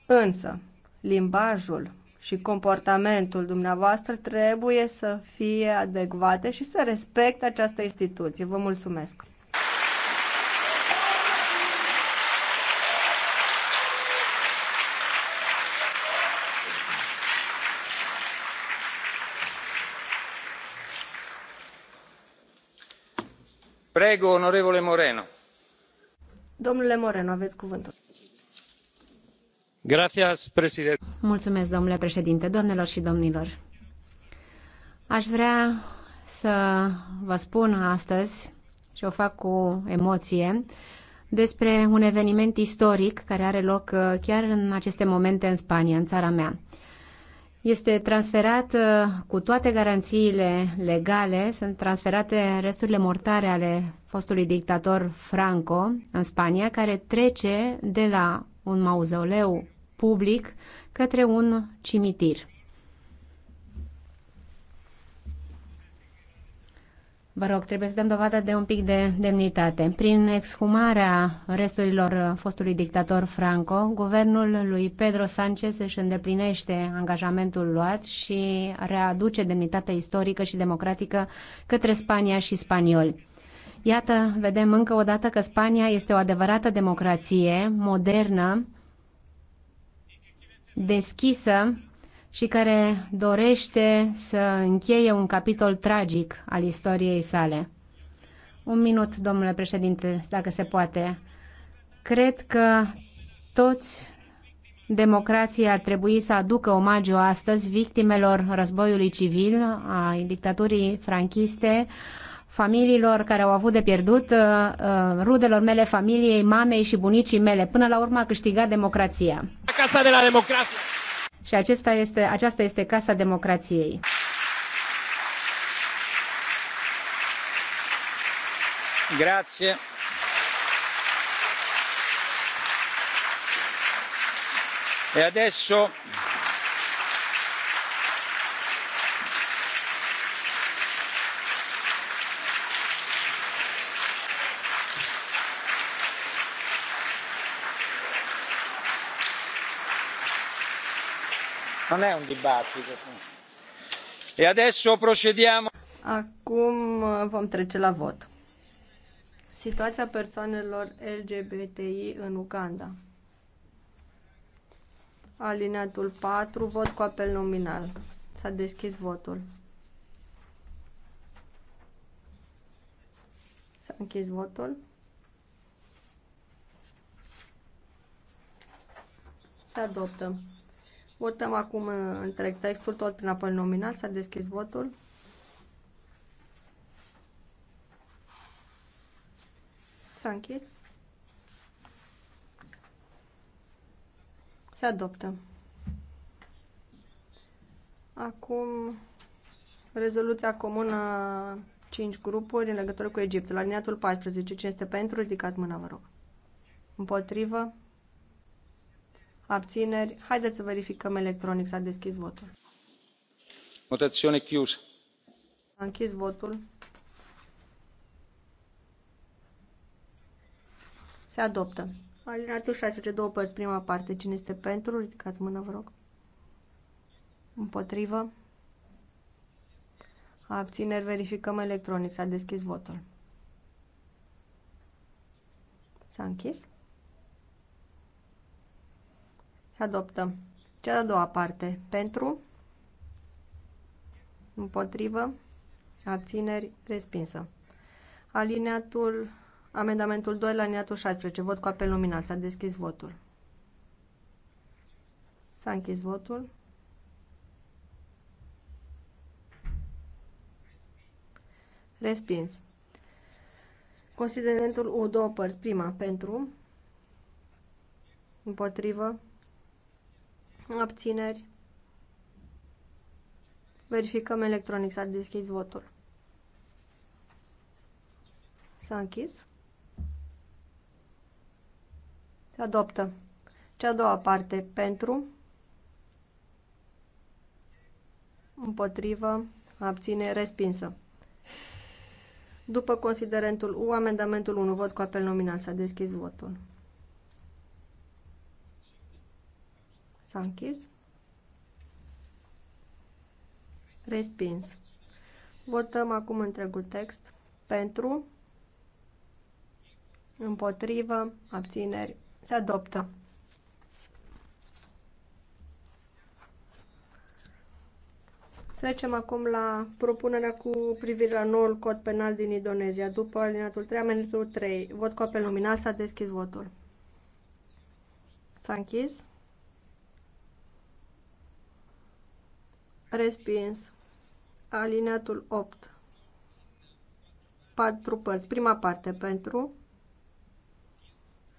Însă, limbajul și comportamentul dumneavoastră trebuie să fie adecvate și să respecte această instituție. Vă mulțumesc! Domnule Moreno, aveți Mulțumesc, domnule președinte, doamnelor și domnilor. Aș vrea să vă spun astăzi, și o fac cu emoție, despre un eveniment istoric care are loc uh, chiar în aceste momente în Spania, în țara mea este transferat uh, cu toate garanțiile legale, sunt transferate resturile mortare ale fostului dictator Franco în Spania, care trece de la un mauzoleu public către un cimitir. Vă rog, trebuie să dăm dovadă de un pic de demnitate. Prin exhumarea resturilor fostului dictator Franco, guvernul lui Pedro Sanchez își îndeplinește angajamentul luat și readuce demnitatea istorică și democratică către Spania și spanioli. Iată, vedem încă o dată că Spania este o adevărată democrație modernă, deschisă și care dorește să încheie un capitol tragic al istoriei sale. Un minut, domnule președinte, dacă se poate. Cred că toți democrații ar trebui să aducă omagiu astăzi victimelor războiului civil, a dictaturii franchiste, familiilor care au avut de pierdut, uh, uh, rudelor mele, familiei, mamei și bunicii mele. Până la urmă a câștigat democrația. Casa de la democrație și acesta este, aceasta este Casa Democrației. Grazie. E adesso Non è un dibattito. E adesso procediamo. Acum uh, vom trece la vot. Situația persoanelor LGBTI în Uganda. Alineatul 4, vot cu apel nominal. S-a deschis votul. S-a închis votul. Se adoptă. Votăm acum uh, întreg textul, tot prin apel nominal. S-a deschis votul. S-a închis. Se adoptă. Acum, rezoluția comună 5 grupuri în legătură cu Egiptul. Aliniatul 14. Cine este pentru? Ridicați mâna, vă rog. Împotrivă? abțineri. Haideți să verificăm electronic. S-a deschis votul. Votazione chiusă. A închis votul. Se adoptă. Alinatul 16, două părți, prima parte. Cine este pentru? Ridicați mână, vă rog. Împotrivă. Abțineri, verificăm electronic. S-a deschis votul. S-a închis. Se adoptă. Cea de-a doua parte. Pentru. Împotrivă. Abțineri. Respinsă. Alineatul. Amendamentul 2 la alineatul 16. Vot cu apel nominal. S-a deschis votul. S-a închis votul. Respins. Considerentul U, două părți. Prima, pentru, împotrivă, Abțineri. Verificăm electronic. S-a deschis votul. S-a închis. Se adoptă. Cea a doua parte. Pentru. Împotrivă. Abține. Respinsă. După considerentul U, amendamentul 1, vot cu apel nominal. S-a deschis votul. S-a închis. Respins. Votăm acum întregul text. Pentru, împotrivă, abțineri, se adoptă. Trecem acum la propunerea cu privire la noul cod penal din Indonezia. După alineatul 3, amenitul 3, vot cu apel nominal, s-a deschis votul. S-a închis. Respins. Alineatul 8. Patru părți. Prima parte pentru.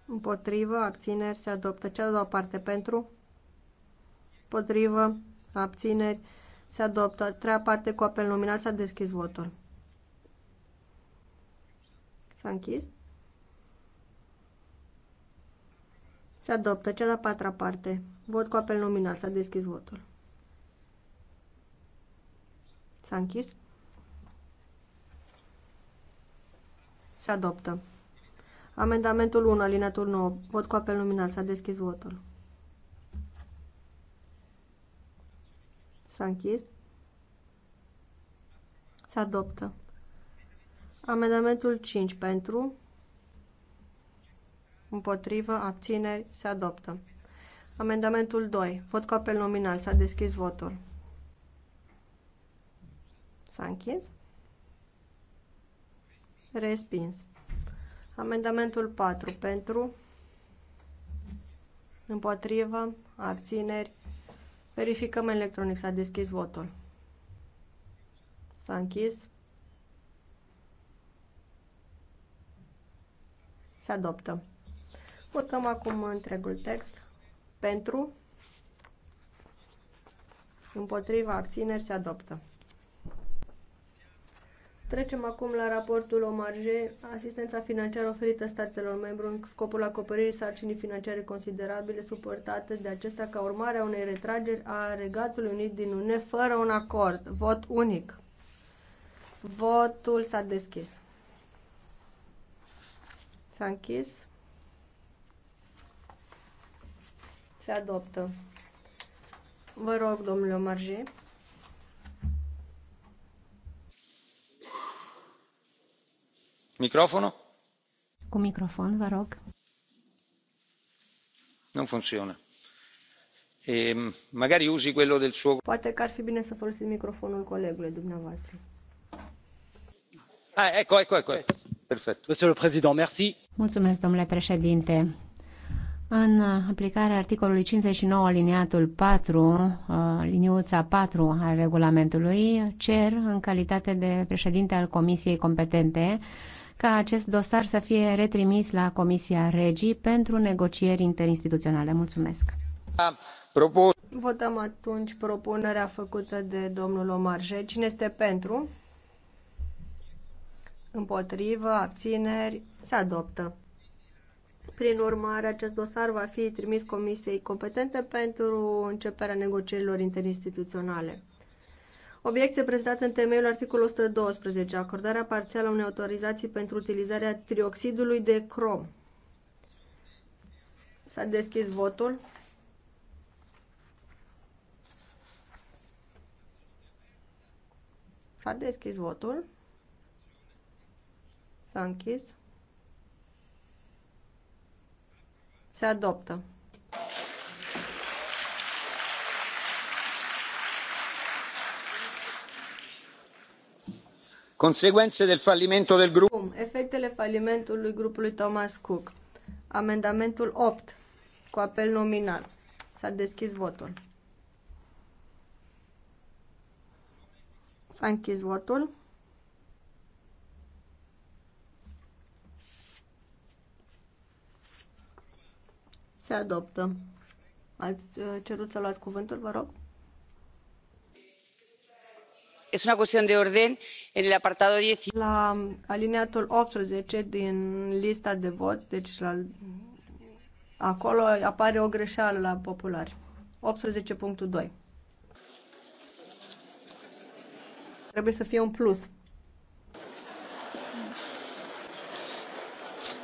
Împotrivă. Abțineri. Se adoptă. Cea doua parte pentru. Împotrivă. Abțineri. Se adoptă. A treia parte cu apel nominal. S-a deschis votul. S-a închis. Se adoptă cea de-a patra parte. Vot cu apel nominal. S-a deschis votul. S-a închis. Se adoptă. Amendamentul 1, alineatul 9. Vot cu apel nominal. S-a deschis votul. S-a închis. Se adoptă. Amendamentul 5 pentru. Împotrivă. Abțineri. Se adoptă. Amendamentul 2. Vot cu apel nominal. S-a deschis votul. S-a închis? Respins. Amendamentul 4 pentru, împotrivă, abțineri. Verificăm electronic. S-a deschis votul. S-a închis. Se adoptă. Votăm acum întregul text. Pentru, împotriva, abțineri, se adoptă. Trecem acum la raportul Omarje, asistența financiară oferită statelor membru în scopul acoperirii sarcinii financiare considerabile suportate de acestea ca urmare a unei retrageri a Regatului Unit din UNE fără un acord. Vot unic. Votul s-a deschis. S-a închis. Se adoptă. Vă rog, domnule Omarje. Microfonul? Cu microfon, vă rog. Nu funcționează. E, magari usi quello del suo... Poate că ar fi bine să folosiți microfonul colegului dumneavoastră. Ah, ecco, ecco, ecco. Perfect. Monsieur le Président, merci. Mulțumesc, domnule președinte. În aplicarea articolului 59, aliniatul 4, uh, liniuța 4 al regulamentului, cer, în calitate de președinte al Comisiei competente, ca acest dosar să fie retrimis la Comisia Regii pentru negocieri interinstituționale. Mulțumesc! Propun... Votăm atunci propunerea făcută de domnul Omarje. Cine este pentru? Împotrivă, abțineri, se adoptă. Prin urmare, acest dosar va fi trimis Comisiei competente pentru începerea negocierilor interinstituționale. Obiecție prezentată în temeiul articolul 112, acordarea parțială a unei autorizații pentru utilizarea trioxidului de crom. S-a deschis votul. S-a deschis votul. S-a închis. Se adoptă. Conseguențe del fallimento del Efectele falimentului grupului Thomas Cook. Amendamentul 8 cu apel nominal. S-a deschis votul. S-a închis votul. Se adoptă. Ați uh, cerut să luați cuvântul, vă rog? de La alineatul 18 din lista de vot, deci la, acolo apare o greșeală la populari. 18.2. Trebuie să fie un plus.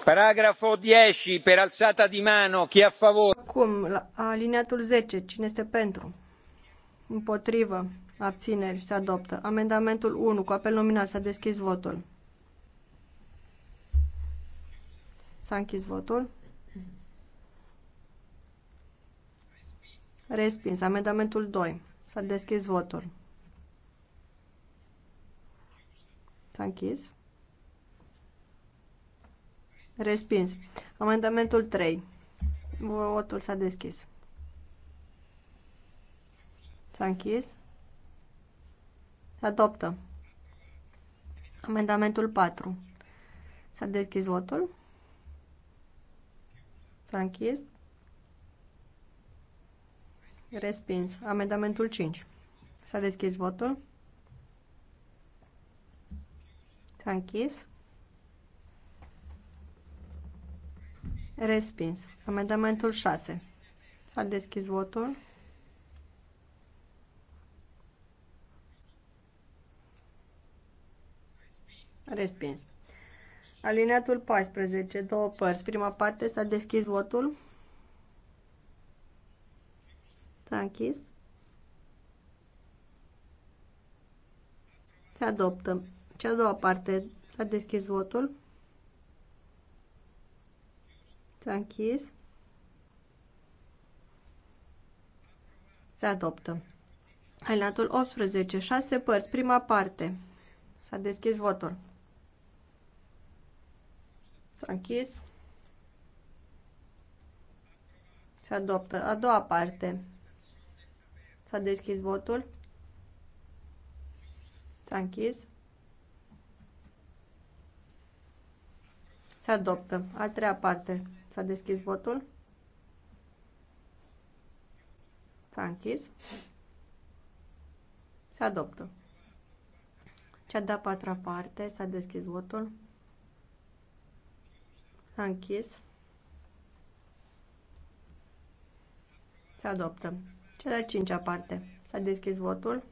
Paragraful 10, per alzata di mano, chi a favore? Acum, la alineatul 10, cine este pentru? Împotrivă. Abțineri. Se adoptă. Amendamentul 1. Cu apel nominal s-a deschis votul. S-a închis votul. Respins. Amendamentul 2. S-a deschis votul. S-a închis. Respins. Amendamentul 3. Votul s-a deschis. S-a închis adoptă. Amendamentul 4. S-a deschis votul. S-a închis. Respins. Amendamentul 5. S-a deschis votul. S-a închis. Respins. Amendamentul 6. S-a deschis votul. Respins. Alineatul 14, două părți. Prima parte s-a deschis votul. S-a închis. Se adoptă. Cea doua parte s-a deschis votul. S-a închis. Se adoptă. Alineatul 18, 6 părți, prima parte. S-a deschis votul. S-a închis. Se adoptă. A doua parte. S-a deschis votul. S-a închis. Se adoptă. A treia parte. S-a deschis votul. S-a închis. Se adoptă. Cea de-a patra parte. S-a deschis votul. S-a închis. Se adoptă. Cea de-a cincea parte. S-a deschis votul.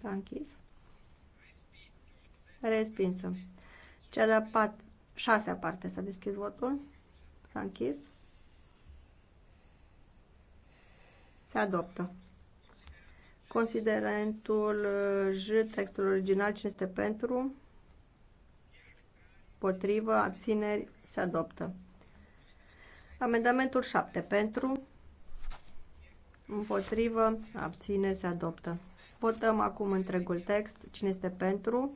S-a închis. Respinsă. Cea de-a pat șasea parte. S-a deschis votul. S-a închis. Se adoptă. Considerentul eh, J, textul original, cine este pentru? Potrivă, abțineri, se adoptă. Amendamentul 7 pentru, împotrivă, abțineri, se adoptă. Votăm acum întregul text. Cine este pentru?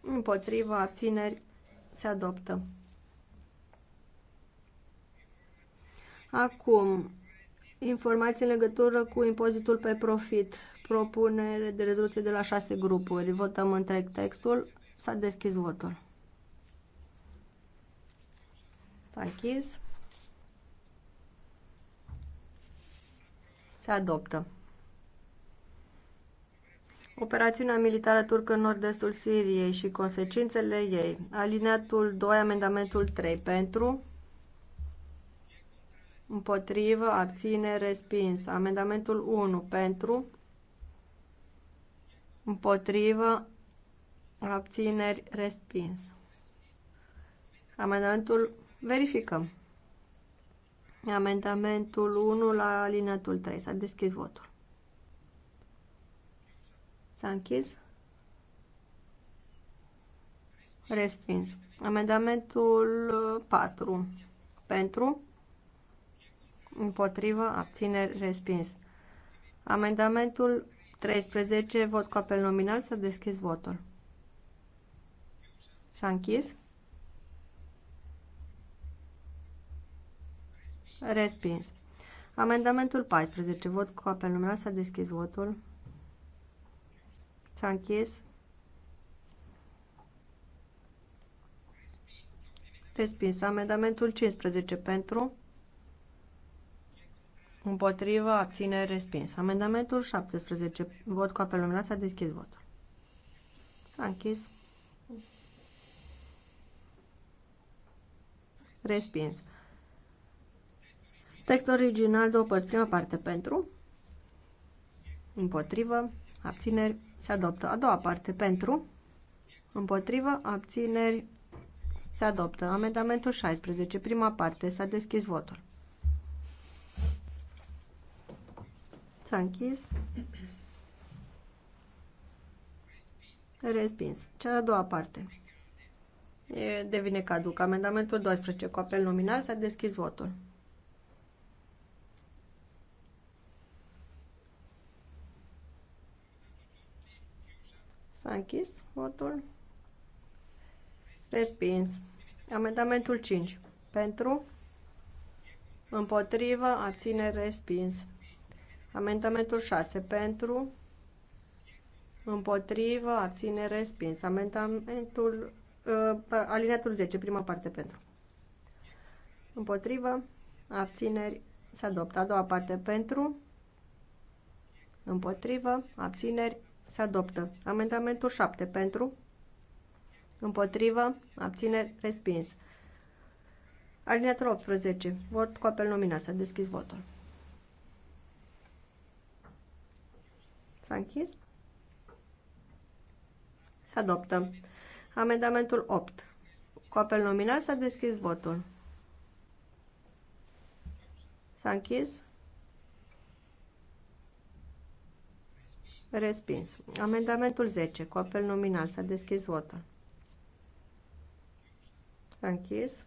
Împotrivă, abțineri, se adoptă. Acum, informații în legătură cu impozitul pe profit. Propunere de rezoluție de la șase grupuri. Votăm întreg textul. S-a deschis votul. S-a închis. Se adoptă. Operațiunea militară turcă în nord-estul Siriei și consecințele ei. Alineatul 2, amendamentul 3 pentru Împotrivă, abține, respins. Amendamentul 1 pentru. Împotrivă, abțineri, respins. Amendamentul verificăm. Amendamentul 1 la alineatul 3. S-a deschis votul. S-a închis. Respins. Amendamentul 4. Pentru împotrivă, abțineri, respins. Amendamentul 13, vot cu apel nominal, să deschis votul. S-a închis. Respins. Amendamentul 14, vot cu apel nominal, s-a deschis votul. S-a închis. Respins. Amendamentul 15 pentru, Împotrivă, abțineri, respins. Amendamentul 17. Vot cu apel meu, S-a deschis votul. S-a închis. Respins. Text original, două părți. Prima parte pentru. Împotrivă, abțineri, se adoptă. A doua parte pentru. Împotrivă, abțineri, se adoptă. Amendamentul 16. Prima parte. S-a deschis votul. S-a închis. Respins. Cea de-a doua parte. E, devine caduc. Amendamentul 12 cu apel nominal s-a deschis votul. S-a închis votul. Respins. Amendamentul 5. Pentru. Împotrivă. Abține. Respins. Amendamentul 6 pentru, împotrivă, abține, respins. Amendamentul, uh, alineatul 10, prima parte pentru. Împotrivă, abțineri, se adoptă. A doua parte pentru, împotrivă, abțineri, se adoptă. Amendamentul 7 pentru, împotrivă, abțineri, respins. Alineatul 18, vot cu apel nominal, s-a deschis votul. S-a închis. Se adoptă. Amendamentul 8. Cu apel nominal s-a deschis votul. S-a închis. Respins. Amendamentul 10. Cu apel nominal s-a deschis votul. S-a închis.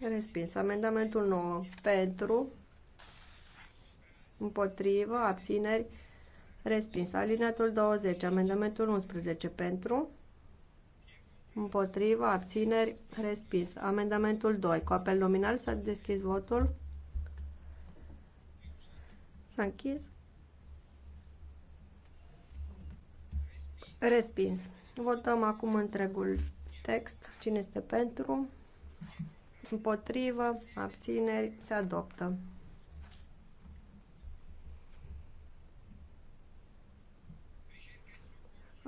Respins. Amendamentul 9. Pentru împotrivă, abțineri, respins. Alineatul 20, amendamentul 11 pentru, împotrivă, abțineri, respins. Amendamentul 2, cu apel nominal s-a deschis votul. S-a închis. Respins. Votăm acum întregul text. Cine este pentru? Împotrivă? Abțineri? Se adoptă.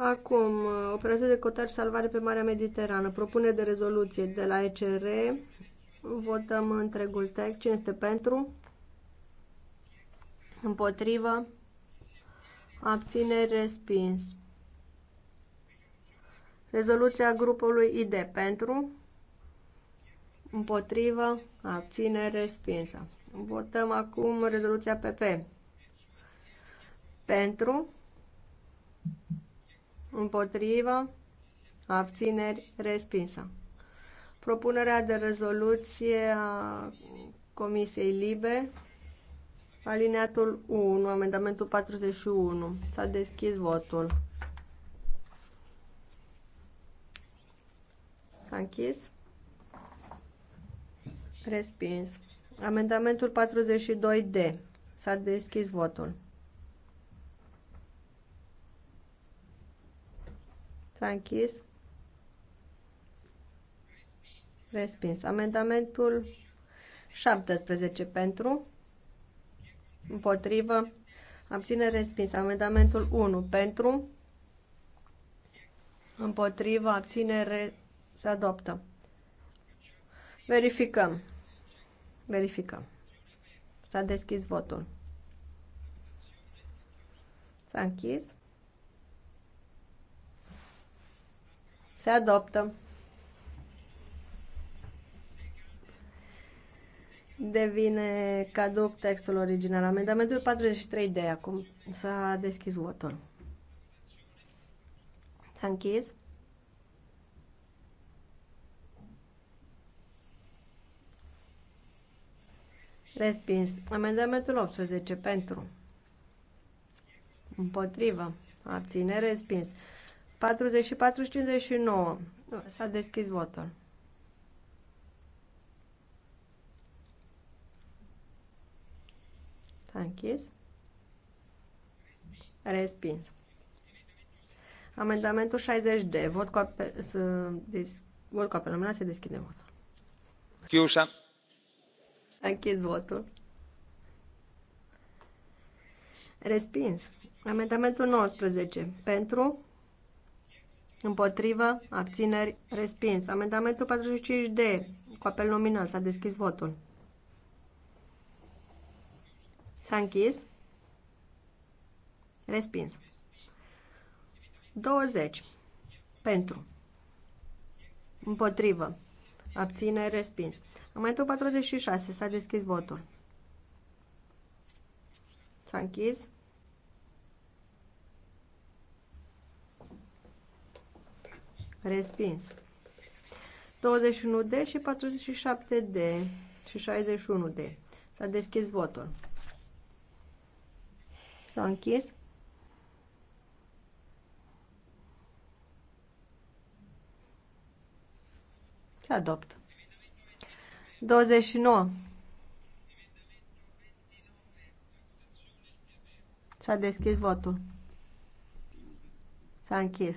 Acum, uh, operațiune de cotare și salvare pe Marea Mediterană. Propune de rezoluție de la ECR. Votăm întregul text. Cine este pentru? Împotrivă? Abține respins. Rezoluția grupului ID pentru, împotrivă, abține respinsă. Votăm acum rezoluția PP. Pentru, împotrivă, abțineri, respinsă. Propunerea de rezoluție a Comisiei Libe, alineatul 1, amendamentul 41. S-a deschis votul. S-a închis. Respins. Amendamentul 42D. S-a deschis votul. s închis. Respins. Amendamentul 17 pentru. Împotrivă. Abține respins. Amendamentul 1 pentru. Împotrivă. Abține re... se adoptă. Verificăm. Verificăm. S-a deschis votul. S-a închis. Se adoptă. Devine caduc textul original. Amendamentul 43 de acum. S-a deschis votul. S-a închis. Respins. Amendamentul 18 pentru. Împotrivă. Abține. Respins. 44 și 59. S-a deschis votul. S-a închis. Respins. Amendamentul 60D. Vot cu ape- să des, vot cu apel nominal se deschide votul. Chiușa. S-a închis votul. Respins. Amendamentul 19. Pentru. Împotrivă, abțineri, respins. Amendamentul 45D, cu apel nominal, s-a deschis votul. S-a închis. Respins. 20. Pentru. Împotrivă. Abține, respins. Amendamentul 46, s-a deschis votul. S-a închis. Respins. 21D și 47D și 61D. S-a deschis votul. S-a închis. Se adopt. 29. S-a deschis votul. S-a închis.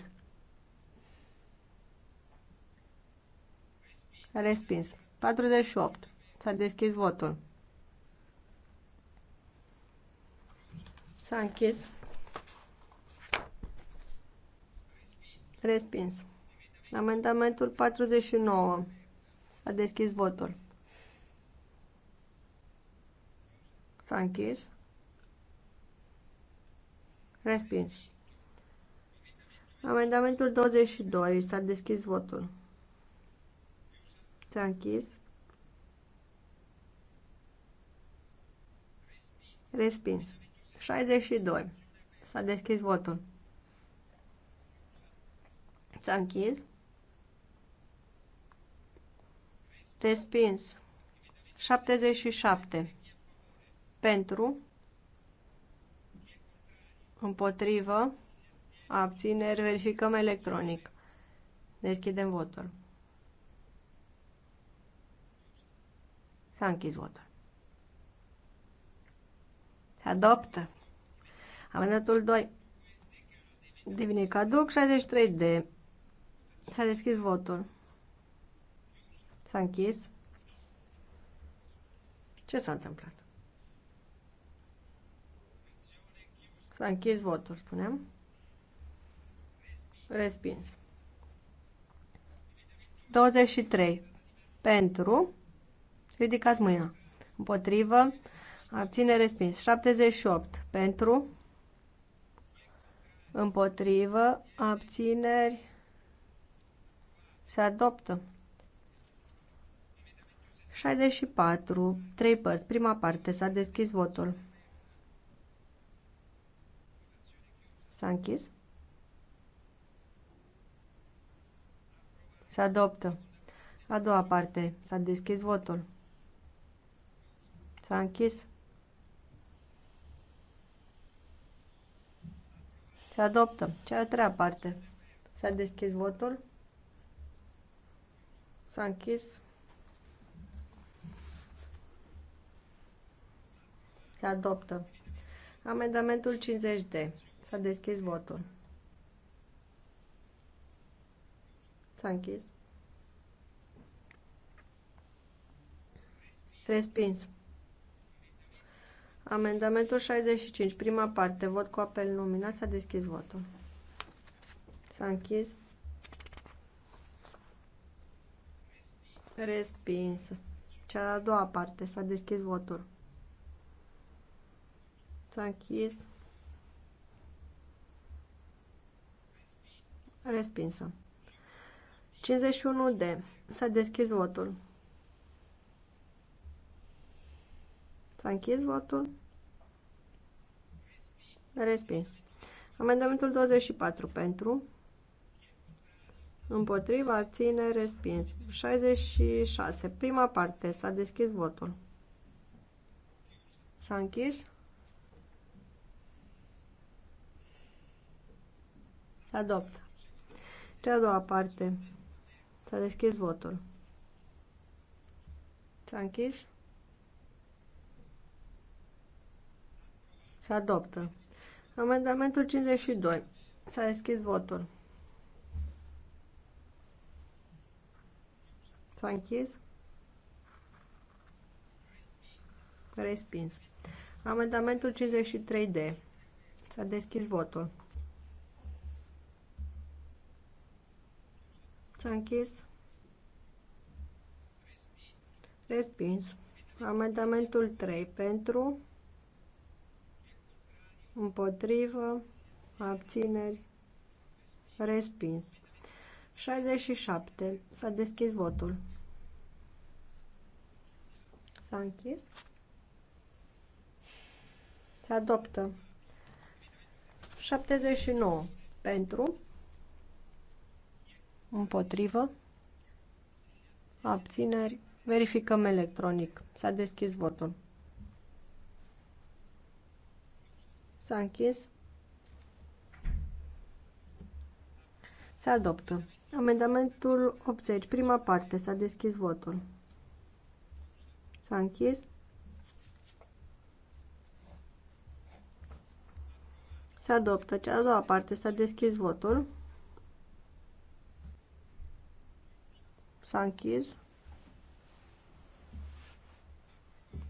Respins. 48. S-a deschis votul. S-a închis. Respins. Amendamentul 49. S-a deschis votul. S-a închis. Respins. Amendamentul 22. S-a deschis votul. S-a închis. Respins. 62. S-a deschis votul. S-a închis. Respins. 77. Pentru. Împotrivă. Abțineri. Verificăm electronic. Deschidem votul. S-a închis votul. Se adoptă. Amendatul 2 devine caduc. 63 de. S-a deschis votul. S-a închis. Ce s-a întâmplat? S-a închis votul, spuneam. Respins. 23 pentru Ridicați mâna. Împotrivă. Abține respins. 78. Pentru. Împotrivă. Abțineri. Se adoptă. 64. Trei părți. Prima parte. S-a deschis votul. S-a închis. Se adoptă. A doua parte. S-a deschis votul. S-a închis. Se adoptă. Cea a treia parte. S-a deschis votul. S-a închis. Se adoptă. Amendamentul 50D. S-a deschis votul. S-a închis. Respins. Amendamentul 65, prima parte, vot cu apel nominal, s-a deschis votul. S-a închis. Respins. Cea de-a doua parte, s-a deschis votul. S-a închis. Respinsă. 51D. S-a deschis votul. S-a închis votul. Respins. Amendamentul 24 pentru. Împotriva, abține, respins. 66. Prima parte. S-a deschis votul. S-a închis. Se adoptă. Cea a doua parte. S-a deschis votul. S-a închis. Se adoptă. Amendamentul 52. S-a deschis votul. S-a închis. Respins. Amendamentul 53D. S-a deschis votul. S-a închis. Respins. Amendamentul 3 pentru împotrivă, abțineri, respins. 67. S-a deschis votul. S-a închis. Se adoptă. 79. Pentru. Împotrivă. Abțineri. Verificăm electronic. S-a deschis votul. S-a închis. Se adoptă. Amendamentul 80, prima parte. S-a deschis votul. S-a închis. Se adoptă. Cea a doua parte. S-a deschis votul. S-a închis.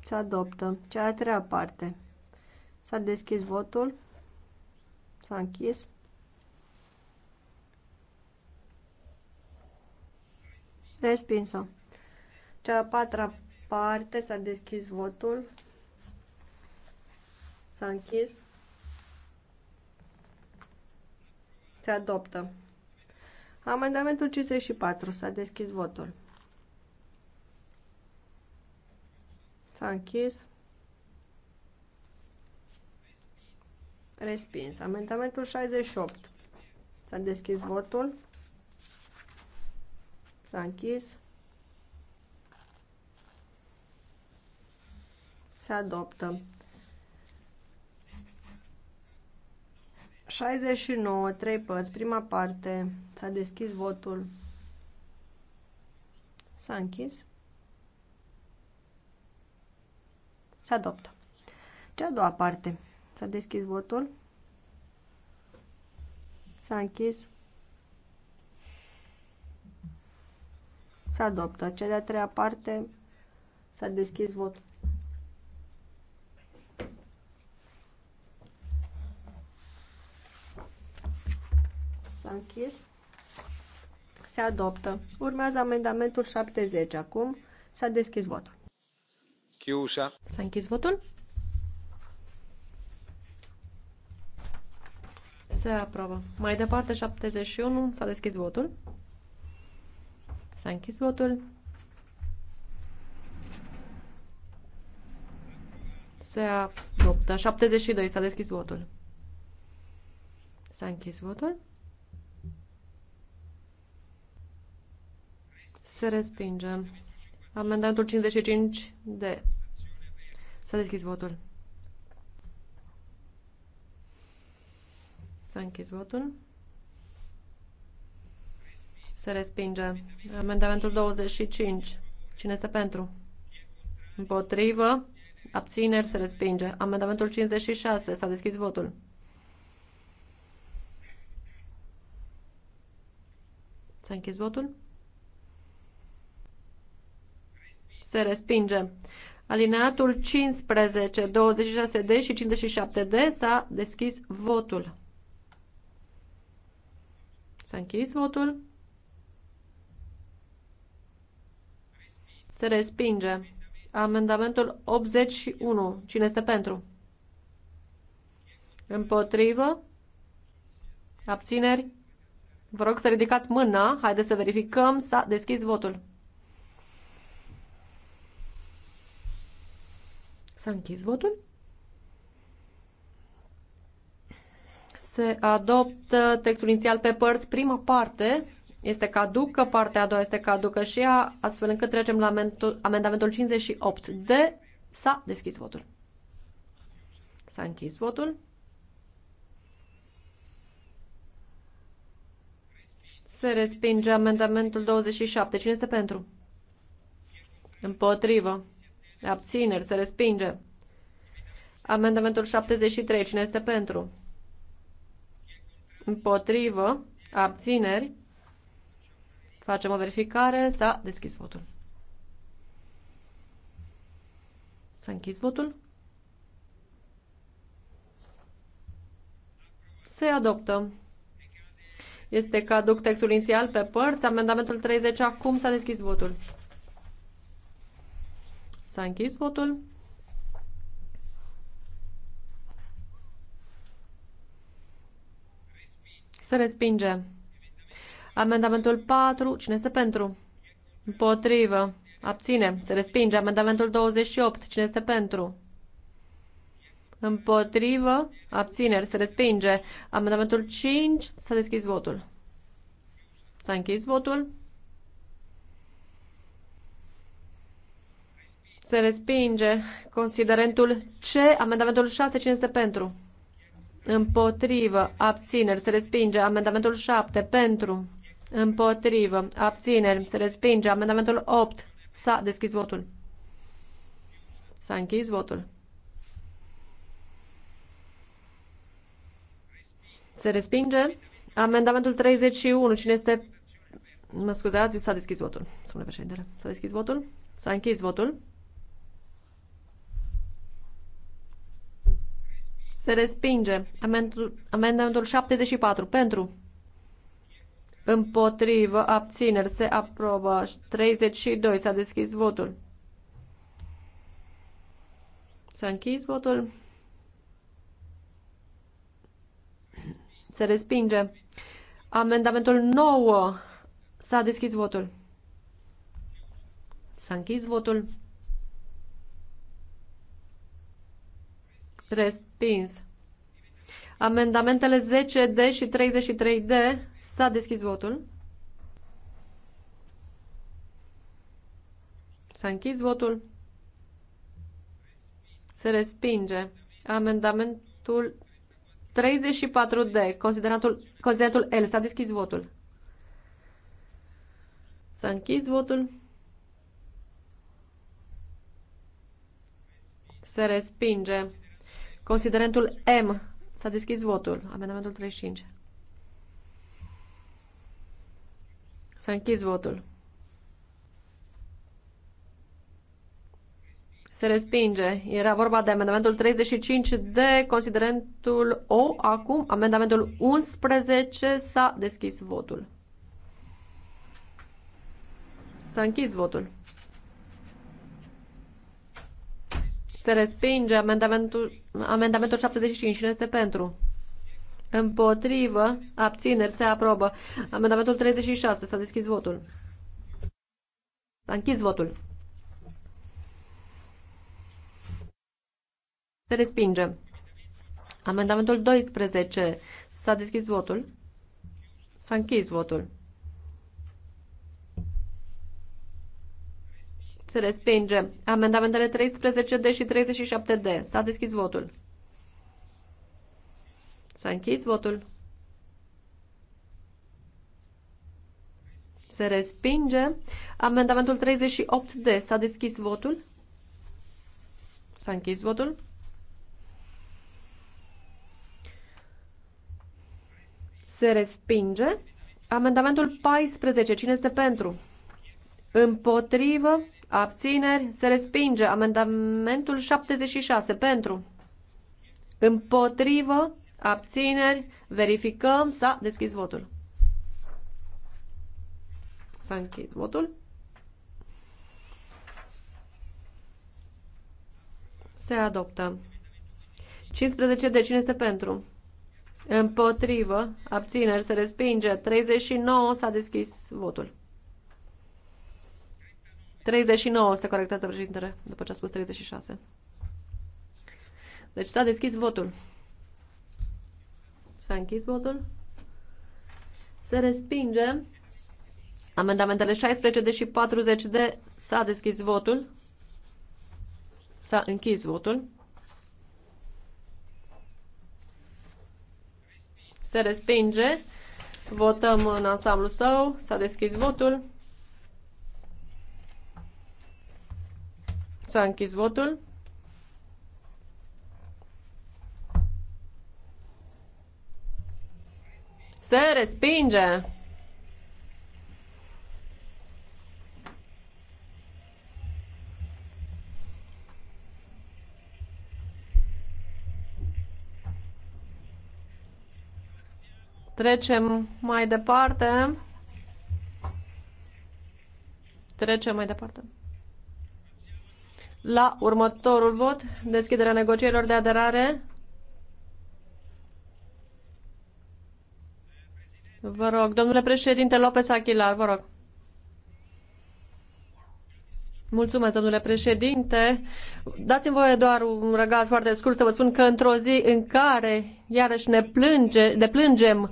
Se adoptă. Cea a treia parte. S-a deschis votul. S-a închis. Respinsă. Cea a patra parte s-a deschis votul. S-a închis. Se adoptă. Amendamentul 54. S-a deschis votul. S-a închis. Respins. Amendamentul 68. S-a deschis votul. S-a închis. Se adoptă. 69, 3 părți, prima parte. S-a deschis votul. S-a închis. Se adoptă. Cea a doua parte. S-a deschis votul. S-a închis. S-a adoptat. Cea de-a treia parte s-a deschis votul. S-a închis. Se adoptă. Urmează amendamentul 70 acum. S-a deschis votul. Chiușa. S-a închis votul. Se aprobă. Mai departe, 71. S-a deschis votul. S-a închis votul. Se adoptă. 72. S-a deschis votul. S-a închis votul. Se respinge. Amendamentul 55 de. S-a deschis votul. S-a închis votul. Se respinge. Amendamentul 25. Cine este pentru? Împotrivă. Abțineri se respinge. Amendamentul 56. S-a deschis votul. S-a închis votul. Se respinge. Alineatul 15, 26D și 57D s-a deschis votul. Să închis votul. Se respinge. Amendamentul 81. Cine este pentru? Împotrivă? Abțineri? Vă rog să ridicați mâna. Haideți să verificăm. S-a deschis votul. S-a închis votul. Se adoptă textul inițial pe părți. Prima parte este caducă, partea a doua este caducă și ea, astfel încât trecem la amendamentul 58 de s-a deschis votul. S-a închis votul. Se respinge amendamentul 27. Cine este pentru? Împotrivă. Abțineri. Se respinge. Amendamentul 73. Cine este pentru? împotrivă, abțineri. Facem o verificare, s-a deschis votul. S-a închis votul. Se adoptă. Este caduc textul inițial pe părți. Amendamentul 30 acum s-a deschis votul. S-a închis votul. Se respinge. Amendamentul 4. Cine este pentru? Împotrivă. Abține. Se respinge. Amendamentul 28. Cine este pentru? Împotrivă. Abțineri. Se respinge. Amendamentul 5. S-a deschis votul. S-a închis votul. Se respinge. Considerentul C. Amendamentul 6. Cine este pentru? Împotrivă. Abțineri. Se respinge. Amendamentul 7. Pentru. Împotrivă. Abțineri. Se respinge. Amendamentul 8. S-a deschis votul. S-a închis votul. Se respinge. Amendamentul 31. Cine este... Mă scuzați, s-a deschis votul. Spune președintele. S-a deschis votul. S-a închis votul. Se respinge. Amendamentul 74. Pentru. Împotrivă. Abțineri. Se aprobă. 32. S-a deschis votul. S-a închis votul. Se respinge. Amendamentul 9. S-a deschis votul. S-a închis votul. Respins. Amendamentele 10D și 33D. S-a deschis votul. S-a închis votul. Se respinge. Amendamentul 34D, consideratul, consideratul L. S-a deschis votul. S-a închis votul. Se respinge. Considerentul M. S-a deschis votul. Amendamentul 35. S-a închis votul. Se respinge. Era vorba de amendamentul 35 de considerentul O. Acum, amendamentul 11 s-a deschis votul. S-a închis votul. Se respinge amendamentul, amendamentul 75. Cine este pentru? Împotrivă. Abțineri. Se aprobă. Amendamentul 36. S-a deschis votul. S-a închis votul. Se respinge. Amendamentul 12. S-a deschis votul. S-a închis votul. Se respinge. Amendamentele 13D și 37D. S-a deschis votul. S-a închis votul. Se respinge. Amendamentul 38D. S-a deschis votul. S-a închis votul. Se respinge. Amendamentul 14. Cine este pentru? Împotrivă. Abțineri. Se respinge. Amendamentul 76. Pentru. Împotrivă. Abțineri. Verificăm. S-a deschis votul. S-a închis votul. Se adoptă. 15 de cine este pentru? Împotrivă. Abțineri. Se respinge. 39. S-a deschis votul. 39 se corectează președintele, după ce a spus 36. Deci s-a deschis votul. S-a închis votul. Se respinge amendamentele 16, deși 40 de s-a deschis votul. S-a închis votul. Se respinge. Votăm în ansamblu său. S-a deschis votul. S-a închis votul. Se respinge. Trecem mai departe. Trecem mai departe la următorul vot, deschiderea negocierilor de aderare. Vă rog, domnule președinte Lopez Aguilar. vă rog. Mulțumesc, domnule președinte. Dați-mi voie doar un răgaz foarte scurt să vă spun că într-o zi în care iarăși ne plânge, ne plângem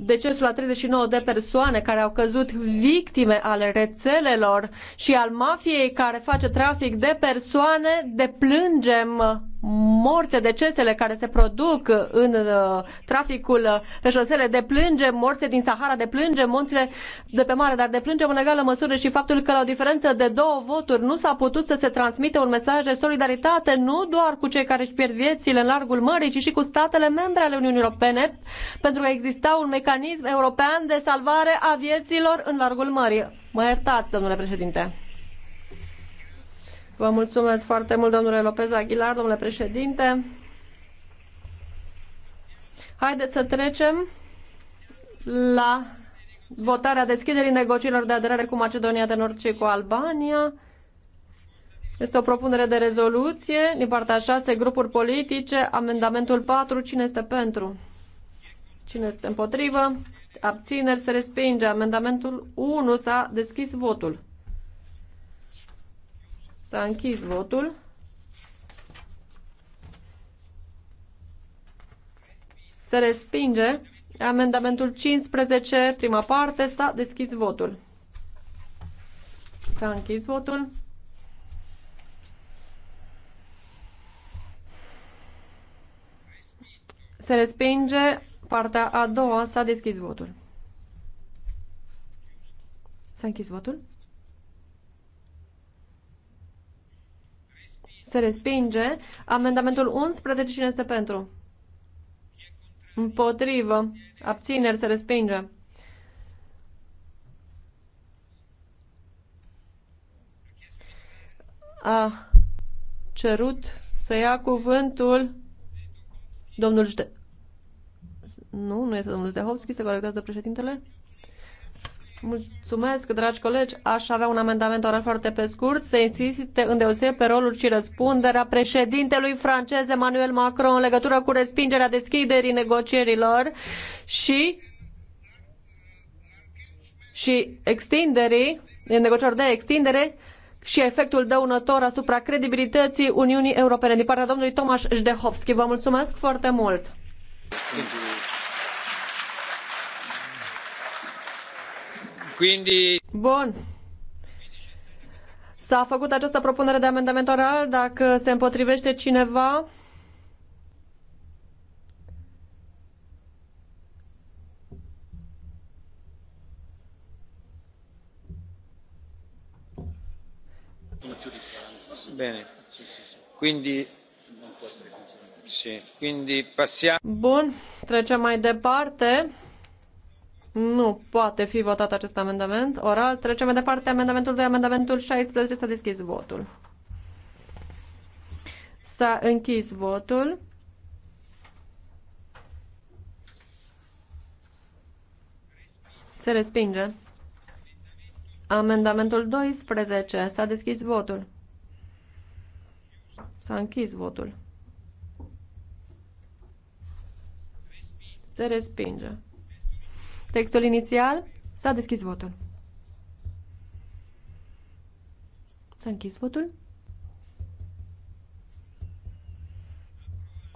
decesul a 39 de persoane care au căzut victime ale rețelelor și al mafiei care face trafic de persoane, deplângem morțe, decesele care se produc în uh, traficul pe șosele, deplângem morțe din Sahara, deplângem monțile de pe mare, dar deplângem în egală măsură și faptul că la o diferență de două voturi nu s-a putut să se transmite un mesaj de solidaritate nu doar cu cei care își pierd viețile în largul mării, ci și cu statele membre ale Uniunii Europene, pentru că exista un mecanism european de salvare a vieților în largul mării. Mă iertați, domnule președinte. Vă mulțumesc foarte mult, domnule Lopez Aguilar, domnule președinte. Haideți să trecem la votarea deschiderii negocierilor de aderare cu Macedonia de Nord și cu Albania. Este o propunere de rezoluție din partea șase grupuri politice. Amendamentul 4. Cine este pentru? Cine este împotrivă? Abțineri se respinge. Amendamentul 1 s-a deschis votul. S-a închis votul. Se respinge amendamentul 15, prima parte, s-a deschis votul. S-a închis votul. Se respinge partea a doua, s-a deschis votul. S-a închis votul. Se respinge. Amendamentul 11. Cine este pentru? Împotrivă. Abțineri. Se respinge. A cerut să ia cuvântul domnul Jde... Nu, nu este domnul Zdehovski, se corectează președintele. Mulțumesc, dragi colegi. Aș avea un amendament oral foarte pe scurt. Se insiste îndeoseb pe rolul și răspunderea președintelui francez Emmanuel Macron în legătură cu respingerea deschiderii negocierilor și și extinderii, negociori de extindere și efectul dăunător asupra credibilității Uniunii Europene. Din partea domnului Tomaș Jdehovski, vă mulțumesc foarte mult. Mulțumesc. Quindi... Bun. S-a făcut această propunere de amendament oral. Dacă se împotrivește cineva... Bine. Quindi... Sì. Quindi passiamo... Bun, trecem mai departe. Nu poate fi votat acest amendament oral. Trecem mai departe amendamentul 2, amendamentul 16. S-a deschis votul. S-a închis votul. Se respinge. Amendamentul 12. S-a deschis votul. S-a închis votul. Se respinge. Textul inițial. S-a deschis votul. S-a închis votul.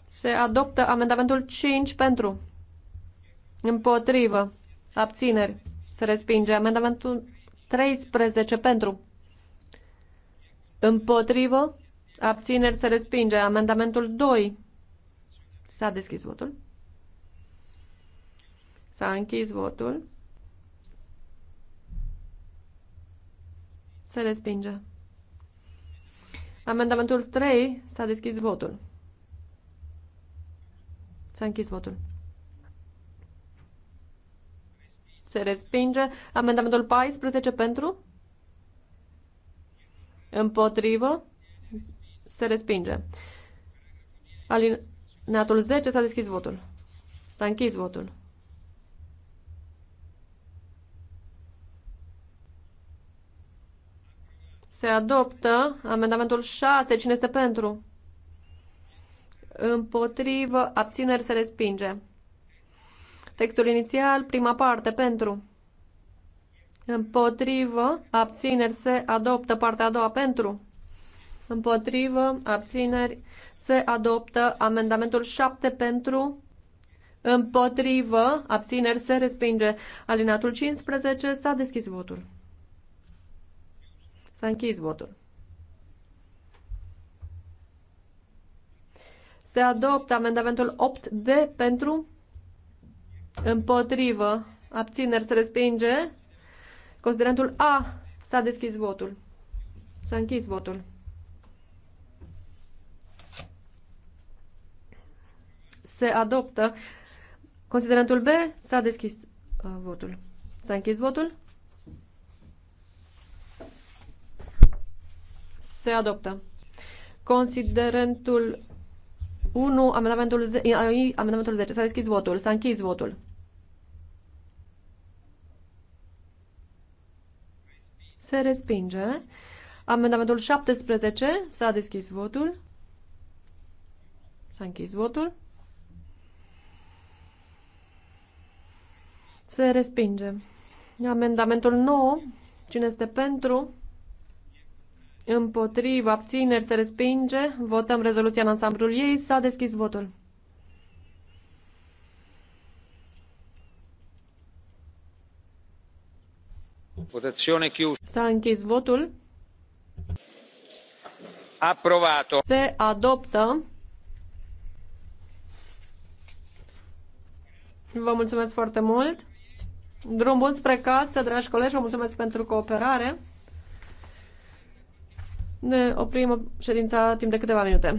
Se adoptă amendamentul 5 pentru. Împotrivă. Abțineri. Se respinge. Amendamentul 13 pentru. Împotrivă. Abțineri se respinge. Amendamentul 2. S-a deschis votul. S-a închis votul. Se respinge. Amendamentul 3 s-a deschis votul. S-a închis votul. Se respinge. Amendamentul 14 pentru? Împotrivă? Se respinge. neatul 10 s-a deschis votul. S-a închis votul. Se adoptă amendamentul 6. Cine este pentru? Împotrivă. Abțineri se respinge. Textul inițial, prima parte, pentru. Împotrivă. Abțineri se adoptă. Partea a doua, pentru. Împotrivă. Abțineri se adoptă. Amendamentul 7 pentru. Împotrivă. Abțineri se respinge. Alinatul 15. S-a deschis votul. S-a închis votul. Se adoptă amendamentul 8D pentru împotrivă. Abțineri se respinge. Considerentul A. S-a deschis votul. S-a închis votul. Se adoptă. Considerentul B. S-a deschis uh, votul. S-a închis votul. Se adoptă. Considerentul 1, amendamentul 10, amendamentul 10. S-a deschis votul. S-a închis votul. Se respinge. Amendamentul 17. S-a deschis votul. S-a închis votul. Se respinge. Amendamentul 9. Cine este pentru? Împotriva, abțineri, se respinge. Votăm rezoluția în ansamblul ei. S-a deschis votul. S-a închis votul. Aprovato. Se adoptă. Vă mulțumesc foarte mult. Drum bun spre casă, dragi colegi, vă mulțumesc pentru cooperare. Ne oprim ședința timp de câteva minute.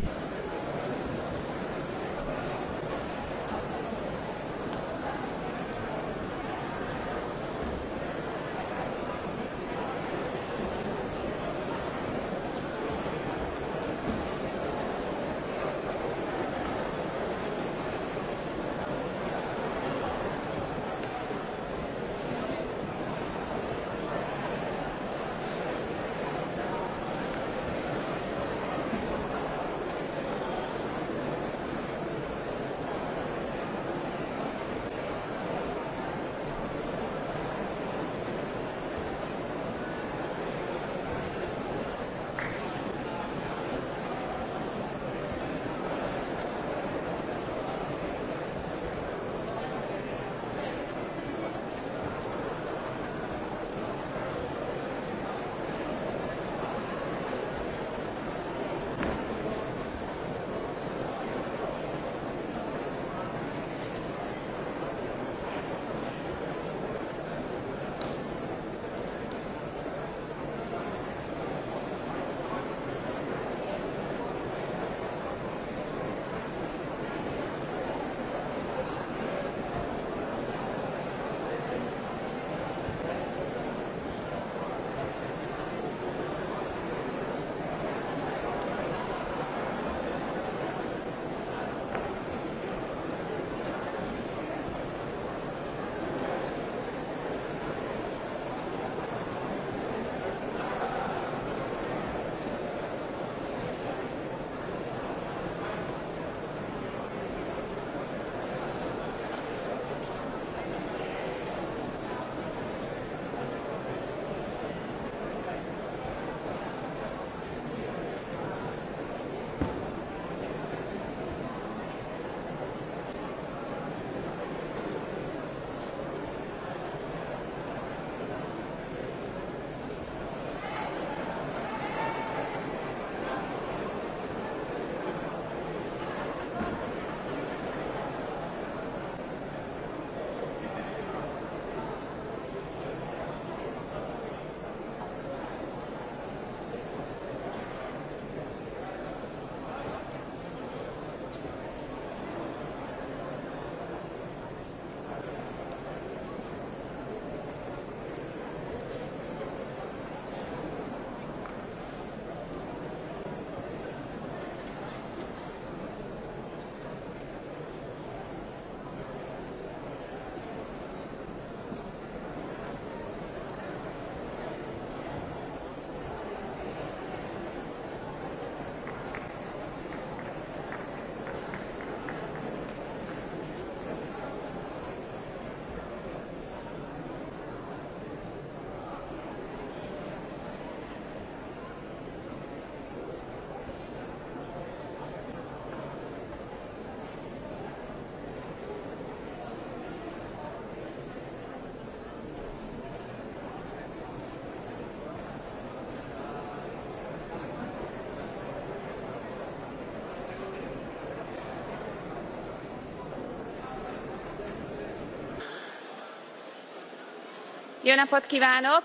jó napot kvánok!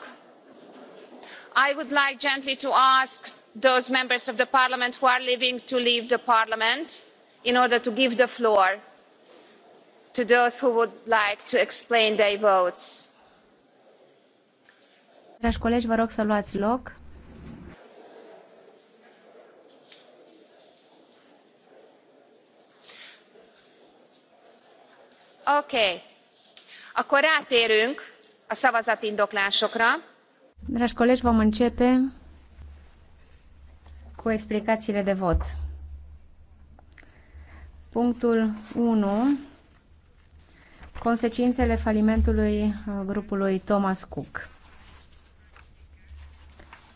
i would like gently to ask those members of the parliament who are leaving to leave the parliament in order to give the floor to those who would like to explain their votes. Dragi colegi, vă rog să luați loc. Oké, okay. akkor rátérünk szavazatindoklásokra. Dragi colegi, vom începe cu explicațiile de vot. Punctul 1. Consecințele falimentului uh, grupului Thomas Cook.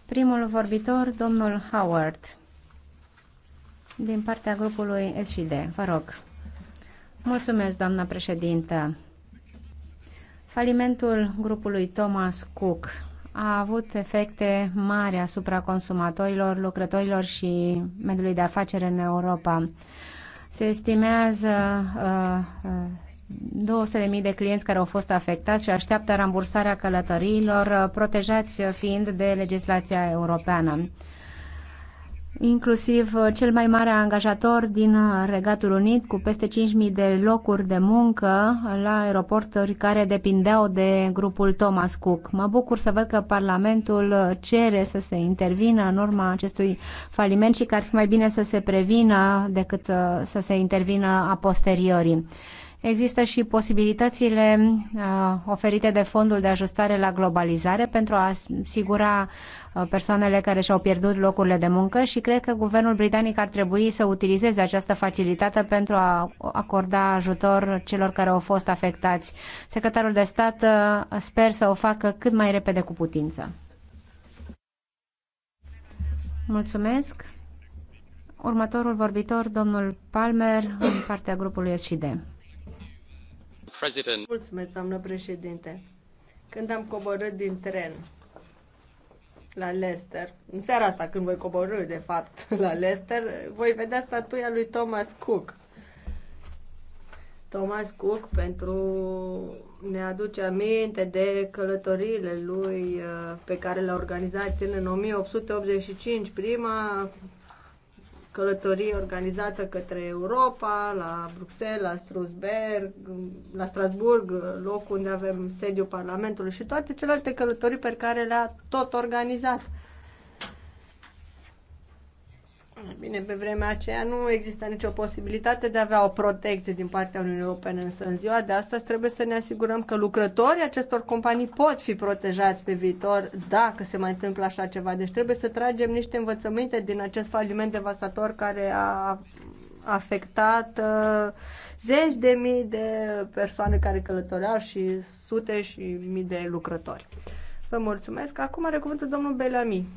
Primul vorbitor, domnul Howard, din partea grupului SD. Vă rog. Mulțumesc, doamna președintă. Falimentul grupului Thomas Cook a avut efecte mari asupra consumatorilor, lucrătorilor și mediului de afaceri în Europa. Se estimează uh, uh, 200.000 de clienți care au fost afectați și așteaptă rambursarea călătoriilor, uh, protejați fiind de legislația europeană inclusiv uh, cel mai mare angajator din uh, Regatul Unit, cu peste 5.000 de locuri de muncă la aeroporturi care depindeau de grupul Thomas Cook. Mă bucur să văd că Parlamentul uh, cere să se intervină în urma acestui faliment și că ar fi mai bine să se prevină decât să se intervină a posteriori. Există și posibilitățile uh, oferite de Fondul de Ajustare la Globalizare pentru a asigura uh, persoanele care și-au pierdut locurile de muncă și cred că guvernul britanic ar trebui să utilizeze această facilitate pentru a acorda ajutor celor care au fost afectați. Secretarul de stat uh, sper să o facă cât mai repede cu putință. Mulțumesc. Următorul vorbitor, domnul Palmer, în partea grupului SD. President. Mulțumesc, doamnă președinte. Când am coborât din tren la Leicester, în seara asta când voi coborâ, de fapt, la Leicester, voi vedea statuia lui Thomas Cook. Thomas Cook pentru ne aduce aminte de călătoriile lui uh, pe care le-a organizat în 1885, prima călătorie organizată către Europa, la Bruxelles, la Strasbourg, la Strasburg, locul unde avem sediul Parlamentului și toate celelalte călătorii pe care le-a tot organizat. Bine, pe vremea aceea nu exista nicio posibilitate de a avea o protecție din partea Uniunii Europene, însă în ziua de astăzi trebuie să ne asigurăm că lucrătorii acestor companii pot fi protejați pe viitor dacă se mai întâmplă așa ceva. Deci trebuie să tragem niște învățăminte din acest faliment devastator care a afectat uh, zeci de mii de persoane care călătoreau și sute și mii de lucrători. Vă mulțumesc. Acum are cuvântul domnul Belami.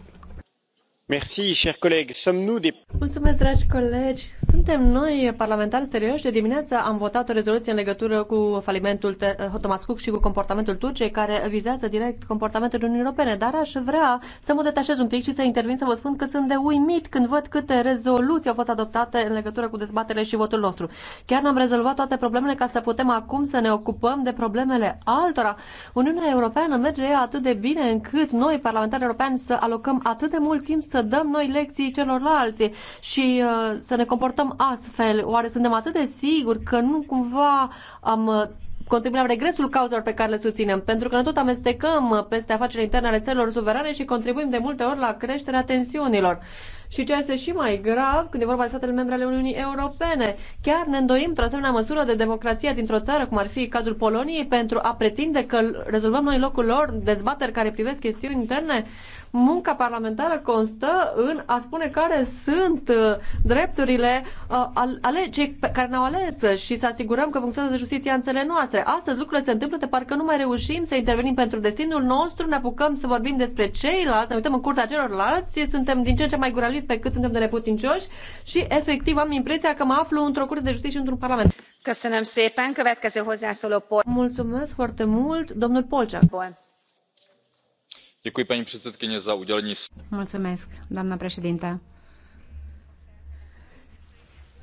Mulțumesc, dragi colegi. Suntem noi, parlamentari serioși. De dimineață am votat o rezoluție în legătură cu falimentul eh, Thomas Cook și cu comportamentul Turciei, care vizează direct comportamentul Uniunii Europene. Dar aș vrea să mă detașez un pic și să intervin să vă spun că sunt de uimit când văd câte rezoluții au fost adoptate în legătură cu dezbaterile și votul nostru. Chiar n-am rezolvat toate problemele ca să putem acum să ne ocupăm de problemele altora. Uniunea Europeană merge atât de bine încât noi, parlamentarii europeni, să alocăm atât de mult timp să să dăm noi lecții celorlalți și uh, să ne comportăm astfel? Oare suntem atât de siguri că nu cumva am uh, contribuim la regresul cauzelor pe care le susținem, pentru că ne tot amestecăm uh, peste afacerile interne ale țărilor suverane și contribuim de multe ori la creșterea tensiunilor. Și ceea este și mai grav când e vorba de statele membre ale Uniunii Europene. Chiar ne îndoim într-o asemenea măsură de democrația dintr-o țară, cum ar fi cadrul Poloniei, pentru a pretinde că rezolvăm noi locul lor dezbateri care privesc chestiuni interne munca parlamentară constă în a spune care sunt uh, drepturile uh, ale cei care ne-au ales și să asigurăm că funcționează justiția în țările noastre. Astăzi lucrurile se întâmplă de parcă nu mai reușim să intervenim pentru destinul nostru, ne apucăm să vorbim despre ceilalți, ne uităm în curtea celorlalți, suntem din ce în ce mai guraliți pe cât suntem de neputincioși și efectiv am impresia că mă aflu într-o curte de justiție și într-un parlament. Mulțumesc foarte mult, domnul Polceac. Bun doamnă președintă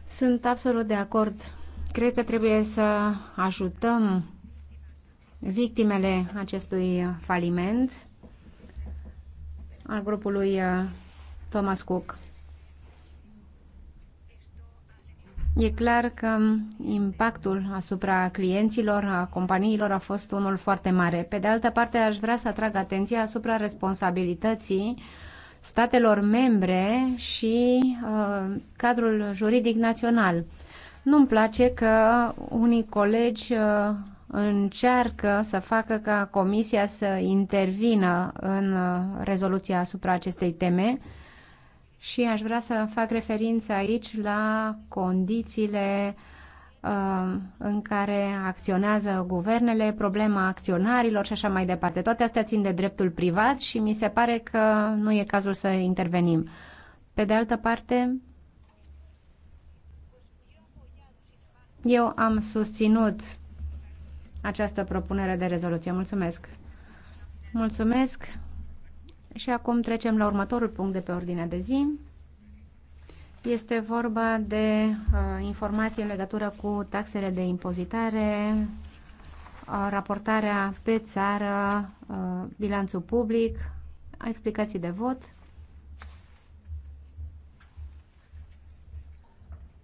sunt absolut de acord. Cred că trebuie să ajutăm victimele acestui faliment al grupului uh, Thomas Cook. E clar că impactul asupra clienților, a companiilor a fost unul foarte mare. Pe de altă parte, aș vrea să atrag atenția asupra responsabilității statelor membre și uh, cadrul juridic național. Nu-mi place că unii colegi uh, încearcă să facă ca Comisia să intervină în uh, rezoluția asupra acestei teme, uh, și aș vrea să fac referință aici la condițiile um, în care acționează guvernele, problema acționarilor și așa mai departe. Toate astea țin de dreptul privat și mi se pare că nu e cazul să intervenim. Pe de altă parte, eu am susținut această propunere de rezoluție. Mulțumesc! Mulțumesc! Și acum trecem la următorul punct de pe ordinea de zi. Este vorba de uh, informații în legătură cu taxele de impozitare, uh, raportarea pe țară, uh, bilanțul public, explicații de vot.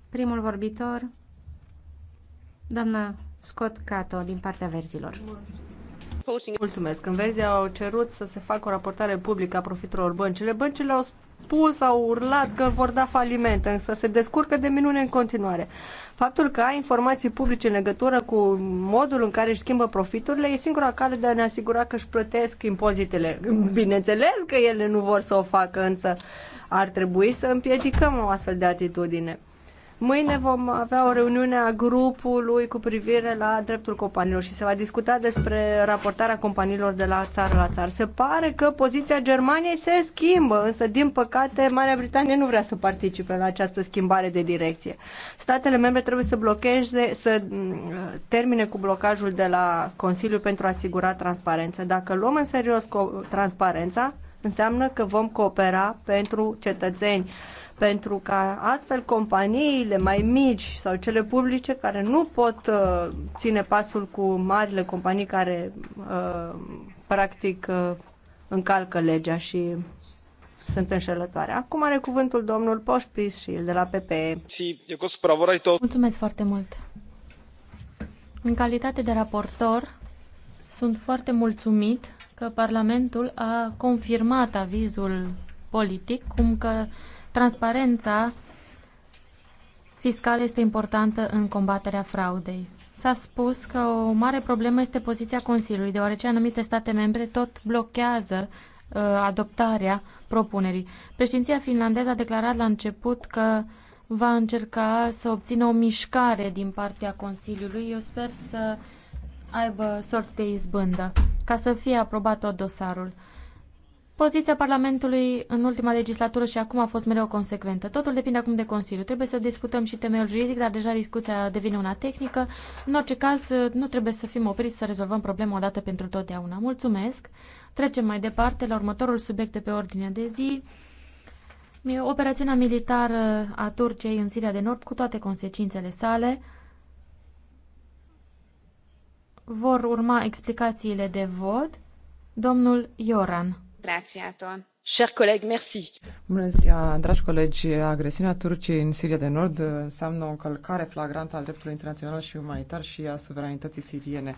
Primul vorbitor, doamna Scott Cato, din partea verzilor. Bun. Mulțumesc. În vezi, au cerut să se facă o raportare publică a profiturilor băncile. Băncile au spus, au urlat că vor da faliment, însă se descurcă de minune în continuare. Faptul că ai informații publice în legătură cu modul în care își schimbă profiturile e singura cale de a ne asigura că își plătesc impozitele. Bineînțeles că ele nu vor să o facă, însă ar trebui să împiedicăm o astfel de atitudine. Mâine vom avea o reuniune a grupului cu privire la dreptul companiilor și se va discuta despre raportarea companiilor de la țară la țară. Se pare că poziția Germaniei se schimbă, însă din păcate Marea Britanie nu vrea să participe la această schimbare de direcție. Statele membre trebuie să blocheze, să termine cu blocajul de la Consiliu pentru a asigura transparență. Dacă luăm în serios transparența, înseamnă că vom coopera pentru cetățeni pentru ca astfel companiile mai mici sau cele publice care nu pot uh, ține pasul cu marile companii care uh, practic uh, încalcă legea și sunt înșelătoare. Acum are cuvântul domnul Poșpis și el de la PPE. Mulțumesc foarte mult! În calitate de raportor, sunt foarte mulțumit că Parlamentul a confirmat avizul politic, cum că uh, Transparența fiscală este importantă în combaterea fraudei. S-a spus că o mare problemă este poziția Consiliului, deoarece anumite state membre tot blochează uh, adoptarea propunerii. Președinția finlandeză a declarat la început că va încerca să obțină o mișcare din partea Consiliului. Eu sper să aibă sorți de izbândă ca să fie aprobat tot dosarul. Poziția Parlamentului în ultima legislatură și acum a fost mereu consecventă. Totul depinde acum de Consiliu. Trebuie să discutăm și temeiul juridic, dar deja discuția devine una tehnică. În orice caz, nu trebuie să fim opriți să rezolvăm problema odată pentru totdeauna. Mulțumesc! Trecem mai departe la următorul subiect de pe ordinea de zi. Operațiunea militară a Turciei în Siria de Nord, cu toate consecințele sale, vor urma explicațiile de vot. Domnul Ioran dragi colegi. Agresiunea Turciei în Siria de Nord înseamnă o încălcare flagrantă a dreptului internațional și umanitar și a suveranității siriene.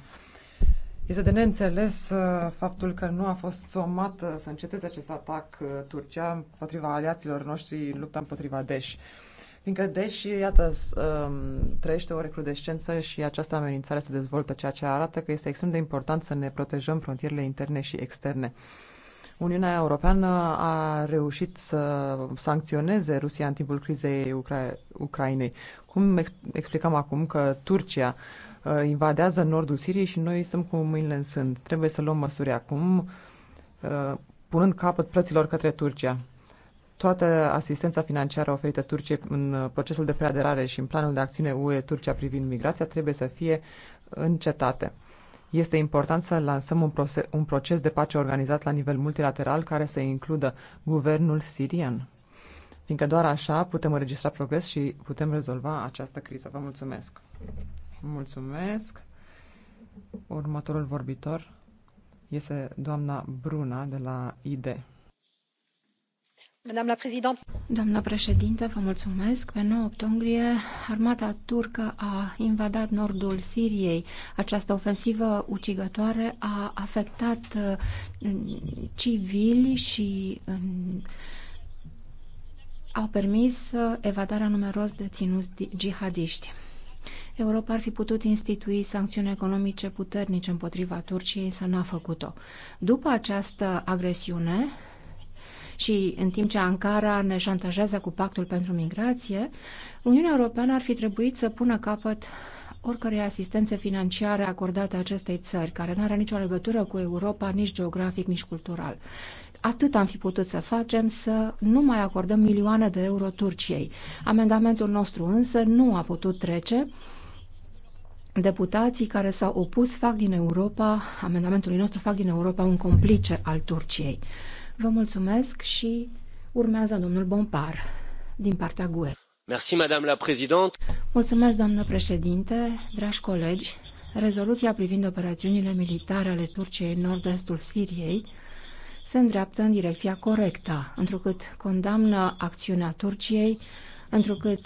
Este de neînțeles uh, faptul că nu a fost somat uh, să înceteze acest atac uh, Turcia împotriva aliaților noștri în lupta împotriva Daesh. Fiindcă Daesh, iată, um, trăiește o recrudescență și această amenințare se dezvoltă, ceea ce arată că este extrem de important să ne protejăm frontierele interne și externe. Uniunea Europeană a reușit să sancționeze Rusia în timpul crizei Ucra- Ucrainei. Cum ex- explicăm acum că Turcia uh, invadează nordul Siriei și noi suntem cu mâinile în sân. Trebuie să luăm măsuri acum, uh, punând capăt plăților către Turcia. Toată asistența financiară oferită Turciei în uh, procesul de preaderare și în planul de acțiune UE-Turcia privind migrația trebuie să fie încetate. Este important să lansăm un, proces, un proces de pace organizat la nivel multilateral care să includă guvernul sirian, fiindcă doar așa putem înregistra progres și putem rezolva această criză. Vă mulțumesc! Mulțumesc! Următorul vorbitor este doamna Bruna de la ID. Doamnă președintă, vă mulțumesc. Pe 9 octombrie, armata turcă a invadat nordul Siriei. Această ofensivă ucigătoare a afectat uh, civili și au permis uh, evadarea numeros ținuți jihadiști. Europa ar fi putut institui sancțiuni economice puternice împotriva Turciei, să n-a făcut-o. După această agresiune, și în timp ce Ankara ne șantajează cu pactul pentru migrație, Uniunea Europeană ar fi trebuit să pună capăt oricărei asistențe financiare acordate acestei țări, care nu are nicio legătură cu Europa, nici geografic, nici cultural. Atât am fi putut să facem să nu mai acordăm milioane de euro Turciei. Amendamentul nostru însă nu a putut trece. Deputații care s-au opus fac din Europa, amendamentului nostru fac din Europa un complice al Turciei. Vă mulțumesc și urmează domnul Bompar din partea GUE. Merci, Madame la Présidente. Mulțumesc, doamnă președinte, dragi colegi. Rezoluția privind operațiunile militare ale Turciei în nord-estul Siriei se îndreaptă în direcția corectă, întrucât condamnă acțiunea Turciei, întrucât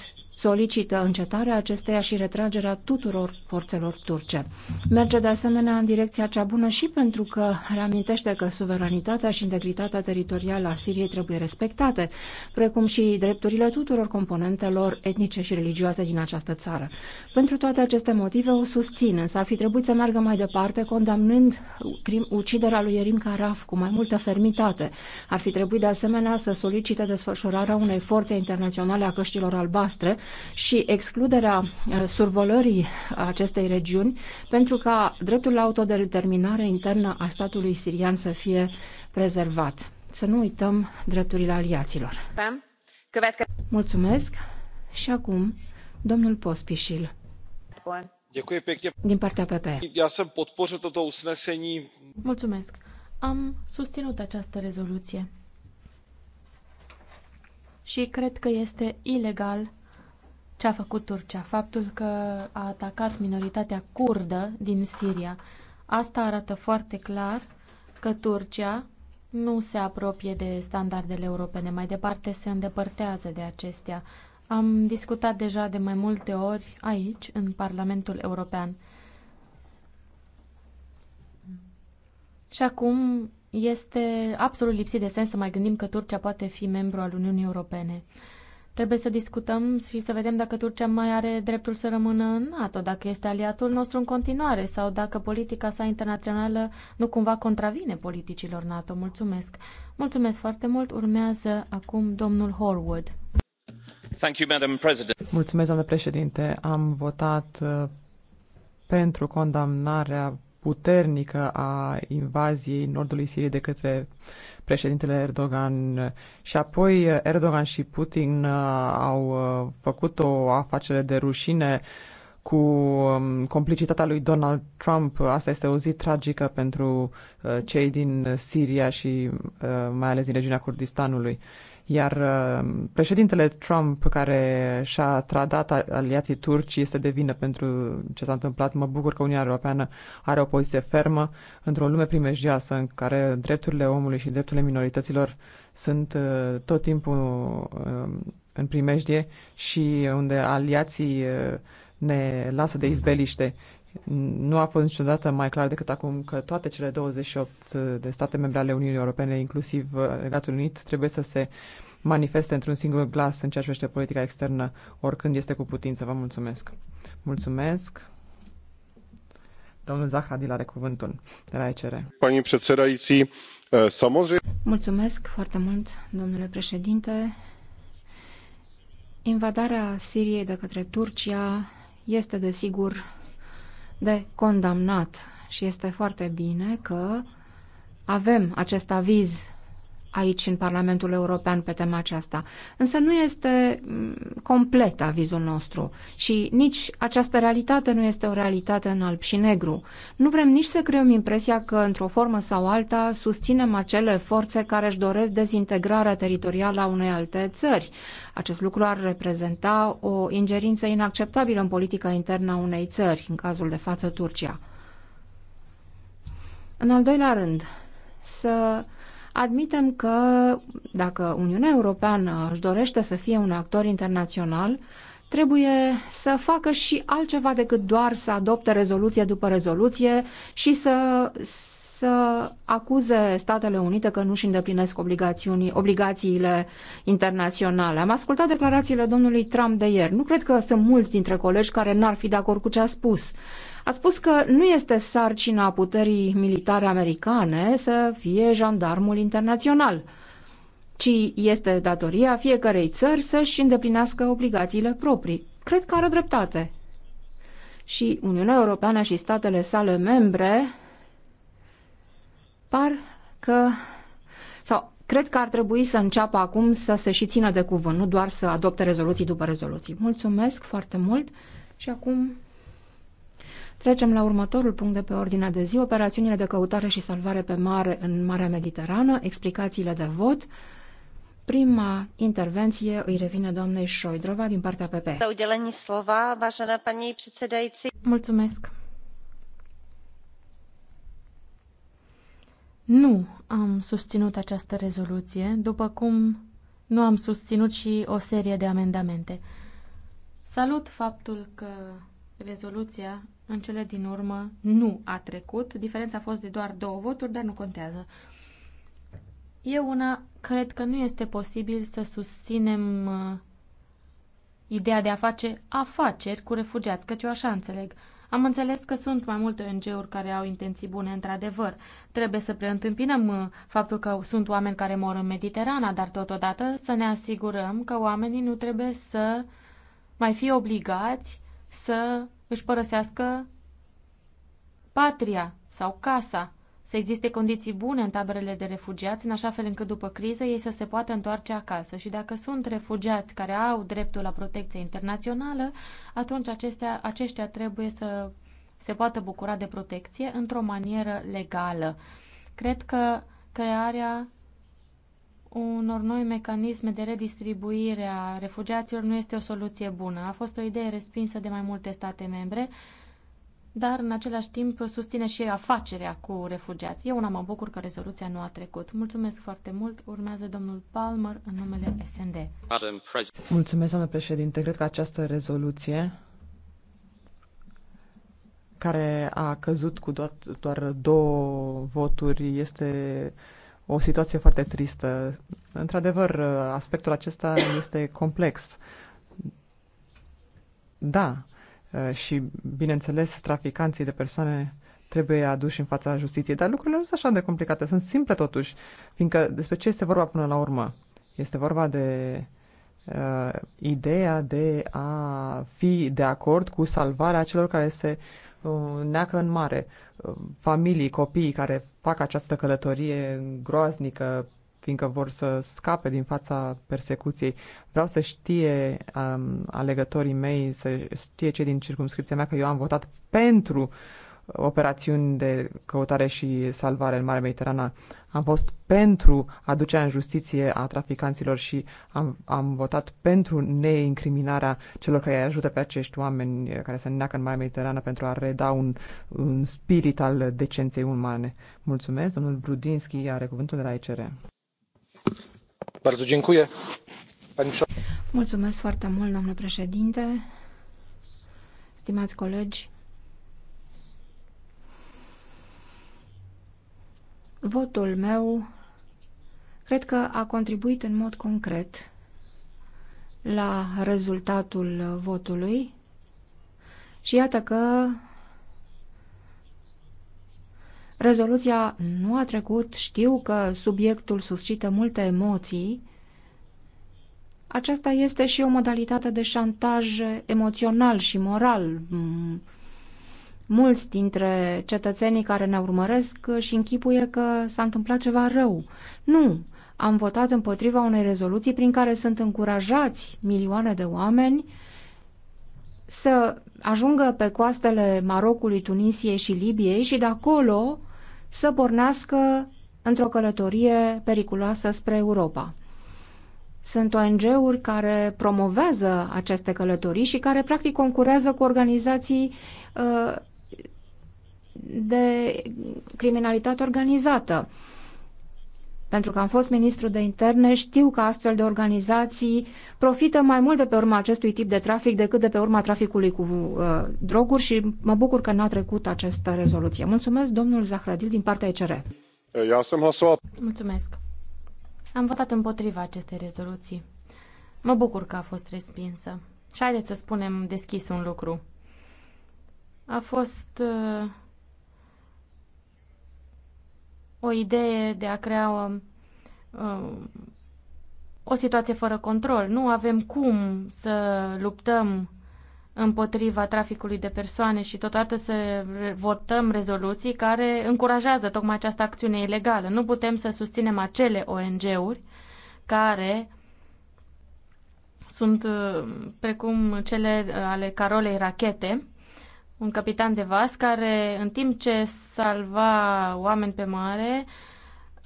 solicită încetarea acesteia și retragerea tuturor forțelor turce. Merge de asemenea în direcția cea bună și pentru că reamintește că suveranitatea și integritatea teritorială a Siriei trebuie respectate, precum și drepturile tuturor componentelor etnice și religioase din această țară. Pentru toate aceste motive o susțin, însă ar fi trebuit să meargă mai departe, condamnând crim, uciderea lui Erim Karaf cu mai multă fermitate. Ar fi trebuit de asemenea să solicite desfășurarea unei forțe internaționale a căștilor albastre, și excluderea uh, survolării acestei regiuni pentru ca dreptul la autodeterminare internă a statului sirian să fie prezervat. Să nu uităm drepturile aliaților. Mulțumesc și acum domnul Pospișil. Din partea PP. Já jsem podpořil toto usnesení. Mulțumesc. Am susținut această rezoluție și cred că este ilegal ce a făcut Turcia, faptul că a atacat minoritatea curdă din Siria. Asta arată foarte clar că Turcia nu se apropie de standardele europene, mai departe se îndepărtează de acestea. Am discutat deja de mai multe ori aici, în Parlamentul European. Și acum este absolut lipsit de sens să mai gândim că Turcia poate fi membru al Uniunii Europene. Trebuie să discutăm și să vedem dacă Turcia mai are dreptul să rămână în NATO, dacă este aliatul nostru în continuare sau dacă politica sa internațională nu cumva contravine politicilor NATO. Mulțumesc. Mulțumesc foarte mult. Urmează acum domnul Horwood. Thank you, Madam President. Mulțumesc, doamnă președinte. Am votat uh, pentru condamnarea puternică a invaziei nordului Siriei de către președintele Erdogan. Și apoi eh, Erdogan și Putin eh, au eh, făcut o afacere de rușine cu mm, complicitatea lui Donald Trump. Asta este o zi tragică pentru cei din Siria și mai ales din regiunea Kurdistanului. Iar uh, președintele Trump, care și-a tradat aliații turci, este de vină pentru ce s-a întâmplat. Mă bucur că Uniunea Europeană are o poziție fermă într-o lume primejdioasă în care drepturile omului și drepturile minorităților sunt uh, tot timpul uh, în primejdie și unde aliații ne lasă de izbeliște nu a fost niciodată mai clar decât acum că toate cele 28 uh, de state membre ale Uniunii Europene, inclusiv uh, Regatul Unit, trebuie să se manifeste într-un singur glas în ceea ce privește politica externă, oricând este cu putință. Vă mulțumesc. Mulțumesc. Domnul Zahradil are cuvântul de la ECR. Pani predsedaiții, samozre... Mulțumesc foarte mult, domnule președinte. Invadarea Siriei de către Turcia este, desigur, de condamnat și este foarte bine că avem acest aviz aici, în Parlamentul European, pe tema aceasta. Însă nu este mm, complet avizul nostru și nici această realitate nu este o realitate în alb și negru. Nu vrem nici să creăm impresia că, într-o formă sau alta, susținem acele forțe care își doresc dezintegrarea teritorială a unei alte țări. Acest lucru ar reprezenta o ingerință inacceptabilă în politica internă a unei țări, în cazul de față Turcia. În al doilea rând, să Admitem că dacă Uniunea Europeană își dorește să fie un actor internațional, trebuie să facă și altceva decât doar să adopte rezoluție după rezoluție și să, să acuze Statele Unite că nu își îndeplinesc obligațiile internaționale. Am ascultat declarațiile domnului Trump de ieri. Nu cred că sunt mulți dintre colegi care n-ar fi de acord cu ce a spus. A spus că nu este sarcina puterii militare americane să fie jandarmul internațional, ci este datoria fiecarei țări să-și îndeplinească obligațiile proprii. Cred că are dreptate. Și Uniunea Europeană și statele sale membre par că sau cred că ar trebui să înceapă acum să se și țină de cuvânt, nu doar să adopte rezoluții după rezoluții. Mulțumesc foarte mult și acum Trecem la următorul punct de pe ordinea de zi, operațiunile de căutare și salvare pe mare în Marea Mediterană, explicațiile de vot. Prima intervenție îi revine doamnei Șoidrova din partea PP. Mulțumesc. Nu am susținut această rezoluție, după cum nu am susținut și o serie de amendamente. Salut faptul că rezoluția în cele din urmă nu a trecut. Diferența a fost de doar două voturi, dar nu contează. Eu una cred că nu este posibil să susținem uh, ideea de a face afaceri cu refugiați, căci eu așa înțeleg. Am înțeles că sunt mai multe ONG-uri care au intenții bune, într-adevăr. Trebuie să preîntâmpinăm uh, faptul că sunt oameni care mor în Mediterana, dar totodată să ne asigurăm că oamenii nu trebuie să mai fie obligați să își părăsească patria sau casa, să existe condiții bune în taberele de refugiați, în așa fel încât după criză ei să se poată întoarce acasă. Și dacă sunt refugiați care au dreptul la protecție internațională, atunci acestea, aceștia trebuie să se poată bucura de protecție într-o manieră legală. Cred că crearea unor noi mecanisme de redistribuire a refugiaților nu este o soluție bună. A fost o idee respinsă de mai multe state membre, dar în același timp susține și afacerea cu refugiați. Eu una mă bucur că rezoluția nu a trecut. Mulțumesc foarte mult. Urmează domnul Palmer în numele SND. Mulțumesc, doamnă președinte. Cred că această rezoluție care a căzut cu doar, doar două voturi este o situație foarte tristă. Într-adevăr, aspectul acesta este complex. Da, și bineînțeles, traficanții de persoane trebuie aduși în fața justiției, dar lucrurile nu sunt așa de complicate, sunt simple totuși, fiindcă despre ce este vorba până la urmă? Este vorba de uh, ideea de a fi de acord cu salvarea celor care se uh, neacă în mare, uh, familii, copii care fac această călătorie groaznică, fiindcă vor să scape din fața persecuției. Vreau să știe um, alegătorii mei, să știe cei din circumscripția mea că eu am votat pentru uh, operațiuni de căutare și salvare în Marea Mediterană. Am fost pentru aducerea în justiție a traficanților și am, am votat pentru neincriminarea celor care ajută pe acești oameni care se neacă în Marea Mediterană pentru a reda un, un spirit al decenței umane. Mulțumesc. Domnul Brudinski are cuvântul de la ECR. Mulțumesc foarte mult, domnule președinte. Stimați colegi, Votul meu cred că a contribuit în mod concret la rezultatul votului și iată că rezoluția nu a trecut, știu că subiectul suscită multe emoții, aceasta este și o modalitate de șantaj emoțional și moral mulți dintre cetățenii care ne urmăresc și închipuie că s-a întâmplat ceva rău. Nu! Am votat împotriva unei rezoluții prin care sunt încurajați milioane de oameni să ajungă pe coastele Marocului, Tunisiei și Libiei și de acolo să pornească într-o călătorie periculoasă spre Europa. Sunt ONG-uri care promovează aceste călătorii și care practic concurează cu organizații uh, de criminalitate organizată. Pentru că am fost ministru de interne, știu că astfel de organizații profită mai mult de pe urma acestui tip de trafic decât de pe urma traficului cu uh, droguri și mă bucur că n-a trecut această rezoluție. Mulțumesc, domnul Zahradil, din partea ECR. Ia să mă Mulțumesc. Am votat împotriva acestei rezoluții. Mă bucur că a fost respinsă. Și haideți să spunem deschis un lucru. A fost uh, o idee de a crea o, o situație fără control. Nu avem cum să luptăm împotriva traficului de persoane și totodată să votăm rezoluții care încurajează tocmai această acțiune ilegală. Nu putem să susținem acele ONG-uri care sunt uh, precum cele uh, ale Carolei Rachete, un capitan de vas care, în timp ce salva oameni pe mare,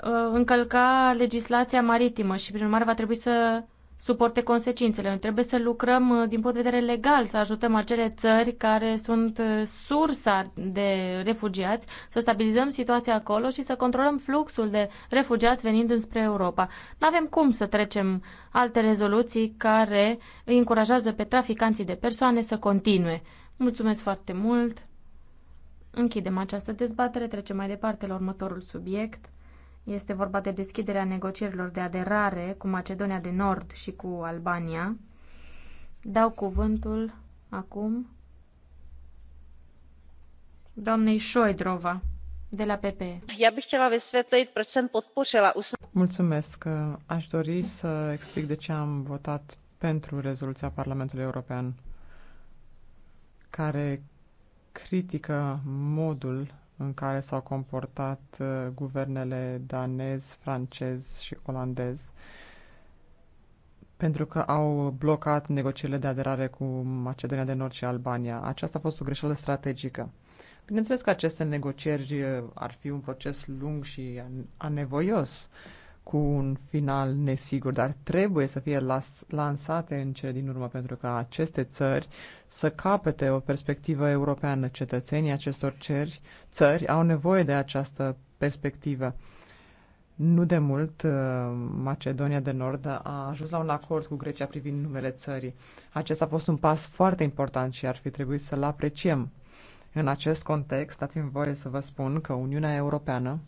uh, încălca legislația maritimă și, prin urmare, va trebui să suporte consecințele. Noi trebuie să lucrăm uh, din punct de vedere legal, să ajutăm acele țări care sunt uh, sursa de refugiați, să stabilizăm situația acolo și să controlăm fluxul de refugiați venind înspre Europa. Nu avem cum să trecem alte rezoluții care îi încurajează pe traficanții de persoane să continue. Mulțumesc foarte mult! Închidem această dezbatere, trecem mai departe la următorul subiect. Este vorba de deschiderea negocierilor de aderare cu Macedonia de Nord și cu Albania. Dau cuvântul acum doamnei Șoidrova de la PPE. Mulțumesc. Aș dori să explic de ce am votat pentru rezoluția Parlamentului European care critică modul în care s-au comportat uh, guvernele danez, francez și olandez pentru că au blocat negocierile de aderare cu Macedonia de Nord și Albania. Aceasta a fost o greșeală strategică. Bineînțeles că aceste negocieri uh, ar fi un proces lung și anevoios cu un final nesigur, dar trebuie să fie las, lansate în cele din urmă pentru ca aceste țări să capete o perspectivă europeană. Cetățenii acestor ceri, țări au nevoie de această perspectivă. Nu de mult, uh, Macedonia de Nord a ajuns la un acord cu Grecia privind numele țării. Acesta a fost un pas foarte important și ar fi trebuit să-l apreciem. În acest context, dați-mi voie să vă spun că Uniunea Europeană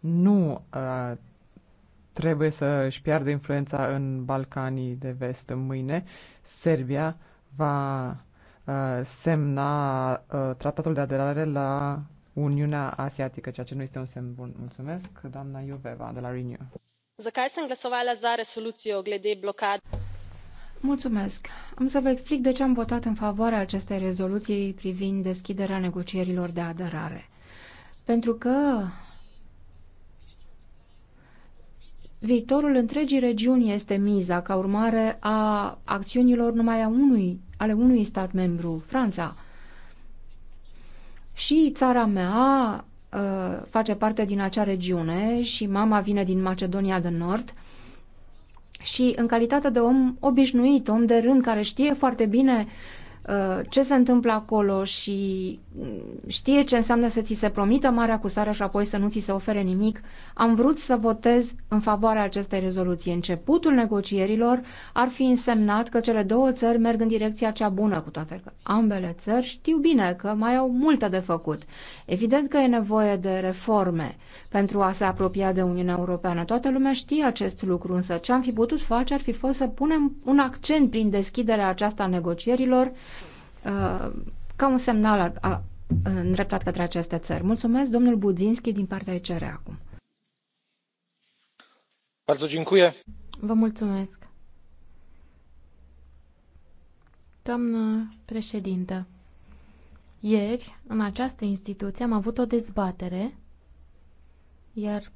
nu uh, trebuie să își piardă influența în Balcanii de vest mâine. Serbia va uh, semna uh, tratatul de aderare la Uniunea Asiatică, ceea ce nu este un semn bun. Mulțumesc, doamna Iuveva de la Renew. Zakaj sem glasovala za resoluțijo glede blocade? Mulțumesc. Am să vă explic de ce am votat în favoarea acestei rezoluții privind deschiderea negocierilor de aderare. Pentru că Viitorul întregii regiuni este miza ca urmare a acțiunilor numai a unui, ale unui stat membru, Franța. Și țara mea uh, face parte din acea regiune și mama vine din Macedonia de Nord și în calitate de om obișnuit, om de rând care știe foarte bine uh, ce se întâmplă acolo și mm, știe ce înseamnă să ți se promită marea cu sarea și apoi să nu ți se ofere nimic, am vrut să votez în favoarea acestei rezoluții. Începutul negocierilor ar fi însemnat că cele două țări merg în direcția cea bună, cu toate că ambele țări știu bine că mai au multe de făcut. Evident că e nevoie de reforme pentru a se apropia de Uniunea Europeană. Toată lumea știe acest lucru, însă ce am fi putut face ar fi fost să punem un accent prin deschiderea aceasta a negocierilor uh, ca un semnal a, a, îndreptat către aceste țări. Mulțumesc, domnul Budzinski, din partea ICR acum. Vă mulțumesc. Doamnă președintă, ieri, în această instituție, am avut o dezbatere, iar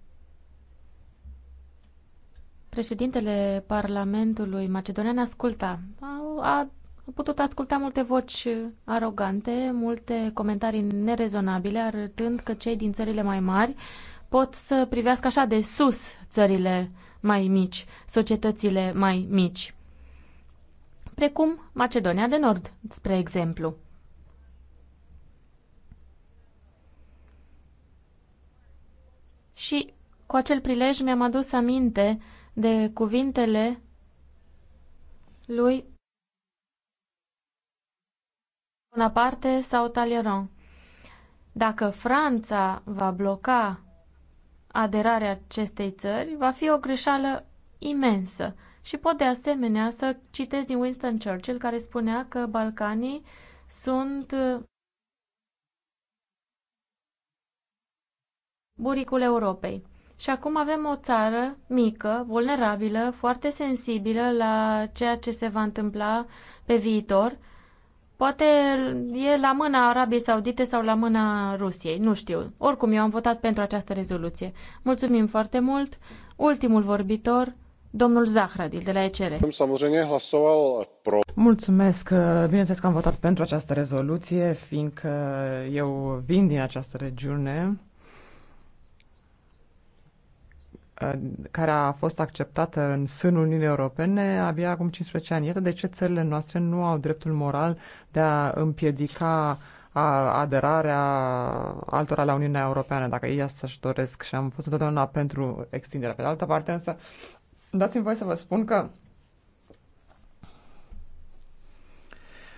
președintele Parlamentului Macedonian asculta. A, a putut asculta multe voci arogante, multe comentarii nerezonabile, arătând că cei din țările mai mari pot să privească așa de sus țările mai mici, societățile mai mici, precum Macedonia de Nord, spre exemplu. Și cu acel prilej mi-am adus aminte de cuvintele lui Bonaparte sau Talleyrand. Dacă Franța va bloca aderarea acestei țări va fi o greșeală imensă. Și pot de asemenea să citesc din Winston Churchill care spunea că Balcanii sunt uh, buricul Europei. Și acum avem o țară mică, vulnerabilă, foarte sensibilă la ceea ce se va întâmpla pe viitor Poate e la mâna Arabiei Saudite sau la mâna Rusiei, nu știu. Oricum, eu am votat pentru această rezoluție. Mulțumim foarte mult. Ultimul vorbitor, domnul Zahradil de la ECR. Mulțumesc, bineînțeles că am votat pentru această rezoluție, fiindcă eu vin din această regiune care a fost acceptată în sânul Uniunii Europene abia acum 15 ani. Iată de ce țările noastre nu au dreptul moral de a împiedica a aderarea altora la Uniunea Europeană, dacă ei asta își doresc și am fost întotdeauna pentru extinderea. Pe de altă parte, însă, dați-mi voie să vă spun că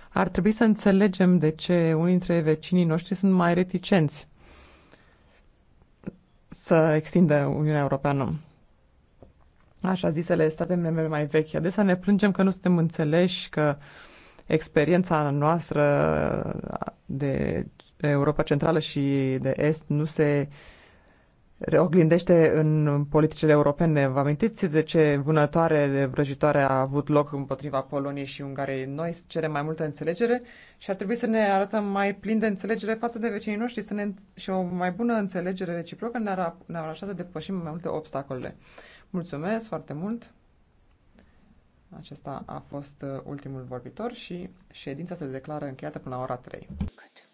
ar trebui să înțelegem de ce unii dintre vecinii noștri sunt mai reticenți să extindă Uniunea Europeană. Așa zisele state membre mai vechi. Adesea ne plângem că nu suntem înțeleși, că experiența noastră de Europa Centrală și de Est nu se uh, oglindește în politicile europene. Vă amintiți de ce vânătoare de vrăjitoare a avut loc împotriva Poloniei și Ungariei? Noi cerem mai multă înțelegere și ar trebui să ne arătăm mai plin de înțelegere față de vecinii noștri să ne, și o mai bună înțelegere reciprocă ne-ar, ne-ar așa să depășim mai multe obstacole. Mulțumesc foarte mult! Acesta a fost uh, ultimul vorbitor și ședința se declară încheiată până la ora 3. Good.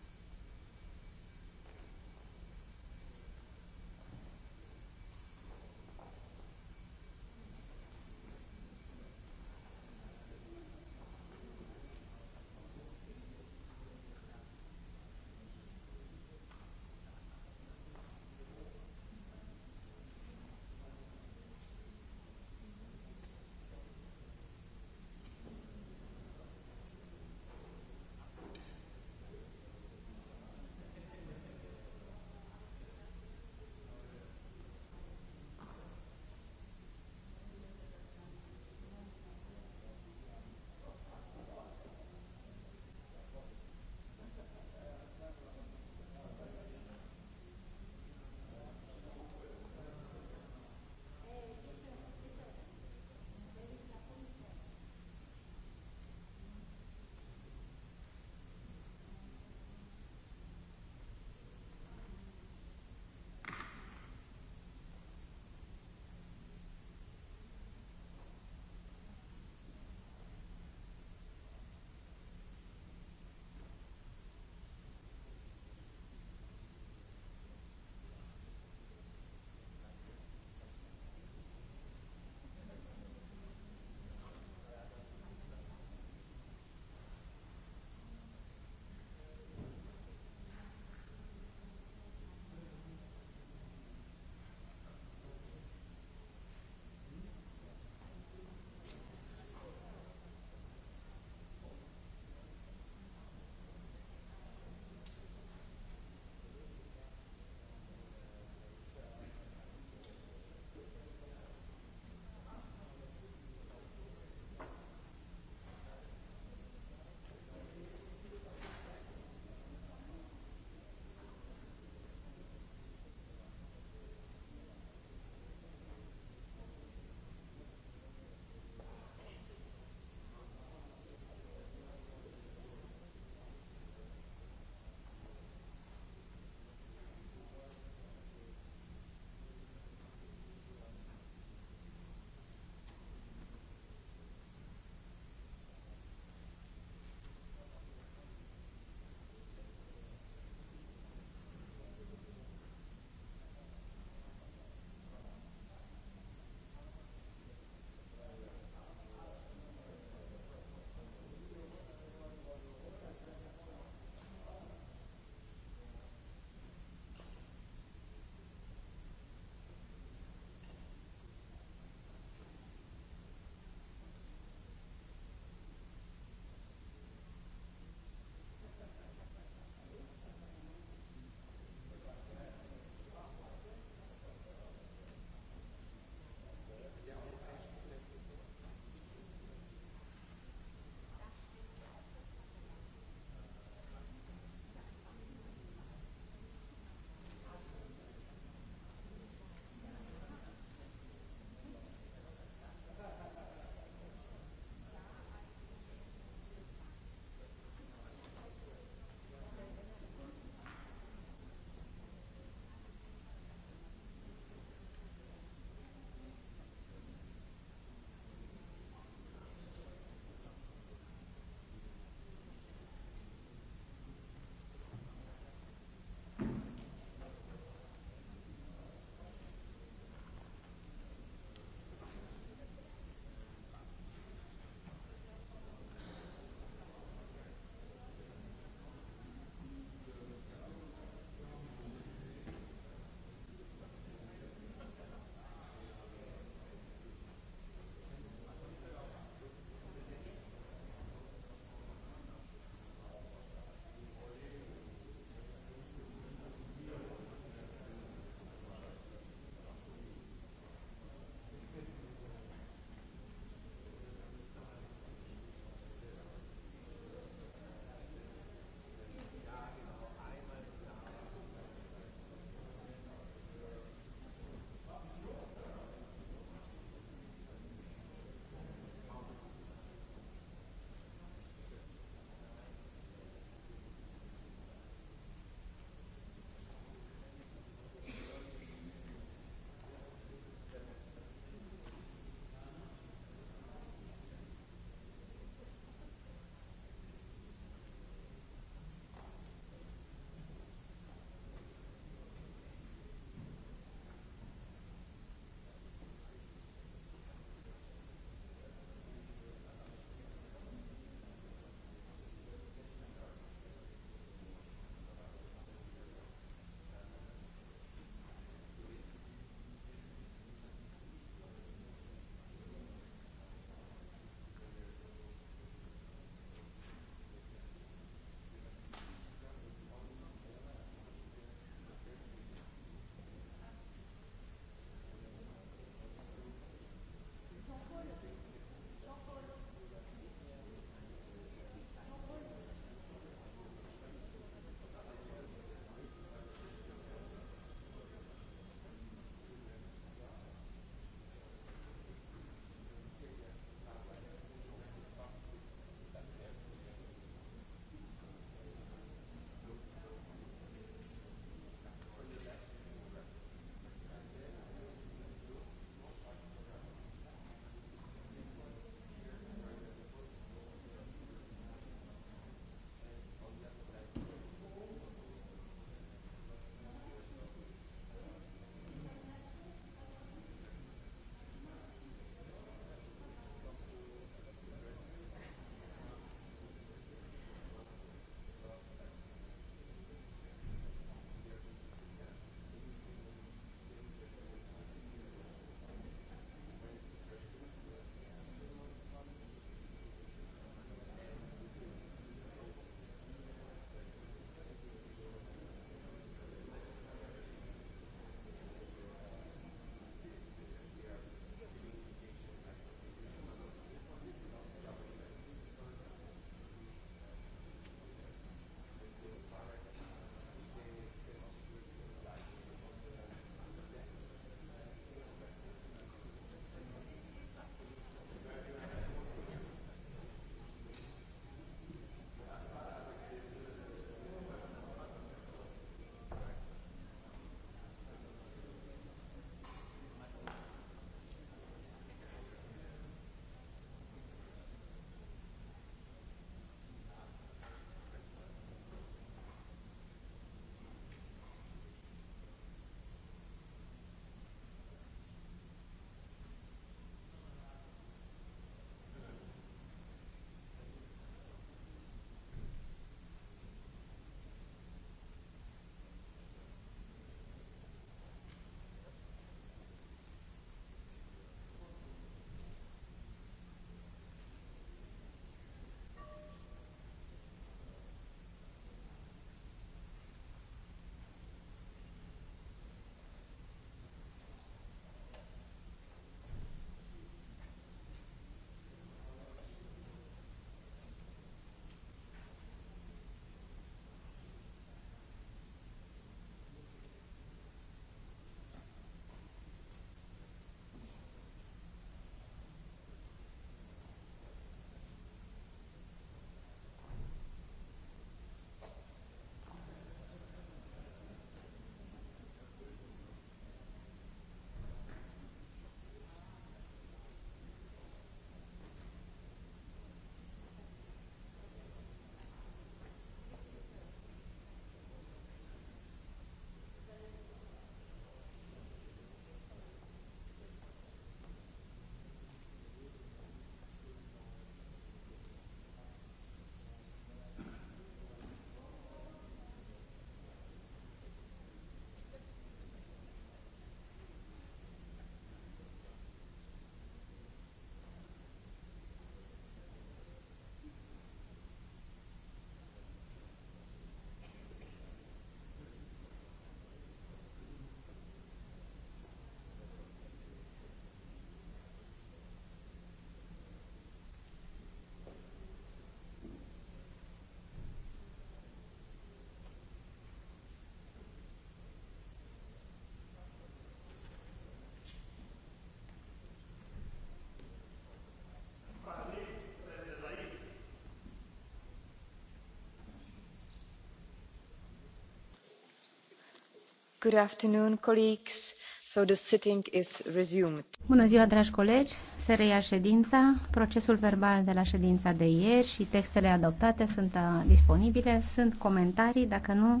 Bună ziua, dragi colegi! Se reia ședința. Procesul verbal de la ședința de ieri și textele adoptate sunt uh, disponibile. Sunt comentarii. Dacă nu,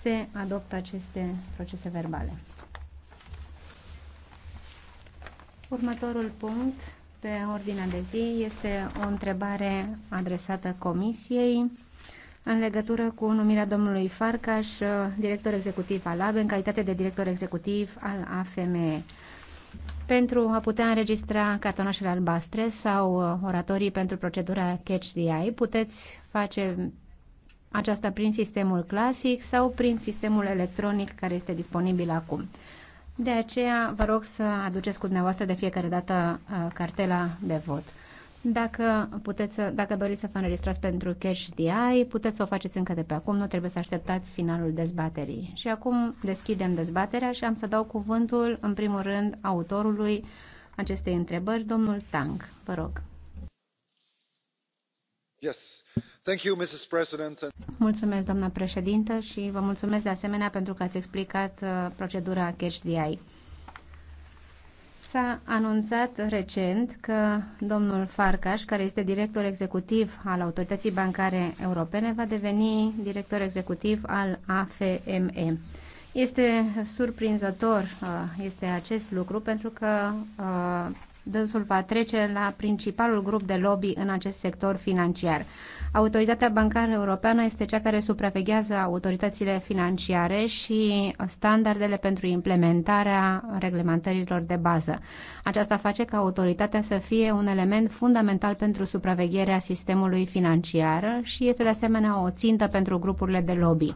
se adoptă aceste procese verbale. Următorul punct pe ordinea de zi este o întrebare adresată Comisiei în legătură cu numirea domnului Farcaș, uh, director executiv al ABE, în calitate de director executiv al AFME. Pentru a putea înregistra cartonașele albastre sau uh, oratorii pentru procedura Catch the Eye, puteți face aceasta prin sistemul clasic sau prin sistemul electronic care este disponibil acum. De aceea vă rog să aduceți cu dumneavoastră de fiecare dată uh, cartela de vot. Dacă, puteți, dacă doriți să vă înregistrați pentru Cash DI, puteți să o faceți încă de pe acum, nu trebuie să așteptați finalul dezbaterii. Și acum deschidem dezbaterea și am să dau cuvântul, în primul rând, autorului acestei întrebări, domnul Tang. Vă rog. Yes. Thank you, Mrs. President. Mulțumesc, doamna președintă, și vă mulțumesc de asemenea pentru că ați explicat uh, procedura Cash DI. S-a anunțat recent că domnul Farcaș, care este director executiv al Autorității Bancare Europene, va deveni director executiv al AFME. Este surprinzător uh, este acest lucru pentru că uh, dânsul va trece la principalul grup de lobby în acest sector financiar. Autoritatea Bancară Europeană este cea care supraveghează autoritățile financiare și standardele pentru implementarea reglementărilor de bază. Aceasta face ca autoritatea să fie un element fundamental pentru supravegherea sistemului financiar și este de asemenea o țintă pentru grupurile de lobby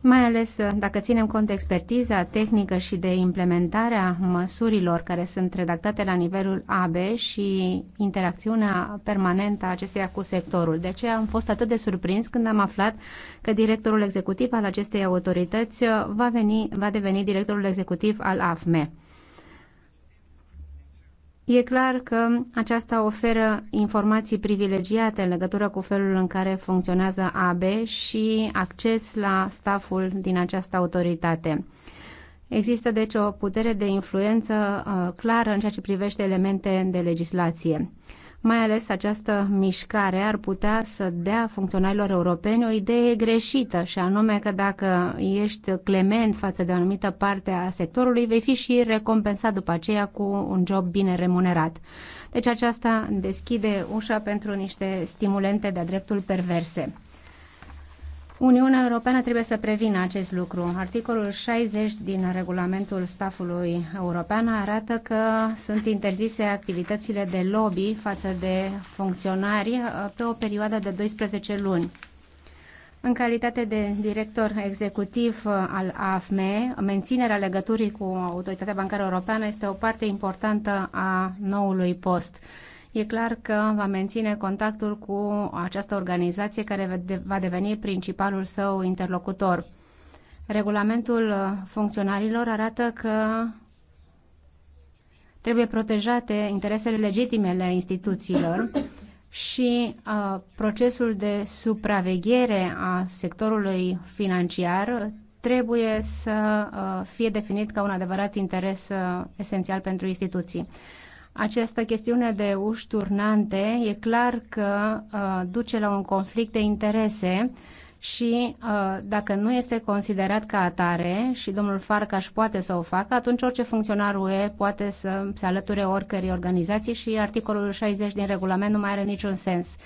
mai ales uh, dacă ținem cont de expertiza tehnică și de implementarea măsurilor care sunt redactate la nivelul AB și interacțiunea permanentă a acesteia cu sectorul. De aceea am fost atât de surprins când am aflat că directorul executiv al acestei autorități uh, va, veni, va deveni directorul executiv al AFME. E clar că aceasta oferă informații privilegiate în legătură cu felul în care funcționează AB și acces la staful din această autoritate. Există deci o putere de influență uh, clară în ceea ce privește elemente de legislație. Mai ales această mișcare ar putea să dea funcționarilor europeni o idee greșită și anume că dacă ești clement față de o anumită parte a sectorului, vei fi și recompensat după aceea cu un job bine remunerat. Deci aceasta deschide ușa pentru niște stimulente de-a dreptul perverse. Uniunea Europeană trebuie să prevină acest lucru. Articolul 60 din regulamentul stafului european arată că sunt interzise activitățile de lobby față de funcționari uh, pe o perioadă de 12 luni. În calitate de director executiv uh, al AFME, menținerea legăturii cu Autoritatea Bancară Europeană este o parte importantă a noului post. E clar că va menține contactul cu această organizație care va deveni principalul său interlocutor. Regulamentul funcționarilor arată că trebuie protejate interesele legitime ale instituțiilor și uh, procesul de supraveghere a sectorului financiar trebuie să uh, fie definit ca un adevărat interes uh, esențial pentru instituții. Această chestiune de uși turnante e clar că uh, duce la un conflict de interese și uh, dacă nu este considerat ca atare și domnul Farcaș poate să o facă, atunci orice funcționar UE poate să se alăture oricărei organizații și articolul 60 din regulament nu mai are niciun sens.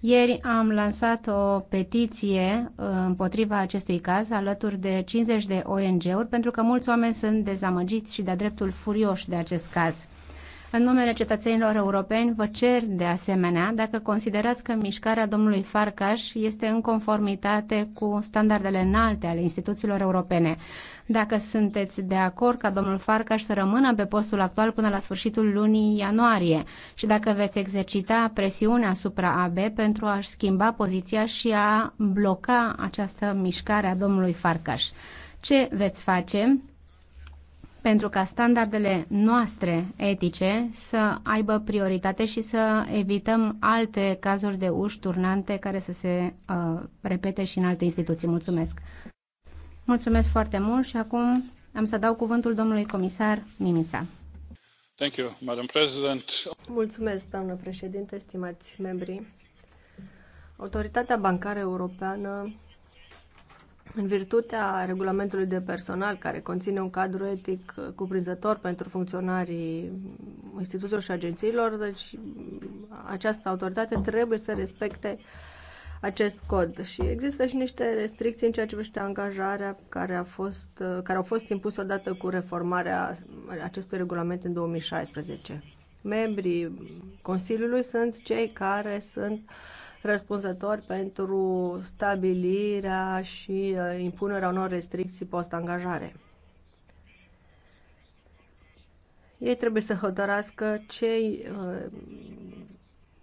Ieri am lansat o petiție uh, împotriva acestui caz alături de 50 de ONG-uri pentru că mulți oameni sunt dezamăgiți și de-a dreptul furioși de acest caz. În numele cetățenilor europeni vă cer de asemenea dacă considerați că mișcarea domnului Farcaș este în conformitate cu standardele înalte ale instituțiilor europene. Dacă sunteți de acord ca domnul Farcaș să rămână pe postul actual până la sfârșitul lunii ianuarie și dacă veți exercita presiunea asupra AB pentru a-și schimba poziția și a bloca această mișcare a domnului Farcaș. Ce veți face pentru ca standardele noastre etice să aibă prioritate și să evităm alte cazuri de uși turnante care să se uh, repete și în alte instituții. Mulțumesc! Mulțumesc foarte mult și acum am să dau cuvântul domnului comisar Mimița. Thank you, Madam President. Mulțumesc, doamnă președinte, stimați membri. Autoritatea Bancară Europeană în virtutea regulamentului de personal, care conține un cadru etic cuprinzător pentru funcționarii instituțiilor și agențiilor, deci această autoritate trebuie să respecte acest cod și există și niște restricții în ceea ce privește angajarea care, a fost, care au fost impuse odată cu reformarea acestui regulament în 2016. Membrii Consiliului sunt cei care sunt uh, răspunzători pentru stabilirea și uh, impunerea unor restricții post-angajare. Ei trebuie să hotărască ce uh,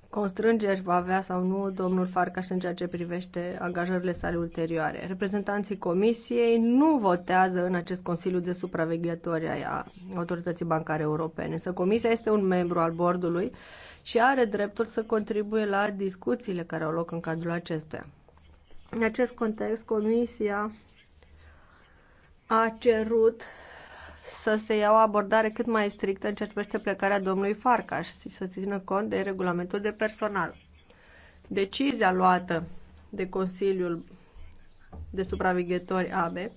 constrângeri va avea sau nu domnul Farcaș în ceea ce privește angajările sale ulterioare. Reprezentanții Comisiei nu votează în acest Consiliu de Supraveghetori a Autorității Bancare Europene, însă Comisia este un membru al bordului și are dreptul să contribuie la discuțiile care au loc în cadrul acestea. În acest context, Comisia a cerut să se ia o abordare cât mai strictă în ceea ce privește plecarea domnului Farcaș și să țină cont de regulamentul de personal. Decizia luată de Consiliul de Supraveghetori ABE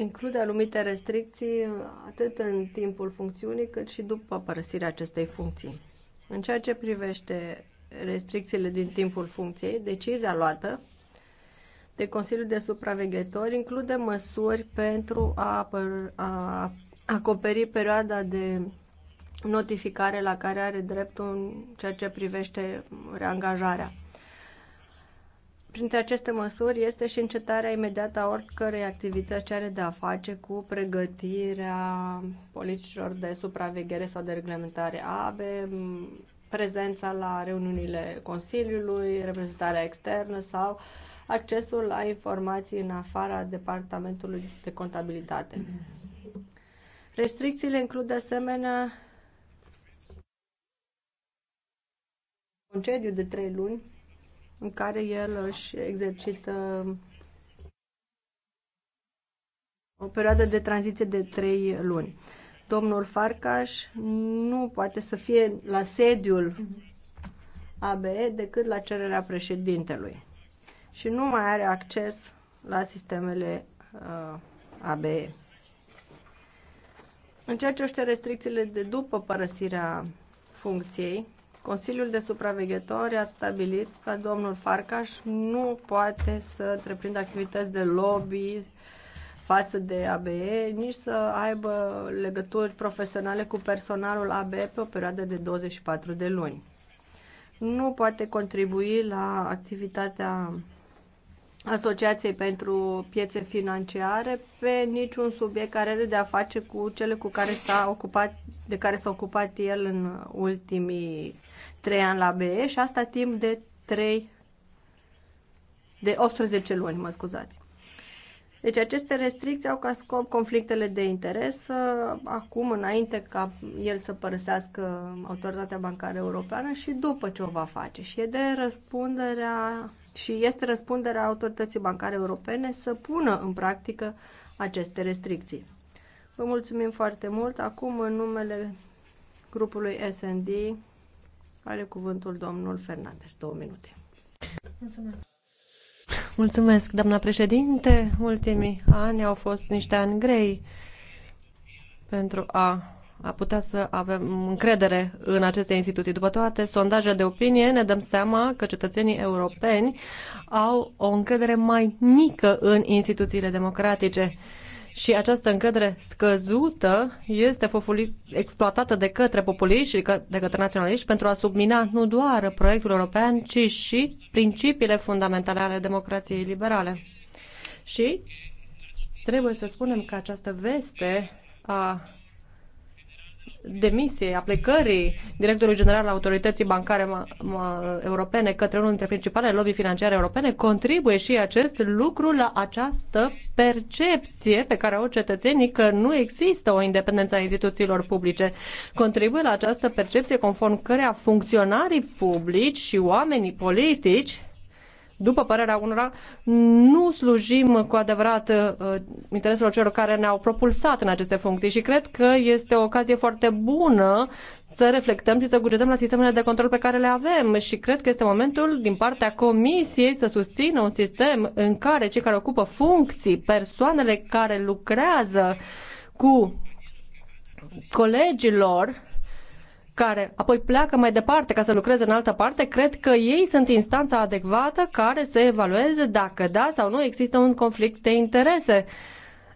include anumite restricții atât în timpul funcțiunii cât și după părăsirea acestei funcții. În ceea ce privește restricțiile din timpul funcției, decizia luată de Consiliul de Supraveghetori include măsuri pentru a, a acoperi perioada de notificare la care are dreptul în ceea ce privește reangajarea. Printre aceste măsuri este și încetarea imediată a oricărei activități ce are de a face cu pregătirea politicilor de supraveghere sau de reglementare AVE, prezența la reuniunile Consiliului, reprezentarea externă sau accesul la informații în afara Departamentului de Contabilitate. Restricțiile includ de asemenea concediu de trei luni în care el își exercită o perioadă de tranziție de trei luni. Domnul Farcaș nu poate să fie la sediul ABE decât la cererea președintelui și nu mai are acces la sistemele uh, ABE. În ceea ce restricțiile de după părăsirea funcției, Consiliul de supraveghetori a stabilit că domnul Farcaș nu poate să întreprindă activități de lobby față de ABE, nici să aibă legături profesionale cu personalul ABE pe o perioadă de 24 de luni. Nu poate contribui la activitatea Asociației pentru Piețe Financiare pe niciun subiect care are de a face cu cele cu care s-a ocupat, de care s-a ocupat el în ultimii trei ani la BE și asta timp de 3 de 18 luni, mă scuzați. Deci aceste restricții au ca scop conflictele de interes acum, înainte ca el să părăsească autoritatea bancară europeană și după ce o va face. Și e de răspunderea și este răspunderea autorității bancare europene să pună în practică aceste restricții. Vă mulțumim foarte mult. Acum, în numele grupului SND, are cuvântul domnul Fernandez. Două minute. Mulțumesc. Mulțumesc, doamna președinte. Ultimii ani au fost niște ani grei pentru a a putea să avem încredere în aceste instituții. După toate sondajele de opinie, ne dăm seama că cetățenii europeni au o încredere mai mică în instituțiile democratice. Și această încredere scăzută este fofuli, exploatată de către populiști și de către naționaliști pentru a submina nu doar proiectul european, ci și principiile fundamentale ale democrației liberale. Și trebuie să spunem că această veste a demisiei, a plecării directorului general al Autorității Bancare Europene către unul dintre principalele lobby financiare europene, contribuie și acest lucru la această percepție pe care au cetățenii că nu există o independență a instituțiilor publice. Contribuie la această percepție conform cărea funcționarii publici și oamenii politici după părerea unora, nu slujim cu adevărat uh, intereselor celor care ne-au propulsat în aceste funcții și cred că este o ocazie foarte bună să reflectăm și să cugetăm la sistemele de control pe care le avem și cred că este momentul din partea Comisiei să susțină un sistem în care cei care ocupă funcții, persoanele care lucrează cu colegilor care apoi pleacă mai departe ca să lucreze în altă parte, cred că ei sunt instanța adecvată care să evalueze dacă da sau nu există un conflict de interese.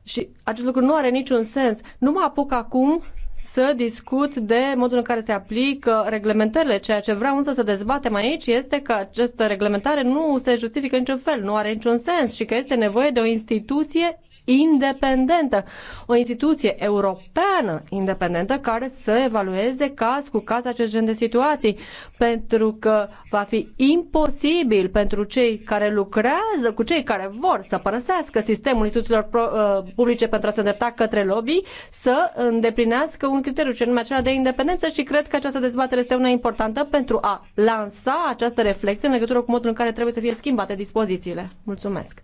Și acest lucru nu are niciun sens. Nu mă apuc acum să discut de modul în care se aplică reglementările. Ceea ce vreau însă să dezbatem aici este că această reglementare nu se justifică niciun fel, nu are niciun sens și că este nevoie de o instituție independentă, o instituție europeană independentă care să evalueze caz cu caz acest gen de situații, pentru că va fi imposibil pentru cei care lucrează cu cei care vor să părăsească sistemul instituțiilor pro, uh, publice pentru a se îndrepta către lobby să îndeplinească un criteriu, ce nume acela de independență și cred că această dezbatere este una importantă pentru a lansa această reflexie în legătură cu modul în care trebuie să fie schimbate dispozițiile. Mulțumesc!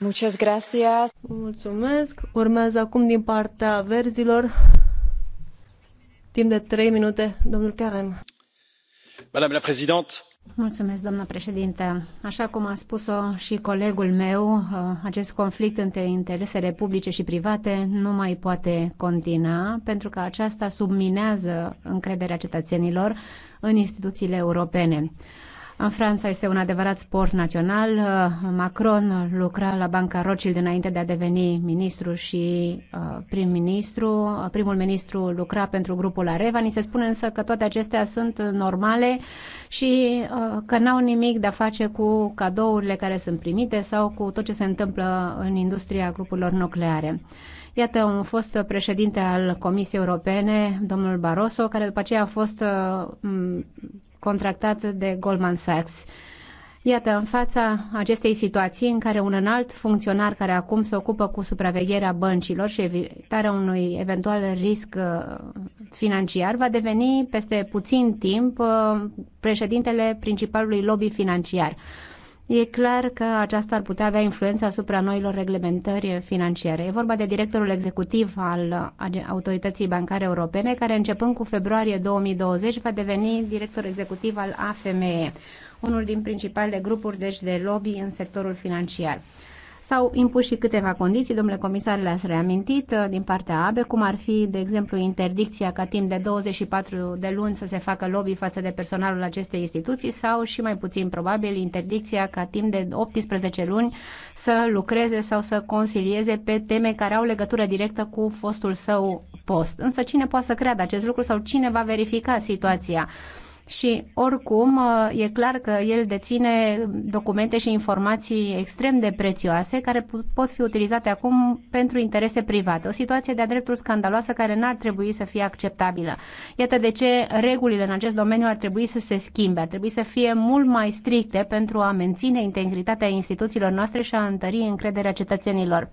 Muchas gracias. Mulțumesc. Urmează acum din partea verzilor timp de trei minute domnul Kerem. Madame la Présidente, Mulțumesc, doamna președinte. Așa cum a spus-o și colegul meu, uh, acest conflict între interesele publice și private nu mai poate continua, pentru că aceasta subminează încrederea cetățenilor în instituțiile europene. În Franța este un adevărat sport național. Macron lucra la Banca Rothschild înainte de a deveni ministru și uh, prim-ministru. Primul ministru lucra pentru grupul Areva. Ni se spune însă că toate acestea sunt normale și uh, că n-au nimic de a face cu cadourile care sunt primite sau cu tot ce se întâmplă în industria grupurilor nucleare. Iată, un fost președinte al Comisiei Europene, domnul Barroso, care după aceea a fost uh, contractat de Goldman Sachs. Iată, în fața acestei situații în care un înalt funcționar care acum se ocupă cu supravegherea băncilor și evitarea unui eventual risc uh, financiar va deveni peste puțin timp uh, președintele principalului lobby financiar. E clar că aceasta ar putea avea influență asupra noilor reglementări financiare. E vorba de directorul executiv al Autorității Bancare Europene, care începând cu februarie 2020 va deveni director executiv al AFME, unul din principalele grupuri deci, de lobby în sectorul financiar. S-au impus și câteva condiții, domnule comisar le-ați reamintit uh, din partea ABE, cum ar fi, de exemplu, interdicția ca timp de 24 de luni să se facă lobby față de personalul acestei instituții sau și mai puțin probabil interdicția ca timp de 18 luni să lucreze sau să consilieze pe teme care au legătură directă cu fostul său post. Însă cine poate să creadă acest lucru sau cine va verifica situația? și oricum uh, e clar că el deține documente și informații extrem de prețioase care pot fi utilizate acum pentru interese private. O situație de-a dreptul scandaloasă care n-ar trebui să fie acceptabilă. Iată de ce regulile în acest domeniu ar trebui să se schimbe, ar trebui să fie mult mai stricte pentru a menține integritatea instituțiilor noastre și a întări încrederea cetățenilor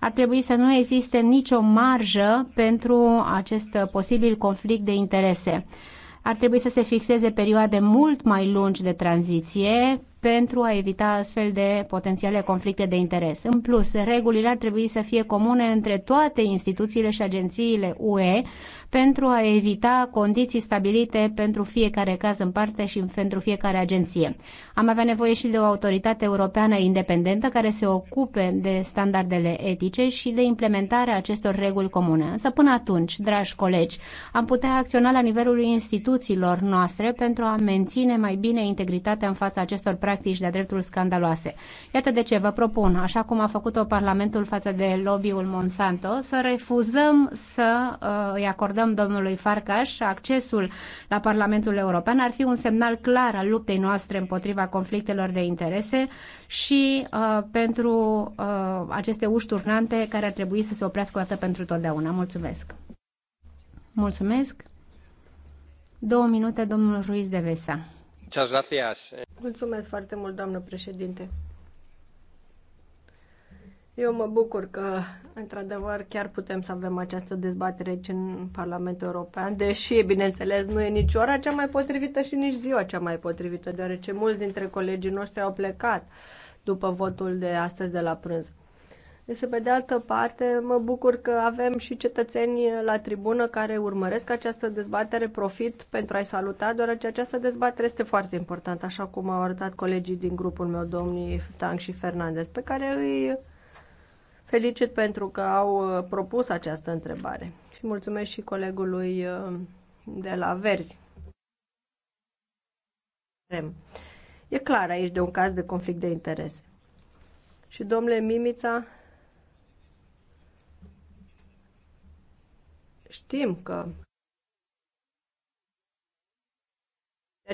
ar trebui să nu existe nicio marjă pentru acest posibil conflict de interese. Ar trebui să se fixeze perioade mult mai lungi de tranziție pentru a evita astfel de potențiale conflicte de interes. În plus, regulile ar trebui să fie comune între toate instituțiile și agențiile UE pentru a evita condiții stabilite pentru fiecare caz în parte și pentru fiecare agenție. Am avea nevoie și de o autoritate europeană independentă care se ocupe de standardele etice și de implementarea acestor reguli comune. Însă până atunci, dragi colegi, am putea acționa la nivelul instituțiilor noastre pentru a menține mai bine integritatea în fața acestor practici de-a dreptul scandaloase. Iată de ce vă propun, așa cum a făcut-o Parlamentul față de lobby-ul Monsanto, să refuzăm să uh, îi acordăm dăm domnului Farcaș accesul la Parlamentul European ar fi un semnal clar al luptei noastre împotriva conflictelor de interese și uh, pentru uh, aceste uși turnante care ar trebui să se oprească o dată pentru totdeauna. Mulțumesc! Mulțumesc! Două minute, domnul Ruiz de Vesa. Mulțumesc foarte mult, doamnă președinte. Eu mă bucur că Într-adevăr, chiar putem să avem această dezbatere aici în Parlamentul European, deși, bineînțeles, nu e nici ora cea mai potrivită și nici ziua cea mai potrivită, deoarece mulți dintre colegii noștri au plecat după votul de astăzi de la prânz. Însă, pe de altă parte, mă bucur că avem și cetățeni la tribună care urmăresc această dezbatere, profit pentru a-i saluta, deoarece această dezbatere este foarte importantă, așa cum au arătat colegii din grupul meu, domnii Tang și Fernandez, pe care îi felicit pentru că au uh, propus această întrebare și mulțumesc și colegului uh, de la Verzi. E clar aici de un caz de conflict de interese. Și domnule Mimița, știm că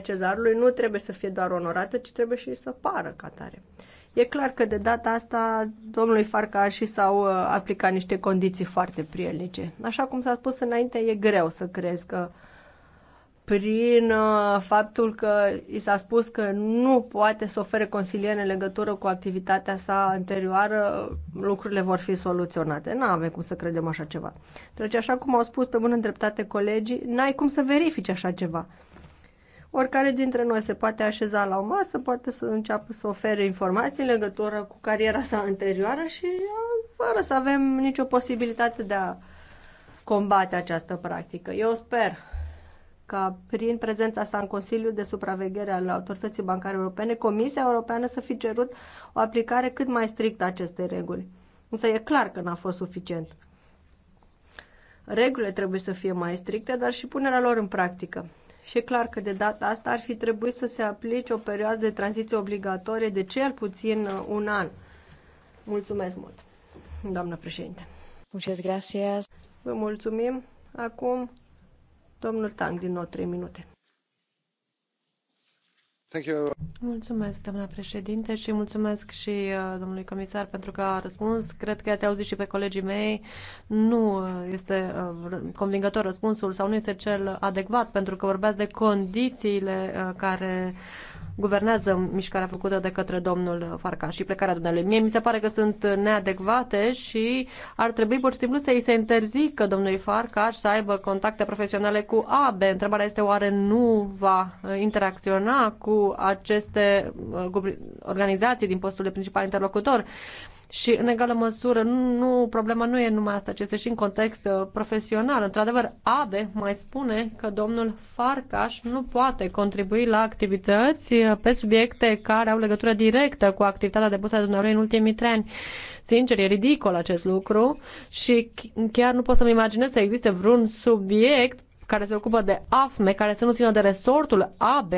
cezarului nu trebuie să fie doar onorată, ci trebuie și să pară ca tare. E clar că de data asta domnului Farca și s-au uh, aplicat niște condiții foarte prielnice. Așa cum s-a spus înainte, e greu să crezi că prin uh, faptul că i s-a spus că nu poate să ofere consiliere în legătură cu activitatea sa anterioară, lucrurile vor fi soluționate. Nu avem cum să credem așa ceva. Deci, așa cum au spus pe bună dreptate colegii, n-ai cum să verifici așa ceva. Oricare dintre noi se poate așeza la o masă, poate să înceapă să ofere informații în legătură cu cariera sa anterioară și fără să avem nicio posibilitate de a combate această practică. Eu sper ca prin prezența asta în Consiliul de Supraveghere al Autorității Bancare Europene, Comisia Europeană să fi cerut o aplicare cât mai strictă a acestei reguli. Însă e clar că n-a fost suficient. Regulile trebuie să fie mai stricte, dar și punerea lor în practică. Și e clar că de data asta ar fi trebuit să se aplice o perioadă de tranziție obligatorie de cel puțin uh, un an. Mulțumesc mult, doamnă președinte. Muchas gracias. Vă mulțumim. Acum, domnul Tang, din nou 3 minute. Mulțumesc, doamna președinte, și mulțumesc și uh, domnului comisar pentru că a răspuns. Cred că ați auzit și pe colegii mei, nu uh, este uh, convingător răspunsul sau nu este cel adecvat, pentru că vorbeați de condițiile care guvernează mișcarea făcută de către domnul Farca și plecarea dumnealui. Mie mi se pare că sunt neadecvate și ar trebui pur și simplu să îi se interzică domnului Farca să aibă contacte profesionale cu AB. Întrebarea este oare nu va uh, interacționa cu aceste uh, organizații din postul de principal interlocutor? Și, în egală măsură, nu, problema nu e numai asta, ci este și în context uh, profesional. Într-adevăr, ABE mai spune că domnul Farcaș nu poate contribui la activități uh, pe subiecte care au legătură directă cu activitatea depusă de dumneavoastră în ultimii trei ani. Sincer, e ridicol acest lucru și chiar nu pot să-mi imaginez să existe vreun subiect care se ocupă de AFME, care să nu țină de resortul AB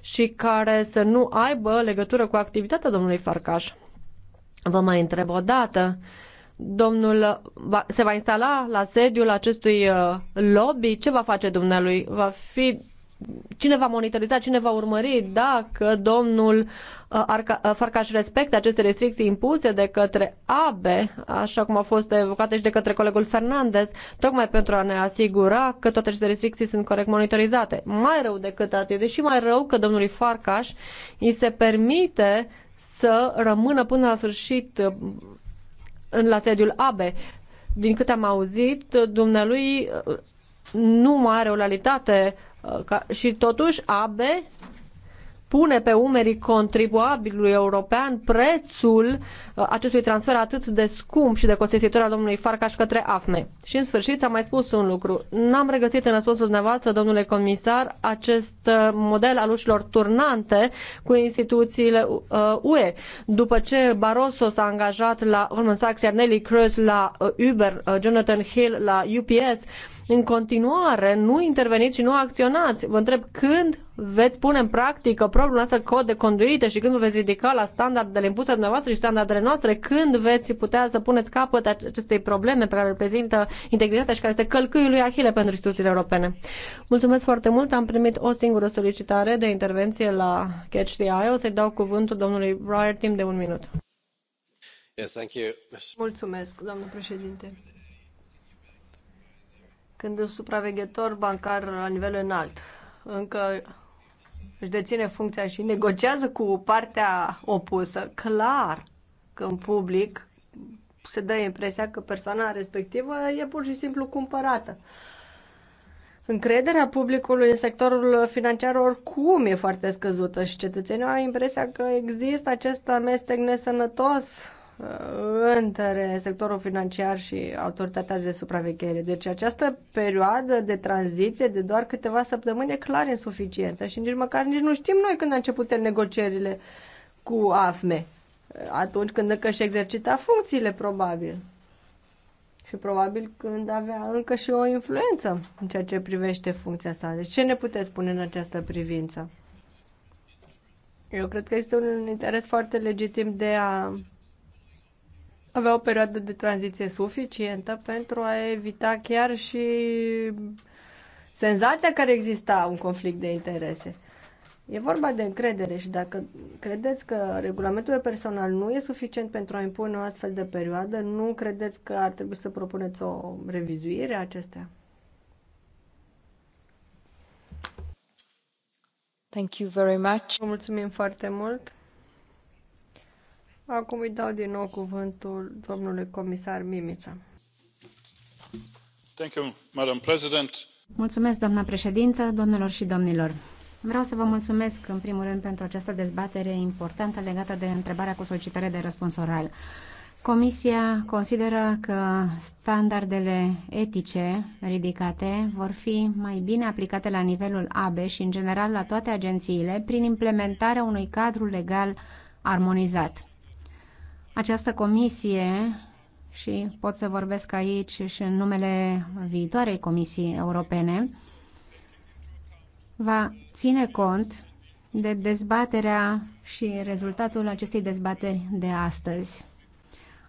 și care să nu aibă legătură cu activitatea domnului Farcaș. Vă mai întreb o dată, domnul va, se va instala la sediul acestui uh, lobby? Ce va face dumnealui? Va fi cine va monitoriza, cine va urmări dacă domnul uh, uh, Farcaș respectă aceste restricții impuse de către ABE, așa cum a fost evocate și de către colegul Fernandez, tocmai pentru a ne asigura că toate aceste restricții sunt corect monitorizate. Mai rău decât atât, deși mai rău că domnului Farcaș îi se permite să rămână până la sfârșit uh, la sediul ABE. Din câte am auzit, dumnealui uh, nu mai are o realitate uh, și totuși ABE pune pe umerii contribuabilului european prețul uh, acestui transfer atât de scump și de costisitor al domnului Farcaș către AFME. Și în sfârșit am mai spus un lucru. N-am regăsit în răspunsul dumneavoastră, domnule comisar, acest uh, model al ușilor turnante cu instituțiile UE. Uh, După ce Barroso s-a angajat la Goldman Sachs, iar Nelly Cruz la Uber, Jonathan Hill la UPS, în continuare nu interveniți și nu acționați. Vă întreb când veți pune în practică problema asta cod de conduită și când vă veți ridica la standardele impuse dumneavoastră și standardele noastre, când veți putea să puneți capăt acestei probleme pe care reprezintă integritatea și care este călcâiul lui Ahile pentru instituțiile europene. Mulțumesc foarte mult, am primit o singură solicitare de intervenție la Catch the Eye. O să-i dau cuvântul domnului Breyer timp de un minut. Yes, thank you. Mulțumesc, doamnă președinte când un supraveghetor bancar la nivel înalt încă își deține funcția și negociază cu partea opusă, clar că în public se dă impresia că persoana respectivă e pur și simplu cumpărată. Încrederea publicului în sectorul financiar oricum e foarte scăzută și cetățenii au impresia că există acest amestec nesănătos între sectorul financiar și autoritatea de supraveghere. Deci această perioadă de tranziție de doar câteva săptămâni e clar insuficientă și nici măcar nici nu știm noi când a început negocierile cu AFME. Atunci când încă și exercita funcțiile, probabil. Și probabil când avea încă și o influență în ceea ce privește funcția sa. Deci ce ne puteți spune în această privință? Eu cred că este un interes foarte legitim de a avea o perioadă de tranziție suficientă pentru a evita chiar și senzația care exista un conflict de interese. E vorba de încredere și dacă credeți că regulamentul de personal nu e suficient pentru a impune o astfel de perioadă, nu credeți că ar trebui să propuneți o revizuire a acestea? Thank you very much. Vă mulțumim foarte mult. Acum îi dau din nou cuvântul domnului comisar Mimica. Thank you, Madam President. Mulțumesc, doamna președintă, domnilor și domnilor. Vreau să vă mulțumesc, în primul rând, pentru această dezbatere importantă legată de întrebarea cu solicitare de răspuns oral. Comisia consideră că standardele etice ridicate vor fi mai bine aplicate la nivelul AB și, în general, la toate agențiile prin implementarea unui cadru legal armonizat. Această comisie, și pot să vorbesc aici și în numele viitoarei Comisii Europene, va ține cont de dezbaterea și rezultatul acestei dezbateri de astăzi,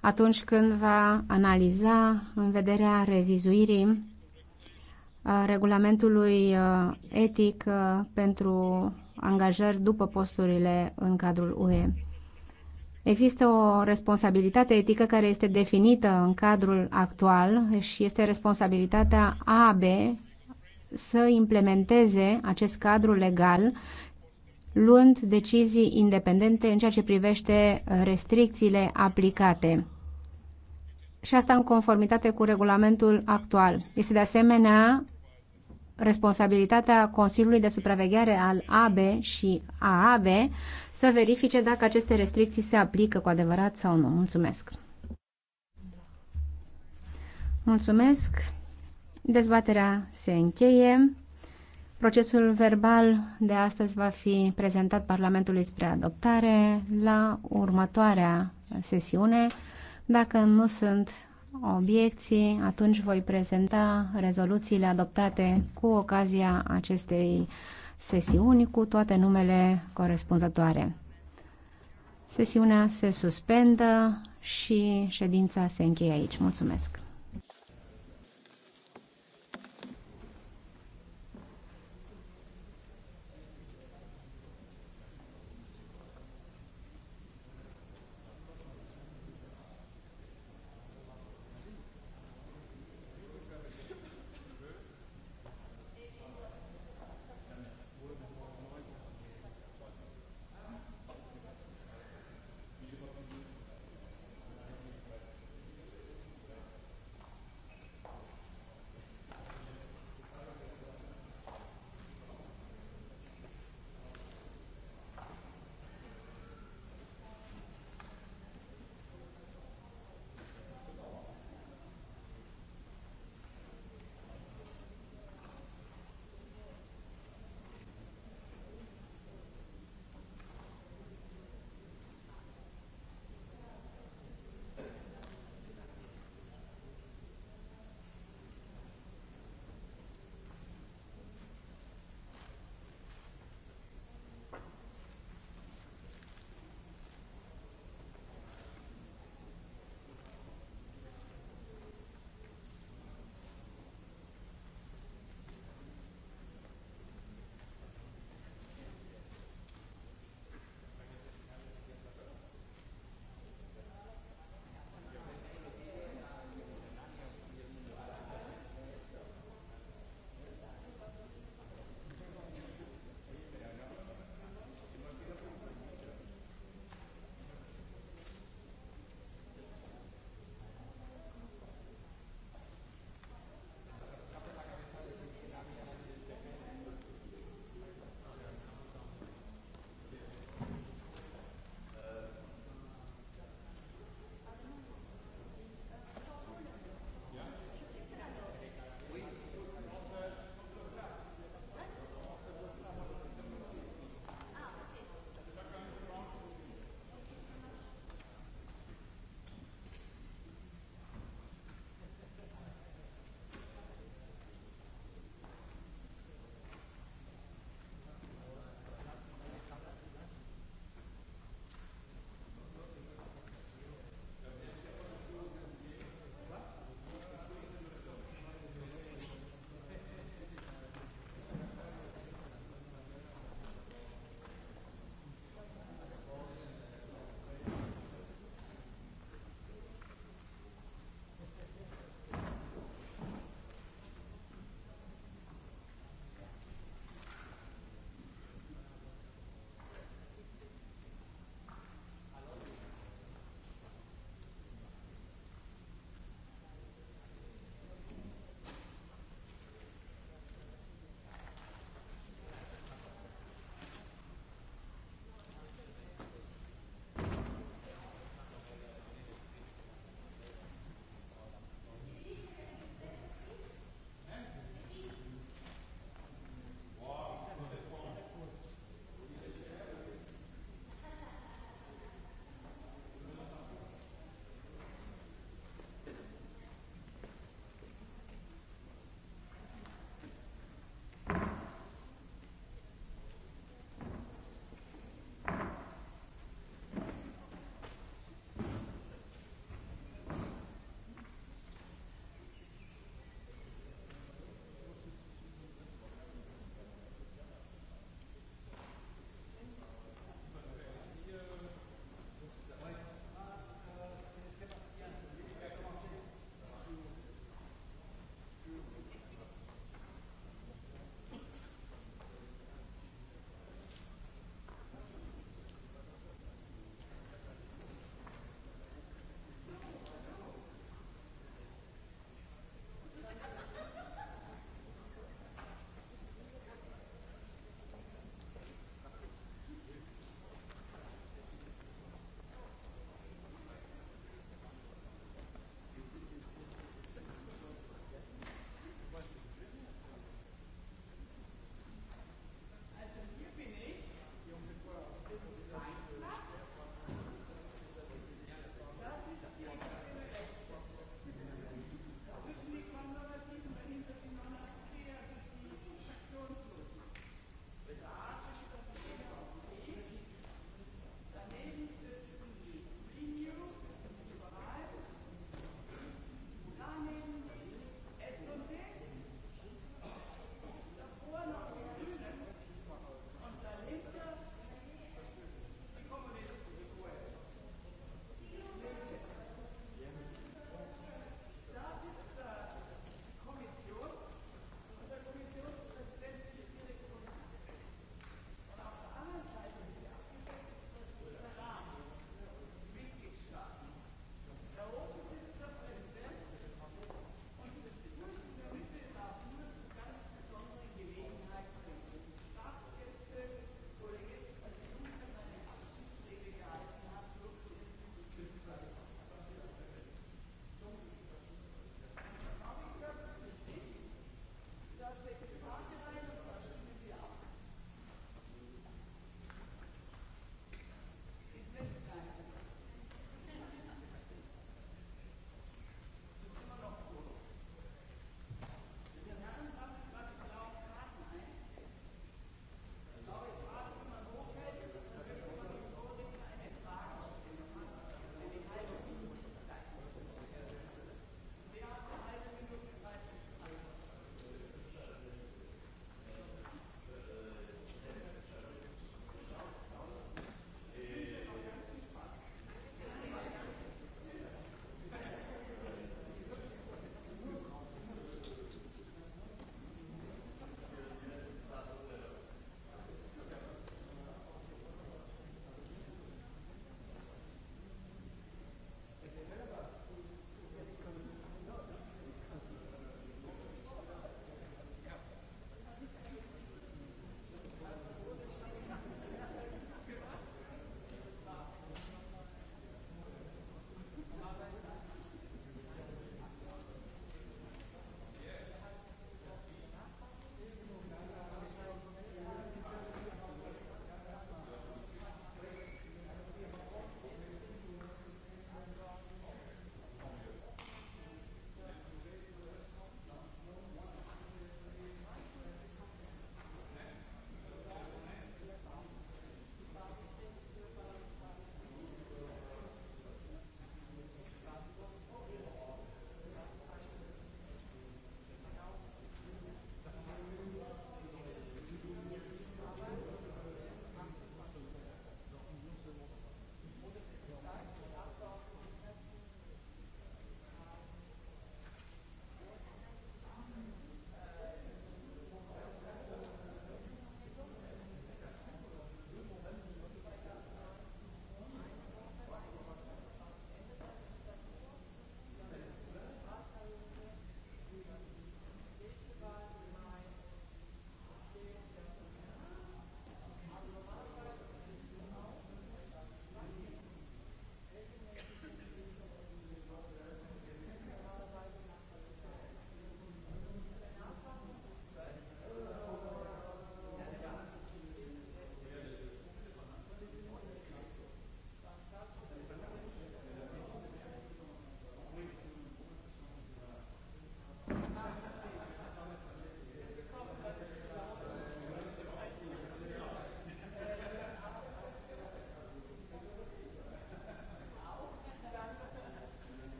atunci când va analiza în vederea revizuirii regulamentului etic pentru angajări după posturile în cadrul UE. Există o responsabilitate etică care este definită în cadrul actual și este responsabilitatea AB să implementeze acest cadru legal luând decizii independente în ceea ce privește restricțiile aplicate. Și asta în conformitate cu regulamentul actual. Este de asemenea responsabilitatea Consiliului de Supraveghere al AB și AAB să verifice dacă aceste restricții se aplică cu adevărat sau nu. Mulțumesc! Mulțumesc! Dezbaterea se încheie. Procesul verbal de astăzi va fi prezentat Parlamentului spre adoptare la următoarea sesiune, dacă nu sunt obiecții, atunci voi prezenta rezoluțiile adoptate cu ocazia acestei sesiuni cu toate numele corespunzătoare. Sesiunea se suspendă și ședința se încheie aici. Mulțumesc!